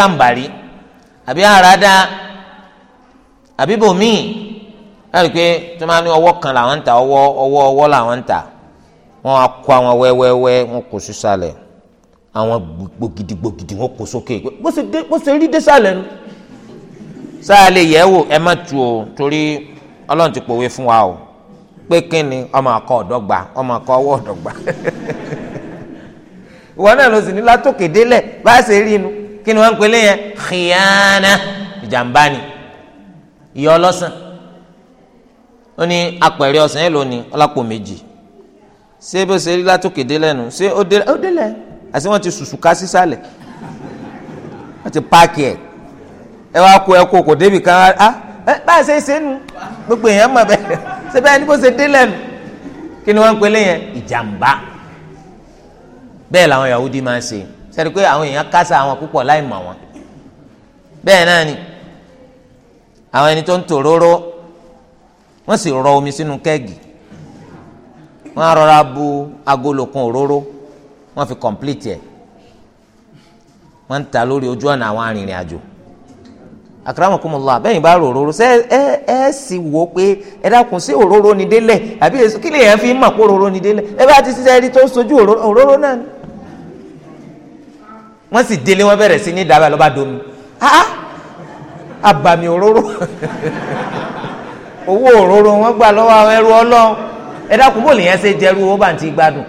àbí àràdá àbí bòmíì láti pé tó kan làwọn ń ta ọwọ́ ọwọ́ ọwọ́ làwọn wọ́n á kó àwọn wẹ́wẹ́wẹ́ wọ́n kó sísàlẹ̀ àwọn gbogidigbogidi wọ́n kó sókè bó ṣe rí désàlẹ̀ nu sáàlẹ̀ yẹ̀ wò ẹ má tu o torí ọlọ́run ti pòwe fún wa o pé kí ni ọmọ akọ ọ̀dọ́gba ọmọ akọ ọwọ́ ọ̀dọ́gba ìwọ náà ló sì ní látòkè délẹ̀ bá a ṣe rí inú kí ni wọ́n ń pelé yẹn xiyana ìjàmbá ni ìyá ọlọ́sàn ó ní apẹ̀rẹ̀ ọ̀sán yẹn lónìí ọlápò méjì ṣé bó ṣe rí látòkè délẹ̀ nu ṣé ó délẹ̀ ó délẹ̀ àti wọ́n ti sùsù ká sísàlẹ̀ wọ́n ti páàkì ẹ̀ ẹ wá kó ẹ kó kò débi kan á ah, ẹ báyìí ṣe é ṣe nu gbogbo èèyàn mọ̀ bẹ́ẹ̀ ṣé bẹ́ẹ̀ ni bó ṣe délẹ̀ nu kí ni wọ́n ń pelé yẹn ìjàmbá bẹ́ẹ̀ làwọn Yahudi máa ń ṣe sẹ́ni pé àwọn èèyàn kásá àwọn púpọ̀ láì mọ̀ wọn bẹ́ẹ̀ náà ni àwọn ẹni tó ń tòróró wọ́n sì rọ omi sínú kẹ́ẹ̀gì wọ́n á rọra bu agolo kan òróró wọ́n fi complete ẹ̀ wọ́n ń ta lórí ojú ọ̀nà àwọn arìnrìn àjò akramakumullah bẹ́ẹ̀ bá rò òróró ṣé ẹ ẹ sì wò ó pé ẹ dákun sí òróró ni délẹ̀ àbí èso kí lèèyàn fi mọ̀ pé òróró ni délẹ̀ ẹ bá ti ṣiṣẹ́ ẹni tó sojú òróró náà ni wọ́n sì délé wọ́n bẹ̀rẹ̀ sí ní dábàá lọ́ba domi ah abàmì òróró owó òróró wọ́n gbà lọ́wọ́ ẹrú ọlọ́run ẹ dákun bó lèyàn ṣe jẹrú owó bá ń ti gbádùn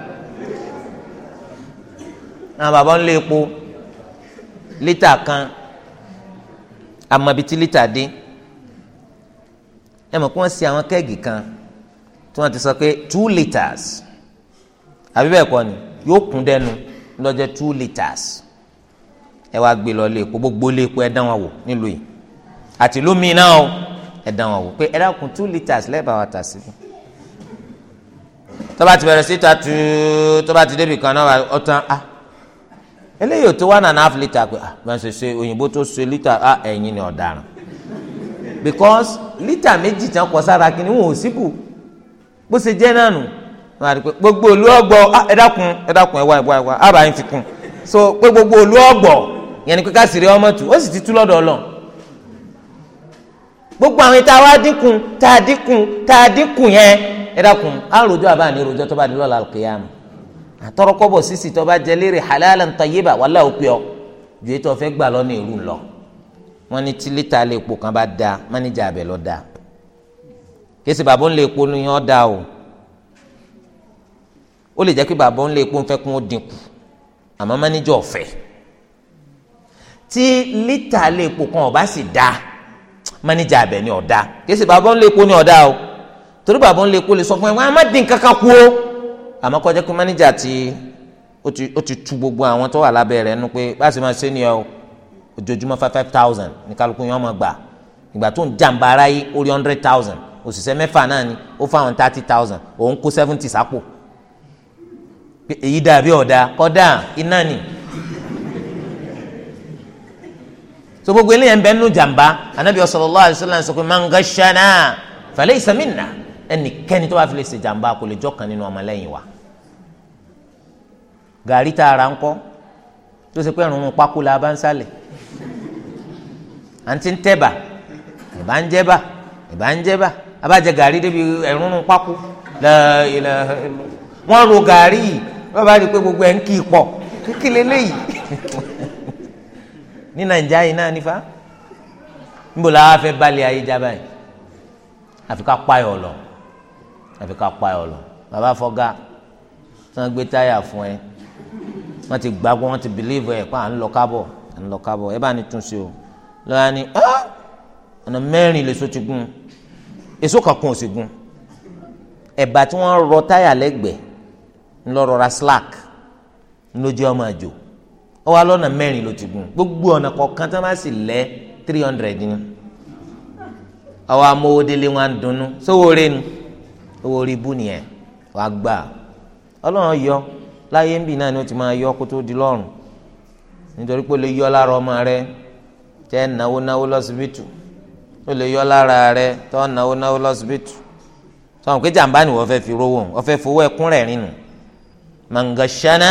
àwọn bàbá ń lé epo lítà kan amabiti lítà dé ẹ mọ̀ kí wọ́n ṣe àwọn kẹ́ẹ̀gì kan tí wọ́n ti sọ pé two litres àbí bẹ́ẹ̀ ni yóò kún dẹnu lọ́jọ́ two litres ẹ wá gbé lọ lé epo gbogbo lé epo ẹ dán wọn wò nílùú yìí àti lómi náà ẹ dán wọn wò pé ẹ dákun two litres lẹ́ẹ̀bà wa tà síbi tó bá ti bẹ̀rẹ̀ sí ta tuuuu tó bá ti débi kan náà ọ̀tán a ah. eléyìí tó one and a half litre pé ah bẹ́ẹ̀ ṣe ṣe òyìnbó tó ṣe litre ah ẹ̀yin ni ọ̀daràn because litre méjì tán kọ sára kí ni wọn ò síbù bó ṣe jẹ́ náà nù wọn àti pé gbogbo olú ọgbọ ah, ẹ dákun ẹ dákun ẹ wá ẹ wá àbá yín fi kún so pé gbogbo olú ọgbọ yẹn ni pé ká sì rí ọmọ tù ó sì ti tú lọ́dọ̀ Ọlọ́run gbogbo àwọn ìta wa dínkù tá a dínkù tá a dínkù yẹn ẹ dákun á rojọ́ àbá ní rojọ́ tó bá di lọ́la al-qiyama àtọ́rọ́kọ́bọ̀ sísì tó bá jẹ lérè halalan tayyiba wàhálà ó pè ọ́ ju ètò ọ̀fẹ́ gbà lọ́nà ìlú lọ wọ́n ní tí lítà lè po kan bá da mánéjà abẹ lọ da kesi bàbá ń lè po ní yàn da o ó lè jẹ́ pé bàbá ń lè po ń kún ó dínkù àmọ́ mánéjà ọ̀fẹ́ tí lítà lè po kan ọ̀bá sì da mánéjà abẹ ni ọ̀dá kesi bàbá ń lè po ní ọ̀dá o torí bàbá ń lè kó lè sọ fún ẹ wọn a má dín kankan kú o àmọ́ kọjá pé mánéjà ti ó ti tu gbogbo àwọn tó wà lábẹ́ rẹ̀ nu pé bá a sì máa ṣe nìyẹn o ojoojúmọ́ five five thousand ní kálukú yẹn wọ́n máa gbà ìgbà tó ń jàǹbá aráyé ó rí hundred thousand òṣìṣẹ́ mẹ́fà náà ni ó fáwọn thirty thousand òun kó seventy sápò èyí dàbí ọ̀dà kọ́dà iná ni so gbogbo eléyàn bẹ́ẹ̀ nù jàǹbá anábìyà sallallahu alaihi wasallam sọ pé man gashana falaysa minna ẹnikẹ́ni tó bá fi lè ṣe jàǹbá kò lè jọ́kan nínú ọmọlẹ́yìn wa gàrí tá a ra ń kọ́ tó ṣe pé ẹ̀rùn pákó la bá ń sálẹ̀ à ń ti ń tẹ̀bà ìbá ń jẹ́bà ìbá ń jẹ́bà abájẹ gàrí débi ẹ̀rùn pákó wọ́n ro gàrí yìí wọ́n bá rí i pé gbogbo ẹ̀ ń kí i pọ̀ kí leléyìí ní nàìjíríà yìí náà nífa níbo la wá fẹ́ balẹ̀ ayé jábáyé àfi ká payọ̀ lọ àfi ká pa ẹ lọ bàbá fọgá tí wọn gbé táyà fún ẹ wọn ti gbàgbọ́ wọn ti bìlíìfù ẹ pa à ń lọ kábọ̀ à ń lọ kábọ̀ ẹ bá ní tún sí o lọ́wọ́ ni ọ̀nà mẹ́rin lèso ti gún èso kankan ò sì gún ẹ̀bà tí wọ́n rọ táyà lẹ́gbẹ̀ẹ́ ńlọ slack ńlójú ọmọ àjò ó wà lọ́nà mẹ́rin ló ti gún gbogbo ọ̀nà kọ̀ọ̀kan tí wọ́n bá sì lẹ́ three hundred ni àwọn amówódélé wọn á dunnú sówó rẹ So, owó orí ibú nìyẹn wà gbà ọlọ́run yọ láyé ń bì náà ni ó ti máa yọ kó tó di lọ́rùn nítorí pé lè yọ lára ọmọ rẹ tẹ́ náwó náwó lọ́sibítù ó lè yọ lára rẹ tọ́ náwó náwó lọ́sibítù sọ̀rọ̀ pé jàǹbá ni wọ́n fẹ́ fi rówó wọ́n fẹ́ fowó ẹkún rẹ̀ rìn nù mangashana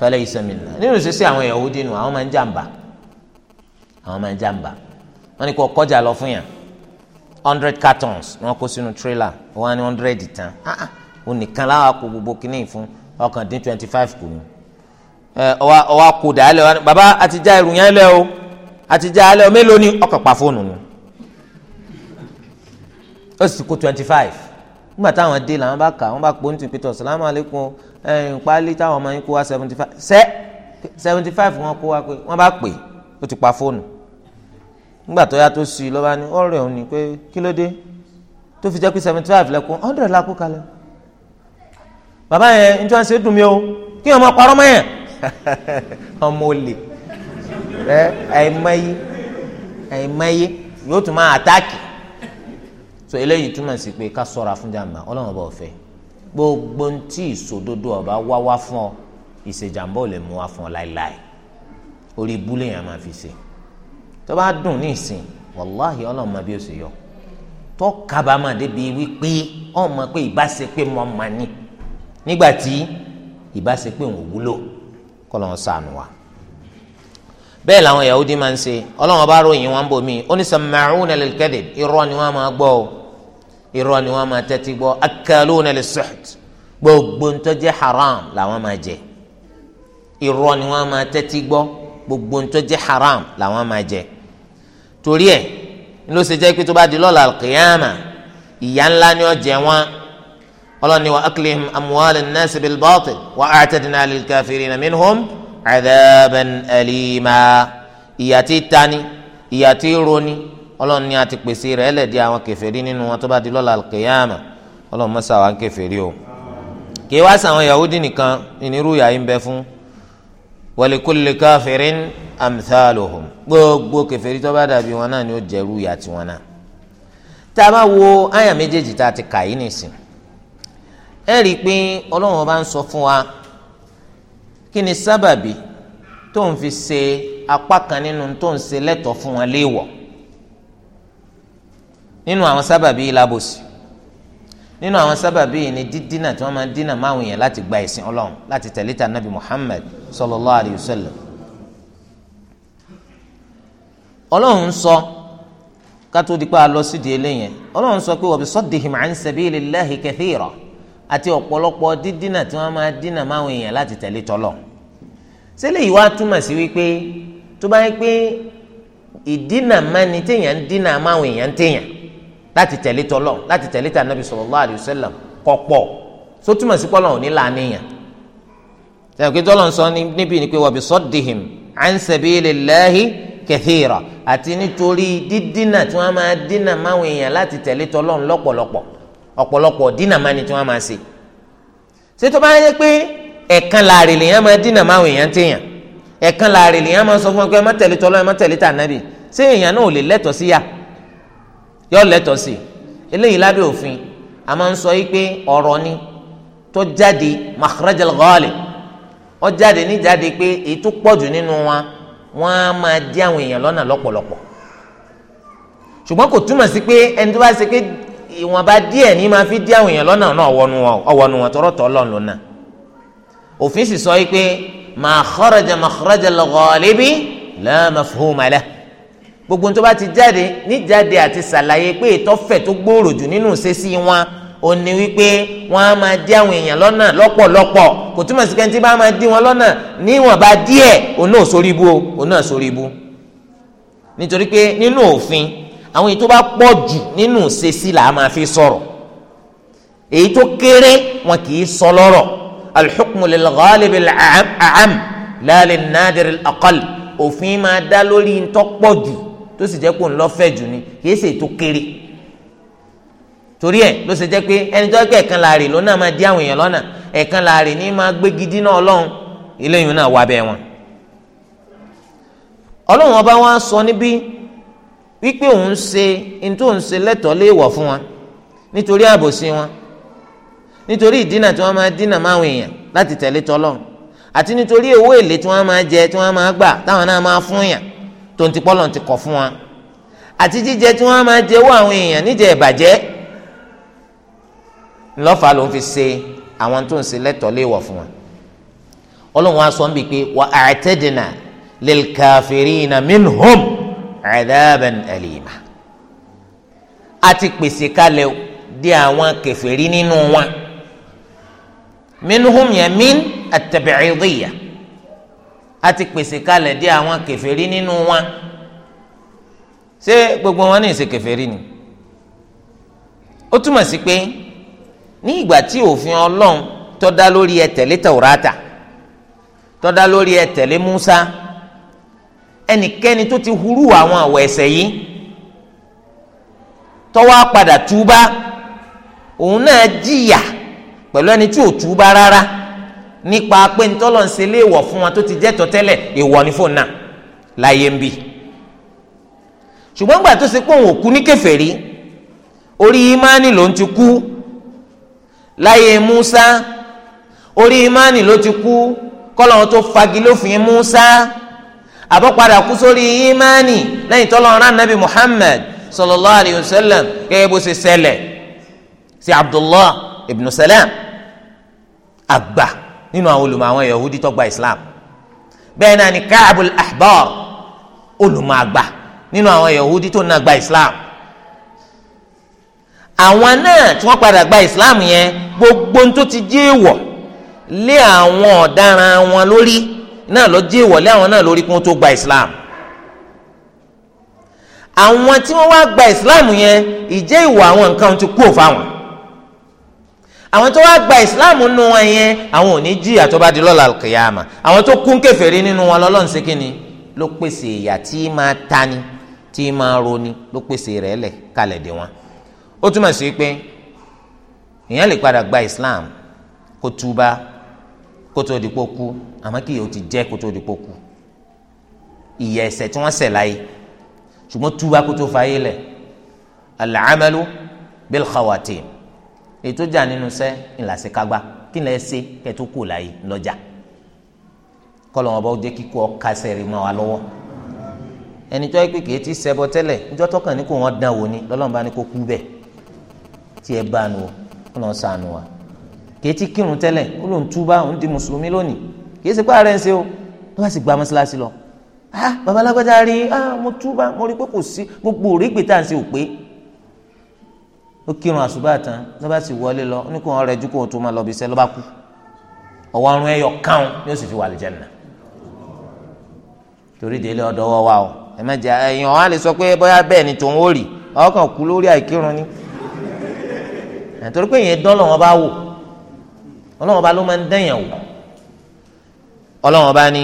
fẹlẹ́ ìsẹ̀mìnà nínú àwọn àwọn máa kọjá lọ fún yàn hundred cartons ni wọ́n kó sínú tírélà wọ́n ní hundred tán ah, ah. ó nìkan láwa kó gbogbo kínní fún ọkàn dín twenty five kù ní. ọwọ́ akó dàálẹ̀ wa ni bàbá àtijọ́ ẹrù yẹn lẹ́ o àtijọ́ alẹ́ o mélòó ni ọkàn pa fóònù nu ó sì kó twenty five nígbà táwọn dé làwọn bá kà wọn bá pọ́ńtù pétọ́ salamu alaykum ẹ̀yìn pálí táwọn ọmọ yín kó wá seventy five seventy five wọn kó wá pé wọn bá pè ó ti pa fóònù ńgbà tó yá tó sí i lọ́ba ni ọ̀rẹ́ òun ni pé kí ló dé tó fi jẹ́ pé seventy five lẹ́kùn hundred la kú kalẹ̀ bàbá yẹn ní tí wọ́n ṣe dùn mí o kí wọ́n máa parọ́ mọ́ yẹn ọmọ olè ẹ àìmọye àìmọye yóò tún máa àtáàkì so eléyìí túmọ̀ sí pé ká sọ̀ra fún jàmbá ọlọ́run ọba ọ̀fẹ́ gbogbo ń tí ìṣòdodo ọba wá wá fún ọ ìṣèjàmbá ò lè mú wá fún ọ láéláé orí ibú lèèyàn máa fi ṣe tó bá dùn ní ìsìn wàláhì ọlọ́mọ bí ó ṣe yọ tó kábàámà débi wípé ọmọ pé ìbáṣepé mọ́ mà ní nígbà tí ìbáṣepé òun wúlò kọ́ lọ́n sànù wa bẹ́ẹ̀ làwọn Yahudi máa ń ṣe ọlọ́wọ́n bá ròyìn wọn bomi onísàmàrún al-kadhib irọ́ ni wọ́n máa gbọ́ o irọ́ ni wọ́n máa tẹ́tí gbọ́ akalun al-suht gbogbo ntọ́jẹ́ haram làwọn máa jẹ irọ́ ni wọ́n máa tẹ́tí gbọ́ gbogbo ntọ́jẹ́ haram làwọn máa jẹ torí ẹ̀ ló ṣe jẹ́ pé tó bá di lọ́la al-qiyama ìyà ńlá ni ó jẹ wọ́n ọlọ́ni wa aklihim amwalin nas bil batil wa a'tadna lil kafirina minhum adhaban alima ìyà tí tani ìyà tí roni ọlọ́run ní a ti pèsè rẹ̀ ẹlẹ́dì àwọn kèfèrí nínú wọn tó bá di lọ́la al-qiyama mọ́sá wa ń kèfèrí o kí wá sàwọn Yahudi nìkan ìnirú yàrá ń bẹ fún wa likulli amthaluhum gbogbo kèfèrí tó bá dàbí wọn náà ni ó jẹrú ìyà tiwọn náà tá a bá wo àyà méjèèjì tá a ti kà yí nìsín ẹ rí i pé ọlọ́run bá ń sọ fún wa kí ni sábàbí tó ń fi ṣe apá kan nínú tó ń ṣe lẹ́tọ̀ọ́ fún wọn léèwọ̀ nínú àwọn sábàbí ìlàbòsí nínú àwọn sábàbí yìí ni dídínà tí wọ́n máa ń dínà máwùn yẹn láti gba ẹ̀sìn ọlọ́run láti tẹ̀lé ta nabi Muhammad sallallahu alayhi wa sallam ọlọ́run ń sọ kátó dípẹ́ alọ́ sídìí eléyẹn ọlọ́run sọ pé wa bisaddihim an sabilillahi kathira àti ọ̀pọ̀lọpọ̀ dídínà tí wọ́n máa dínà máwọn èèyàn láti tẹ̀lé tọ́lọ̀ sílẹ̀ yìí wá túmọ̀ sí wípé tó bá yẹ pé ìdínà mání téèyàn ń dínà máwọn èèyàn ń téèyàn láti tẹ̀lé tọ́lọ̀ láti tẹ̀lé tà nàbì sallallahu alayhi wa sallam kọ̀pọ̀ só kẹsíra àti nítorí dídínà tí wọ́n máa dínà máwọn èèyàn láti tẹ̀lé tọlọ́run lọ́pọ̀lọpọ̀ ọ̀pọ̀lọpọ̀ dínà máa ni tí wọ́n máa ṣe ṣé tó bá yẹ pé ẹ̀kan láàrin lèèyàn máa dínà máwọn èèyàn téèyàn ẹ̀kan láàrin lèèyàn máa sọ fún wọn pé ẹ má tẹ̀lé tọlọ́run ẹ má tẹ̀lé tànàbì ṣé èèyàn náà ò lè lẹ́tọ̀ọ́ sí yà yọ lẹ́tọ̀ọ́ sí eléyìí lábẹ́ òfin a máa ń sọ yìí pé ọ̀rọ̀ ni tó jáde makhrajal ghalib ó jáde ní jáde pé èyí pọ̀jù nínú wọn wọ́n á máa dí àwọn èèyàn lọ́nà lọ́pọ̀lọpọ̀ ṣùgbọ́n kò túmọ̀ sí pé ẹni tó bá ṣe pé ìwọ̀nba díẹ̀ ní máa fi dí àwọn èèyàn lọ́nà náà ọ̀wọ́nu wọn ọ̀wọ́nu wọn tọrọ tọ́ lọ́nà òfin sì sọ pé ma kharaja makhraja al-ghalibi la mafhuma gbogbo tó bá ti jáde níjáde àti ṣàlàyé pé ìtọ́fẹ̀ tó gbòòrò jù nínú ìṣesí wọn ó ní wípé wọ́n á máa dí àwọn èèyàn lọ́nà lọ́pọ̀lọpọ̀ kò túmọ̀ sí pé tí bá máa dí wọn lọ́nà níwọ̀nba díẹ̀ òun náà sórí ibú òun náà sórí ibú nítorí pé nínú òfin àwọn èyí tó bá pọ̀ jù nínú ṣèṣì là á máa fi sọ̀rọ̀ èyí tó kéré wọn kì í sọ lọ́rọ̀ al-hukmu lil-ghalib al-a'am òfin máa dá lórí ntọ́pọ̀ jù tó sì jẹ́ kó ńlọ́fẹ̀ jù ni kì í ṣe ètò kéré torí ẹ ló ṣe jẹ pé ẹni tó ẹgbẹ ẹkan láàrin ló náà máa di àwọn èèyàn lọ́nà ẹkan láàrin ní máa gbé gidi náà Ọlọ́run eléyìí náà wà bẹ́ẹ̀ wọn. Ọlọ́run ọba wa sọ níbí wípé òun ṣe ní tó ń ṣe lẹ́tọ̀ọ́ léèwọ̀ fún wọn nítorí àbòsí wọn nítorí ìdínà tí wọ́n máa dínà máwọn èèyàn láti tẹ̀lé tọ́lọ́run àti nítorí owó èlé tí wọ́n máa jẹ tí wọ́n máa gbà táwọn náà máa fún yàn tó ń ti pọ́lọ̀ àti jíjẹ tí wọ́n máa jẹ owó àwọn èèyàn níjẹ ìbàjẹ́ ńlọ́fà ló ń fi ṣe àwọn tó ń ṣe lẹ́tọ̀ọ́ léèwọ̀ fún wa ọlọ́run aṣọ ń bi pé wà a'tadna lil kafirina minhum adhaban alima a ti pèsè kalẹ̀ di àwọn kèfèrí nínú wọn minhum yẹn min at a ti pèsè kalẹ̀ di àwọn kèfèrí nínú wọn ṣé gbogbo wọn ní ìṣe ni ó túmọ̀ sí pé ní ìgbà tí òfin ọlọ́run tó dá lórí ẹ̀tẹ̀lé tàwùrátà tó dá lórí ẹ̀tẹ̀lé Musa ẹnikẹ́ni tó ti hurú àwọn àwọ̀ ẹ̀ṣẹ̀ yìí tó wá padà túbá òun náà jìyà pẹ̀lú ẹni tí ò túbá rárá nípa pé ntọ́lọ̀ ń ṣe léèwọ̀ fún wọn tó ti jẹ́ tọ́tẹ́lẹ̀ èèwọ̀ ní fóònù náà láyé ń bì ṣùgbọ́n gbà tó ṣe pé òun ò kú ní kèfèrí orí imáni ló ń ti kú láyé Musa orí imáni ló ti kú kọ́lọ́n tó fagilófin Musa àbọ̀padà kú sórí imáni lẹ́yìn tọ́lọ́run anabi Muhammad sallallahu alayhi wa sallam gẹ́gẹ́ bó ṣe ṣẹlẹ̀ sí Abdullah ibn Salam àgbà nínú àwọn olùmọ̀ àwọn Yahudi tó gba Islam bẹ́ẹ̀ náà ni Ka'bul Ahbar olùmọ̀ àgbà nínú àwọn Yahudi tó na gba Islam àwọn náà tí wọ́n padà gba islam yẹn gbogbo tó ti jẹ́ èèwọ̀ lé àwọn ọ̀daràn wọn lórí náà ló jẹ́ èèwọ̀ lé àwọn náà lórí kí tó gba islam àwọn tí wọ́n wá gba islam yẹn ìjẹ́ ìwọ̀ àwọn nǹkan ti kú òfáwọn àwọn tó wá gba islam nínú wọn yẹn àwọn ò ní jìyà tó bá di lọ́la kìyàmà àwọn tó kún kèfèrí nínú wọn lọ́lọ́run ṣe kí ni ló pèsè ìyà tí máa tani tí máa roni ló pèsè rẹ̀ lẹ̀ kalẹ̀ dé wọn ó túmọ̀ sí pé èèyàn lè padà gba islam kó túbá kó tó dìpọ̀ kú àmọ́ kí yòó ti jẹ́ kó tó dìpọ̀ kú ìyà ẹ̀ṣẹ̀ tí wọ́n ṣẹ̀ láyé ṣùgbọ́n túbá kó tó fàyè lẹ̀ al-amalu bil khawatim ètò jà nínú sẹ́ ńlàsíkágbá kí lẹ́ ṣe kẹ́ tó kù láyé lọ́jà kọ́lọ́ wọn bá jẹ́ kíkú ọ̀ka sẹ́rì mọ́ wa lọ́wọ́ ẹnìjọ́ pé kìí ti ṣẹbọ tẹ́lẹ̀ níjọ́ tọkàn ní kò wọ́n dán wò ni lọ́lọ́run bá ní kú bẹ́ẹ̀ tiẹ̀ bá nu ó lọ sànù wa kìí kírun tẹ́lẹ̀ ó lòun túbá òun di mùsùlùmí lónìí kìí ṣe pé ààrẹ ń ṣe o ló bá sì gba mọ́ṣáláṣí lọ ah babalágbájá rí ah mo túbá mo rí pé kò sí gbogbo òrégbè tá à ń ṣe ò pé ó kírun àṣùbà tán ló bá sì wọlé lọ ó ní kó wọn rẹjú kó wọn tó máa lọ bí iṣẹ́ ló bá kú ọwọ́ arún ẹyọ kàn ni ó sì fi wà lìjẹ́nà torí délé ọ̀dọ́ wọ́ wa o ẹ̀mẹ́jà ẹ̀yàn wa lè sọ pé bóyá bẹ́ẹ̀ ni tòun ó rì ọkàn kú lórí àìkírun ni nítorí pé èèyàn dán lọ́wọ́ bá wò ọlọ́wọ́ bá ló máa ń dẹ̀yàn wò ọlọ́wọ́ bá ní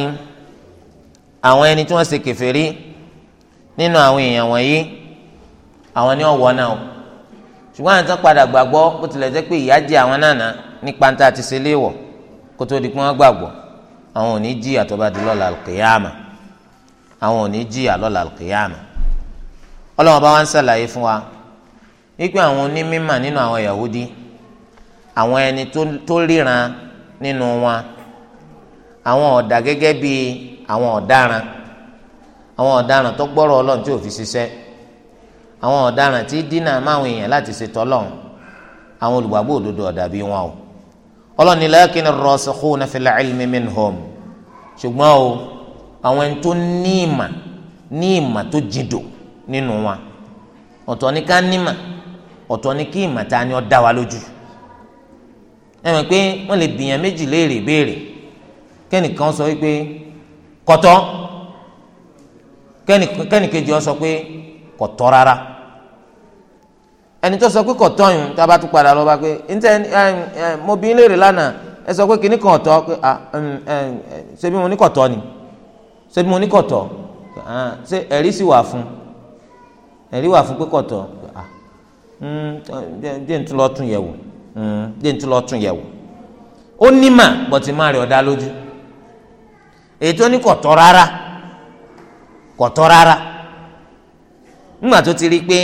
àwọn ẹni tí wọ́n ṣe kèfèrí nínú àwọn èèyàn wọ̀nyí àwọn ni ọ̀wọ́ náà o ṣùgbọ́n àwọn tán padà gbàgbọ́ bó tilẹ̀ jẹ́ pé ìyà jẹ àwọn nànà nípa níta àti ṣe léèwọ̀ kó tó di pé wọ́n gbàgbọ́ àwọn ò ní jìyà tó di lọ́la kìyàmà àwọn ò ní jìyà lọ́la kìyàmà ọlọ́wọ́n bá wá ń ṣàlàyé fún wa wípé àwọn onímímà nínú àwọn Yahudi àwọn ẹni tó ríran nínú wọn àwọn ọ̀dà gẹ́gẹ́ bí àwọn ọ̀daràn àwọn ọ̀daràn tó gbọ́rọ̀ ọlọ́run tí ò fi ṣiṣẹ́ àwọn ọ̀daràn tí dínà máwọn èèyàn láti ṣe tọ́lọ́run àwọn olùgbàgbọ́ òdodo ọ̀dà bí wọn o ọlọ́run ní lakin ar-rasikhuna fil ilmi minhum ṣùgbọ́n o àwọn ẹni tó ní ìmà ní ìmà tó jìndò nínú wọn ọ̀tọ̀ ní ká nímà ọ̀tọ̀ ni kí ìmọ̀ta ni ó dá wa lójú ẹ mọ̀ pé wọ́n lè bìyàn méjì léèrè béèrè kẹ́nìkan sọ wípé kọ̀tọ́ kẹ́nìkejì ọ sọ pé kọ̀tọ́ rárá ẹni tó sọ pé kọ̀tọ́ yìí tá a bá tún padà lọ bá pé ntẹ mo bí léèrè lánàá ẹ sọ pé kìnnì kan ọ̀tọ̀ pé ṣé bí mo ní kọ̀tọ́ ni ṣé bí mo ní kọ̀tọ́ ṣé ẹ̀rí sì wà fún ẹ̀rí wà fún pé kọ̀tọ́ díẹ̀ ntú lọ́ọ́ ó ní mà bọ̀tí má ọ̀dá lójú rárá rárá nígbà tó ti rí pe, pé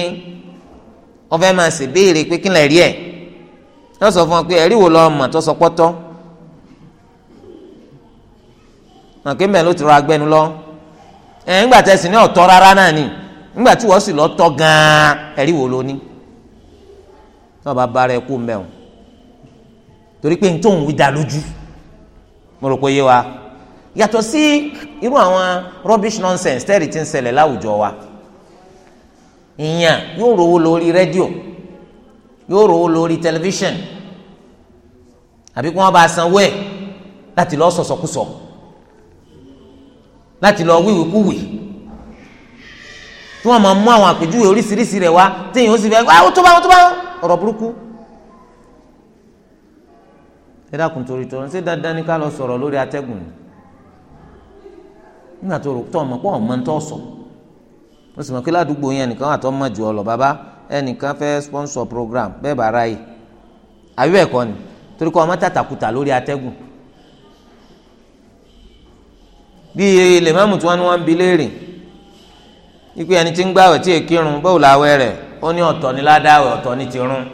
wọ́n máa ṣe béèrè pé kí lè rí ẹ̀ wọ́n sọ fún ọ pé ẹ̀rí wo mà tó sọ pọ́tọ́ màkì lọ ẹ̀ ńgbà tẹ̀sí ní ọ̀tọ́ rárá náà ni ńgbà tí wọ́n sì gan-an náà bá bára ẹ kú mẹ́wọ̀n torí pé ntòun wí dá lójú mo rò pé yé wa yàtọ̀ sí irú àwọn rubbish nonsense tẹ́rì tí ń ṣẹlẹ̀ láwùjọ wa ìyàn yóò rówó lórí rédíò yóò rówó lórí tẹlifíṣàn àbí kí wọ́n bá sanwó ẹ̀ láti lọ sọ̀sọ̀kúsọ̀ láti lọ wíwìkúwì tí wọ́n máa mú àwọn àpèjúwe oríṣiríṣi rẹ̀ wá téèyàn ó sì fẹ́ wá ó tó bá wọn tó bá wọn ọ̀rọ̀ burúkú ẹ dákun torí tọrọ ṣé dandan ni ká lọ sọ̀rọ̀ lórí atẹ́gùn ni nígbà tó rò tó ọmọ pọ̀ ọmọ tó sọ ó sì mọ̀ pé ládùúgbò yẹn nìkan àtọ́ mọ̀ jù ọ lọ bàbá ẹnìkan fẹ́ sponsor program bẹ́ẹ̀ bá ráàyè àbí bẹ́ẹ̀ kọ́ ni torí kọ́ ọmọ tàtàkùtà lórí atẹ́gùn bí ilé mọ́mù tí wọ́n ń bi léèrè ikú ẹni tí ń gbàwẹ̀ tí èkírun báwo làwẹ̀ rẹ̀ ó ní ọ̀tọ̀ ní ládàáwẹ̀ ọ̀tọ̀ ní tirun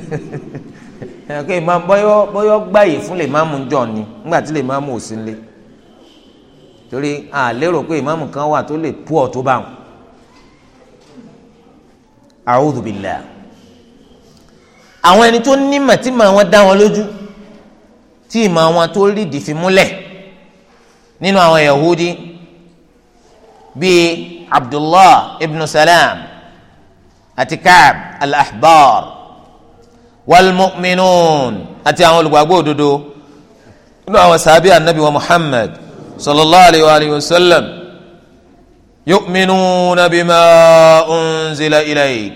ẹ̀kọ́ ìmọ̀ bọ́yọ́ bọ́yọ́ gbàyè fún lè máàmù jọ ni nígbà tí lè máàmù ò sí nílé torí a lérò pé ìmáàmù kan wà tó lè pú ọ̀ tó bá wọn. a'udhu àwọn ẹni tó nímọ̀ tí màá wọn dá wọn lójú tí ìmọ̀ wọn tó rí ìdí fi múlẹ̀ nínú àwọn Yahudi bíi Abdullah ibn Salam àti Ka'b al-Ahbar wal-mu'minun àti àwọn olùgbàgbọ́ òdodo nínú àwọn sàbí anabi wa Muhammad sallallahu alayhi wa sallam yu'minuna bima unzila ilayk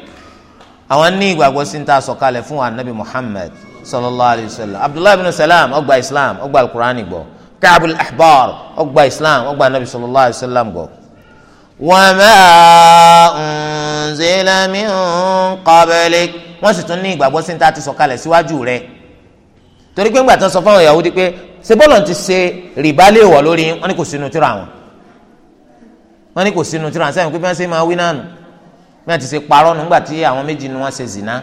àwọn ní ìgbàgbọ́ sí ń ta sọ̀kalẹ̀ fún anabi Muhammad sallallahu alayhi wa sallam abdullahi bin salam ó gba islam ó gba alukur'ani gbọ́ Ka'b al islam ó anabi sallallahu alayhi wa sallam gbọ́ wama unzila min qablik wọ́n sì tún ní ìgbàgbọ́ sí ní tá a ti sọ̀kalẹ̀ síwájú rẹ̀ torí pé ńgbà tó sọ fáwọn Yahudi pé ṣe bọ́ọ̀lù ti ṣe rìbá lè wọ̀ lórí wọn ni kò sínú tíra wọn wọn ni kò sínú tíra wọn sẹ́yìn pé bí wọ́n ṣe máa wí náà nù bí wọ́n ti ṣe parọ́ nù ńgbà tí àwọn méjì ni wọ́n ṣe zìnà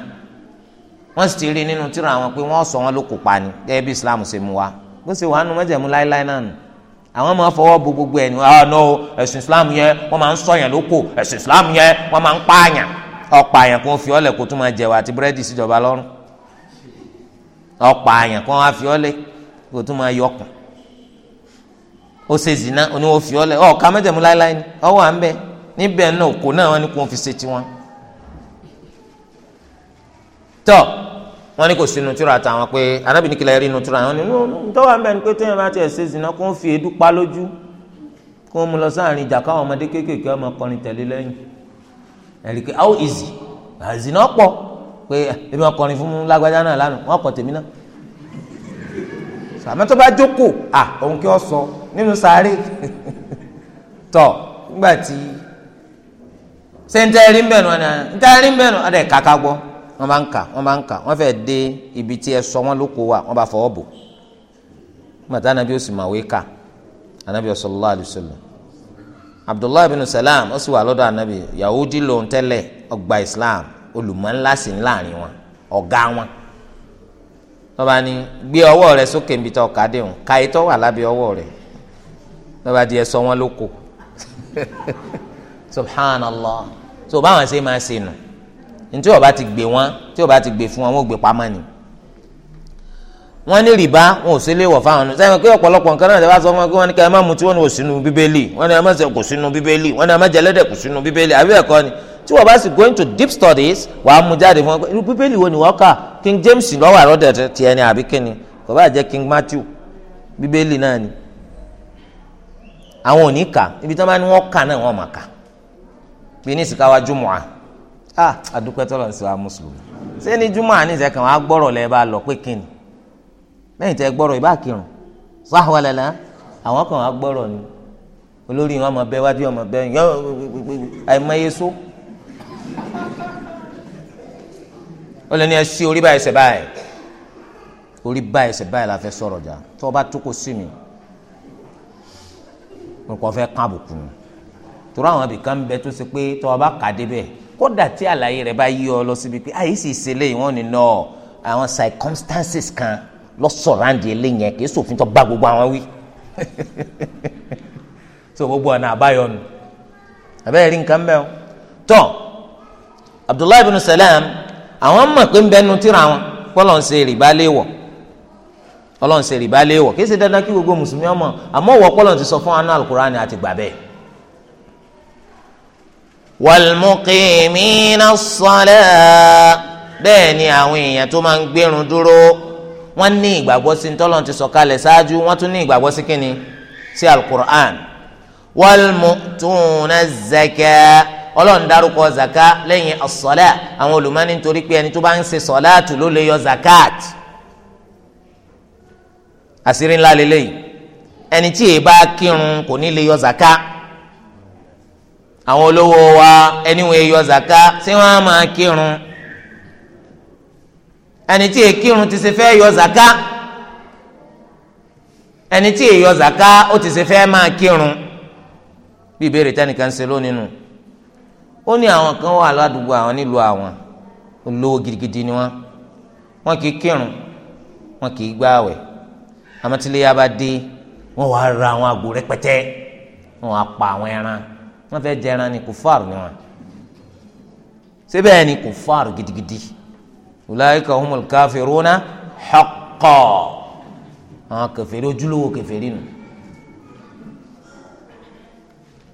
wọ́n sì ti rí nínú tíra wọn pé wọ́n sọ wọn ló kópa ni gẹ́gẹ́ bí Islam ṣe mú wa bó ṣe wàá nu mọ́jẹ̀mú láéláé náà nù àwọn máa fọwọ́ bo gbogbo ẹ̀ ní ah no ẹ̀sìn islam yẹn wọ́n máa ń sọ̀yàn lóko ẹ̀sìn islam yẹn wọ́n máa ń pààyàn ọ̀pọ̀ àyàn kò fi ọlẹ̀ kó tún máa jẹ̀wà àti búrẹ́dì síjọba lọ́rùn ọ̀pọ̀ àyàn kò wá fi ọlẹ̀ kó tún máa yọkùn ó ṣe zina oníwó fi ọlẹ̀ ọ̀ka mẹ́tẹ̀mú láéláé ni ọwọ́ à ń bẹ níbẹ̀ náà kò náà wọ́n ní kó fi ṣe tiwọn. tọ́ wọ́n ní kò sínú túra táwọn pé anábì ní kílẹ̀ rí inú túra ní ni ntọ́wọ́ àmì ẹni pé téèyàn bá tiẹ̀ ṣe zina kó ń fi èédú pa lójú kó ń mu lọ sáàrin ìjà káwọn ọmọdé kéékèèké ọmọ kọrin tẹ̀lé lẹ́yìn ẹ̀rí pé how easy ah, àzìnà pọ̀ pé ebi ah, wọn kọrin fún lágbájá náà lánàá wọn kọ tèmi náà tó bá jókòó à òun kí sọ nínú sáré tọ̀ nígbà tí ṣé ń tẹ́ rí ń ọ̀nà wọ́n bá ń kà wọ́n bá ń kà wọ́n fẹ́ẹ́ dé ibi tí ẹ sọ wọ́n lóko wa wọ́n bá fọwọ́ bò mọ̀tá anabi ó sì kà anabi sallallahu alaihi wasallam abdullahi bin salam ó wà lọ́dọ̀ anabi yahudi lòun tẹ́lẹ̀ ọgbà islam olùmọ̀ ńlá sí ní láàrin wọn ọ̀gá wọn lọ́ba ni gbé ọwọ́ rẹ sókè níbi tó ọ̀ka dé wọn káyé tó wà lábẹ́ ọwọ́ rẹ lọ́ba di ẹ sọ wọn lóko subhanallah so báwọn ṣe máa ṣe nù ntí ó bá ti gbé wọn tí ó bá ti gbé fún wọn wọn ò gbé pamọ́ ni wọn ní rìbá wọn ò sílé wọ̀ fáwọn sẹ́yìn pé ọ̀pọ̀lọpọ̀ nǹkan náà lẹ́wọ́ sọ wọn pé wọn ní ká ẹ má mutí wọn ò sínú bíbélì wọn ní ẹ má ṣe kò sínú bíbélì wọn ní ẹ má jẹ ẹlẹ́dẹ̀ kò sínú bíbélì àbí ẹ̀kọ́ ni tí wọn bá sì going to deep studies wàá mú jáde fún wọn pé irú bíbélì wo ni wọ́n kà King James lọ́wọ́ àrọ́dẹ̀ tiẹ̀ ni àbí kíni kò bá jẹ́ King Matthew bíbélì náà ni àwọn ò ní kà ibi tí wọ́n bá ní wọ́n kà náà wọ́n mà kà bí ní ìsìkáwájú mọ́à ah adúpẹ́ tọ́lọ̀ sí wa mùsùlùmí ṣé ní júmọ́ àníṣe kan wàá gbọ́rọ̀ lẹ́ bá lọ pé kíni lẹ́yìn tẹ́ gbọ́rọ̀ ìbá kírun sáwọn lẹ́la àwọn kan wàá gbọ́rọ̀ ni olórí wọn ọmọ bẹ wájú ọmọ bẹ yọ àìmọye só ó lè ní ẹ sí orí báyìí ṣe báyìí orí báyìí ṣe báyìí la fẹ́ sọ̀rọ̀ jà tó o bá tó kó sí mi mo kàn fẹ́ káàbùkù tó ra àwọn ibìkan bẹ tó ṣe pé tó o bá kà á débẹ̀ kódà tí àlàyé rẹ̀ bá yí ọ lọ síbi pé àyè sì ṣe lẹ́yìn wọn ni nọ àwọn circumstances kan lọ sọ̀ràǹdì eléyẹn kì í ṣòfin tó bá gbogbo àwọn wí so gbogbo ọ̀nà àbáyọ nù rí nǹkan bẹ́ẹ̀ o tọ́ Abdullahi bin Salam àwọn mọ̀ pé ń bẹnu tíra wọn pọ́lọ̀ ń ṣe rìbá léwọ̀ ọlọ́run ṣe rìbá léwọ̀ kì í ṣe dandan kí gbogbo mùsùlùmí ọmọ àmọ́ wọ́ pọ́lọ̀ ti sọ fún anú Al-Qur'ani àti gbà bẹ́ẹ̀ wàlmùkìmínà sọlẹ bẹ́ẹ̀ ni àwọn èèyàn tó máa ń gbérun dúró wọ́n ní ìgbàgbọ́ sí ntọ́lọ́n ti sọ̀kalẹ̀ ṣáájú wọ́n tún ní ìgbàgbọ́ sí kínni sí alukur'an wàlmùtúnà zẹkẹ ọlọ́run dárúkọ zaka lẹ́yìn ọ̀sọ́lá àwọn olùmọ́ni nítorí pé ẹni tó bá ń ṣe sọ̀láàtù ló lè yọ zakat àṣírí ńlá lélẹ́yìn ẹni tí èèbá kírun kò ní lè yọ zakat àwọn olówó wa ẹni wọn yọ zaka ṣé wọn á máa kírun ẹni tí èkírun ti ṣe fẹ́ yọ zaka ẹni tí èyọ zaka ó ti ṣe fẹ́ máa kírun bí ìbéèrè tẹnìkan ṣe lónìí nù ó ní àwọn kan wà ládùúgbò àwọn nílùú àwọn olówó gidigidi ni wọn wọn kì í kírun wọn kì í gbààwẹ̀ àmọ́ tí bá dé wọn wàá ra àwọn àgbò rẹpẹtẹ wọn wàá pa àwọn ẹran wọ́n fẹ́ jẹran ni kufar ni wọn síbẹ̀ ni kufar gidigidi ulaika humul kafiruna haqqo àwọn kèfèrí ojúlówó kèfèrí nù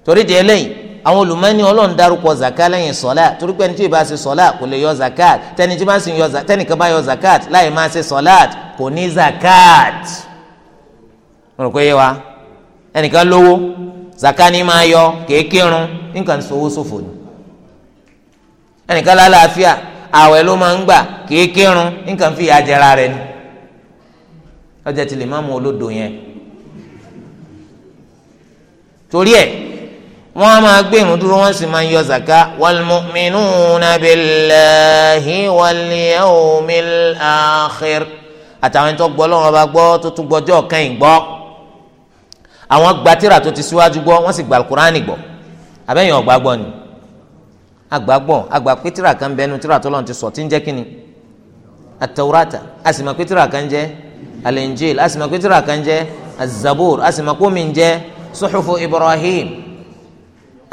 torí di eléyìí àwọn olùmọ́ni ọlọ́run dárúkọ zakat lẹ́yìn sọ́lá torí pé ẹni tí ì bá ṣe sọ́lá kò lè yọ zakat tẹni tí bá sì yọ zakat tẹnìkan bá yọ zakat láì máa ṣe sọ́lá kò ní zakat. mo rò pé yé wa ẹnìkan lówó Zakani ni máa yọ kéékèrún nǹkan sowó ṣòfò ni ẹnìkan lálàáfíà ààwẹ̀ ló máa ń gbà kéékèrún nǹkan fi àjẹrà rẹ ni ọjà tilẹ̀ máa mú olódò yẹn torí ẹ wọn a máa gbé irun dúró wọn sì máa yọ zaka walmu'minuna billahi wal yawmil akhir àtàwọn ẹni tó gbọ́ lọ́wọ́ bá gbọ́ tó tún gbọ́jọ́ kẹ́yìn gbọ́ àwọn gba tírà tó ti síwájú gbọ́ wọ́n sì gba alukur'ani gbọ́ abẹ́yẹn ọ̀gbà gbọ́ ni àgbà gbọ́ àgbà pé tírà kan bẹ́ẹ̀ nu tírà tó lọ́n ti sọ tí ń jẹ́ kíni atawurata a sì kan jẹ́ alinjil a sì kan jẹ́ azabur a sì mọ̀ jẹ́ suhufu ibrahim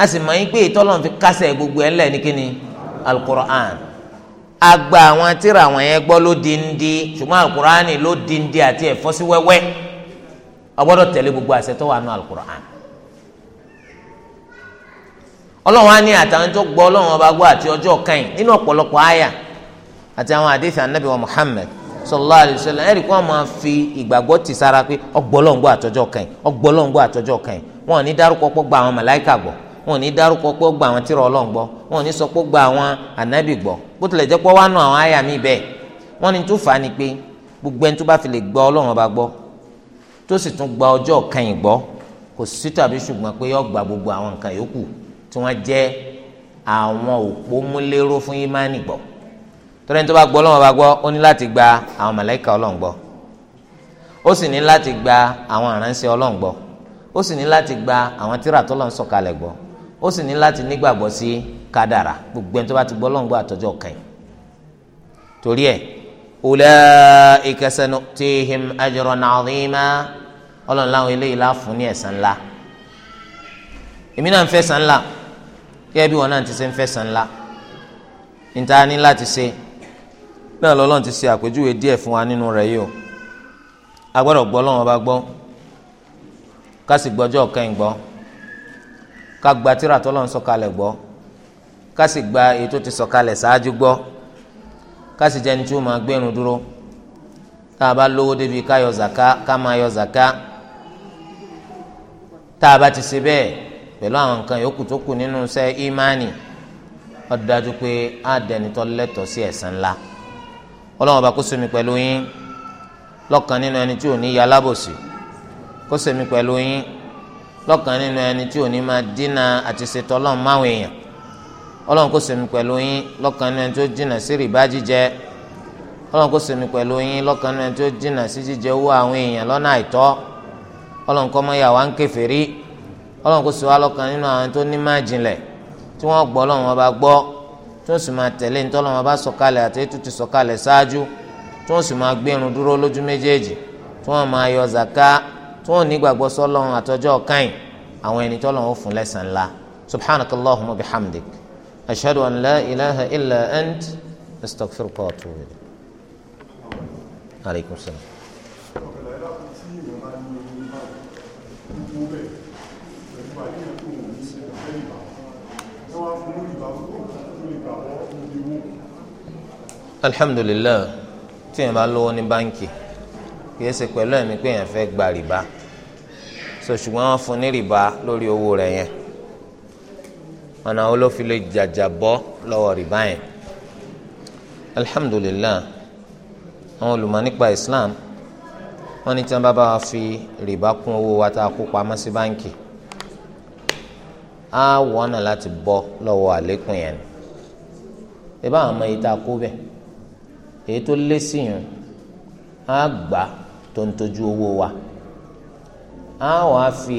a sì mọ̀ yín pé ìtọ́lọ́n fi kásẹ̀ gbogbo ẹ̀ ńlẹ̀ ní kíni alukur'an àgbà àwọn tírà àwọn yẹn gbọ́ ló dindi ṣùgbọ́n alukur'ani ló dindi àti ẹ̀fọ́ sí wẹ́wẹ́ agbọ́dọ̀ tẹ̀lé gbogbo àṣẹ tó wà nù alukur'an ọlọ́run á ní àtàwọn tó gbọ́ ọlọ́run ọba gbọ́ àti ọjọ́ kan nínú ọ̀pọ̀lọpọ̀ àyà àti àwọn àdéhùn anabi wa muhammed sallallahu alayhi wa sallam ẹ̀rí kó wọn máa fi ìgbàgbọ́ ti sára pé ọgbọ́lọ́ngbọ́ àtọjọ́ kan ọgbọ́lọ́ngbọ́ àtọjọ́ kan wọn ò ní dárúkọ pọ́ gba àwọn màláìkà gbọ́ wọn ò ní dárúkọ pọ́ gba àwọn tírà ọlọ́run gbọ́ wọn ò ní sọ pọ́ gba àwọn ànábì gbọ́ bó tilẹ̀ jẹ́ pọ́ wá nù àwọn àyà mi bẹ́ẹ̀ wọ́n ní tó fà ni pé gbogbo ẹni tó bá fi lè gbọ́ ọlọ́run ọba gbọ́ tó sì tún gba ọjọ́ kẹyìn gbọ́ kò sí tàbí ṣùgbọ́n pé yọ gba gbogbo àwọn nǹkan yòókù tí wọ́n jẹ́ àwọn òpó múléró fún ìmánì gbọ́ torí ẹni tó bá gbọ́ Ọlọ́run bá gbọ́ ó ní láti gba àwọn màláíkà Ọlọ́run gbọ́ ó sì ní láti gba àwọn àránṣẹ́ Ọlọ́run gbọ́ ó sì ní láti gba àwọn tírà tí Ọlọ́run sọ̀kalẹ̀ gbọ́ ó sì ní láti nígbàgbọ́ sí kádàrá gbogbo ẹni tó bá ti gbọ́ Ọlọ́run gbọ́ àtọ́jọ́ kẹyìn torí ẹ̀ ulaika sanu'tihim ajran 'azima ọlọ́run láwọn eléyìí láfún ní ẹ̀san ńlá èmi náà ń fẹ́ san ńlá kí ẹbí wọn náà ti ṣe ń fẹ́ san ńlá níta ní láti ṣe náà lọ́lọ́run ti ṣe àpèjúwe díẹ̀ fún wa nínú rẹ̀ yìí o a gbọ́dọ̀ gbọ́ bá gbọ́ ká sì gbọ́jọ́ kẹ́yìn gbọ́ ká gba tírà tọ́lọ́run sọ̀kalẹ̀ gbọ́ ká sì gba èyí ti sọ̀kalẹ̀ ṣáájú gbọ́. Kasi sì jẹ́ ní tí ó máa gbẹ́rùn dúró tá a bá lówó débi ká yọ zaka ká yọ zaka tá a bá ti ṣe bẹ́ẹ̀ pẹ̀lú àwọn nǹkan yòókù tó kù nínú iṣẹ́ ìmánì ó dájú pé á dẹnitọ́ lẹ́tọ̀ọ́ sí ẹ̀san ńlá ọlọ́run ọba kó sèmi pẹ̀lú yín lọ́kàn nínú ẹni tí ò ní ya alábòsí kó sèmi pẹ̀lú yín lọ́kàn nínú ẹni tí ò ní máa dínà àti ṣètọ́ ọlọ́run máwìn ọlọ́run kó sèmi pẹ̀lú yín lọ́kàn náà tó jìnnà sí rìbá jíjẹ ọlọ́run kó sèmi pẹ̀lú yín lọ́kàn náà tó jìnnà sí jíjẹ owó àwọn èèyàn lọ́nà àìtọ́ ọlọ́run kó má yà wá ń kèfèrí ọlọ́run kó ṣe wá lọ́kàn nínú àwọn tó ní má jinlẹ̀ tí wọ́n gbọ́ ọlọ́run wọn bá gbọ́ tí wọ́n sì máa tẹ̀lé ní tọ́lọ́run wọn bá sọ̀kalẹ̀ àti ètò ti sọ̀kalẹ̀ ṣáájú tí wọ́n sì máa gbẹ̀rún dúró lójú méjèèjì tí wọ́n máa yọ zaka tí wọ́n nígbàgbọ́ sọ́lọ́run àtọjọ́ kàn àwọn ẹni tọ́lọ́run ó fún lẹ́san ńlá subhanakallahumma bihamdik أشهد أن لا إله إلا أنت astaghfiruka wa atubu ilayk. aleykum salaam. alhamdulilayi tí yẹn bá lówó ní báńkì kìí ṣe pẹ̀lú ẹ̀mí pé yẹn fẹ́ gba rìbá so ṣùgbọ́n fún ní rìbá lórí owó rẹ̀ yẹn ọ̀nà wo ló fi lè jàjà bọ́ lọ́wọ́ rìbá yẹn alhamdulilah àwọn olùmọ̀ nípa islam wọ́n ní tí wọ́n bá bá wa fi rìbá kún owó wa tá a kó pamọ́ sí báǹkì á wọ́n náà láti bọ́ lọ́wọ́ àlékún yẹn ìbá àwọn ọmọ yìí tá a kó bẹ́ẹ̀ èyí tó lé sí yẹn á gbà tó ń tọ́jú owó wa á wọ́n á fi.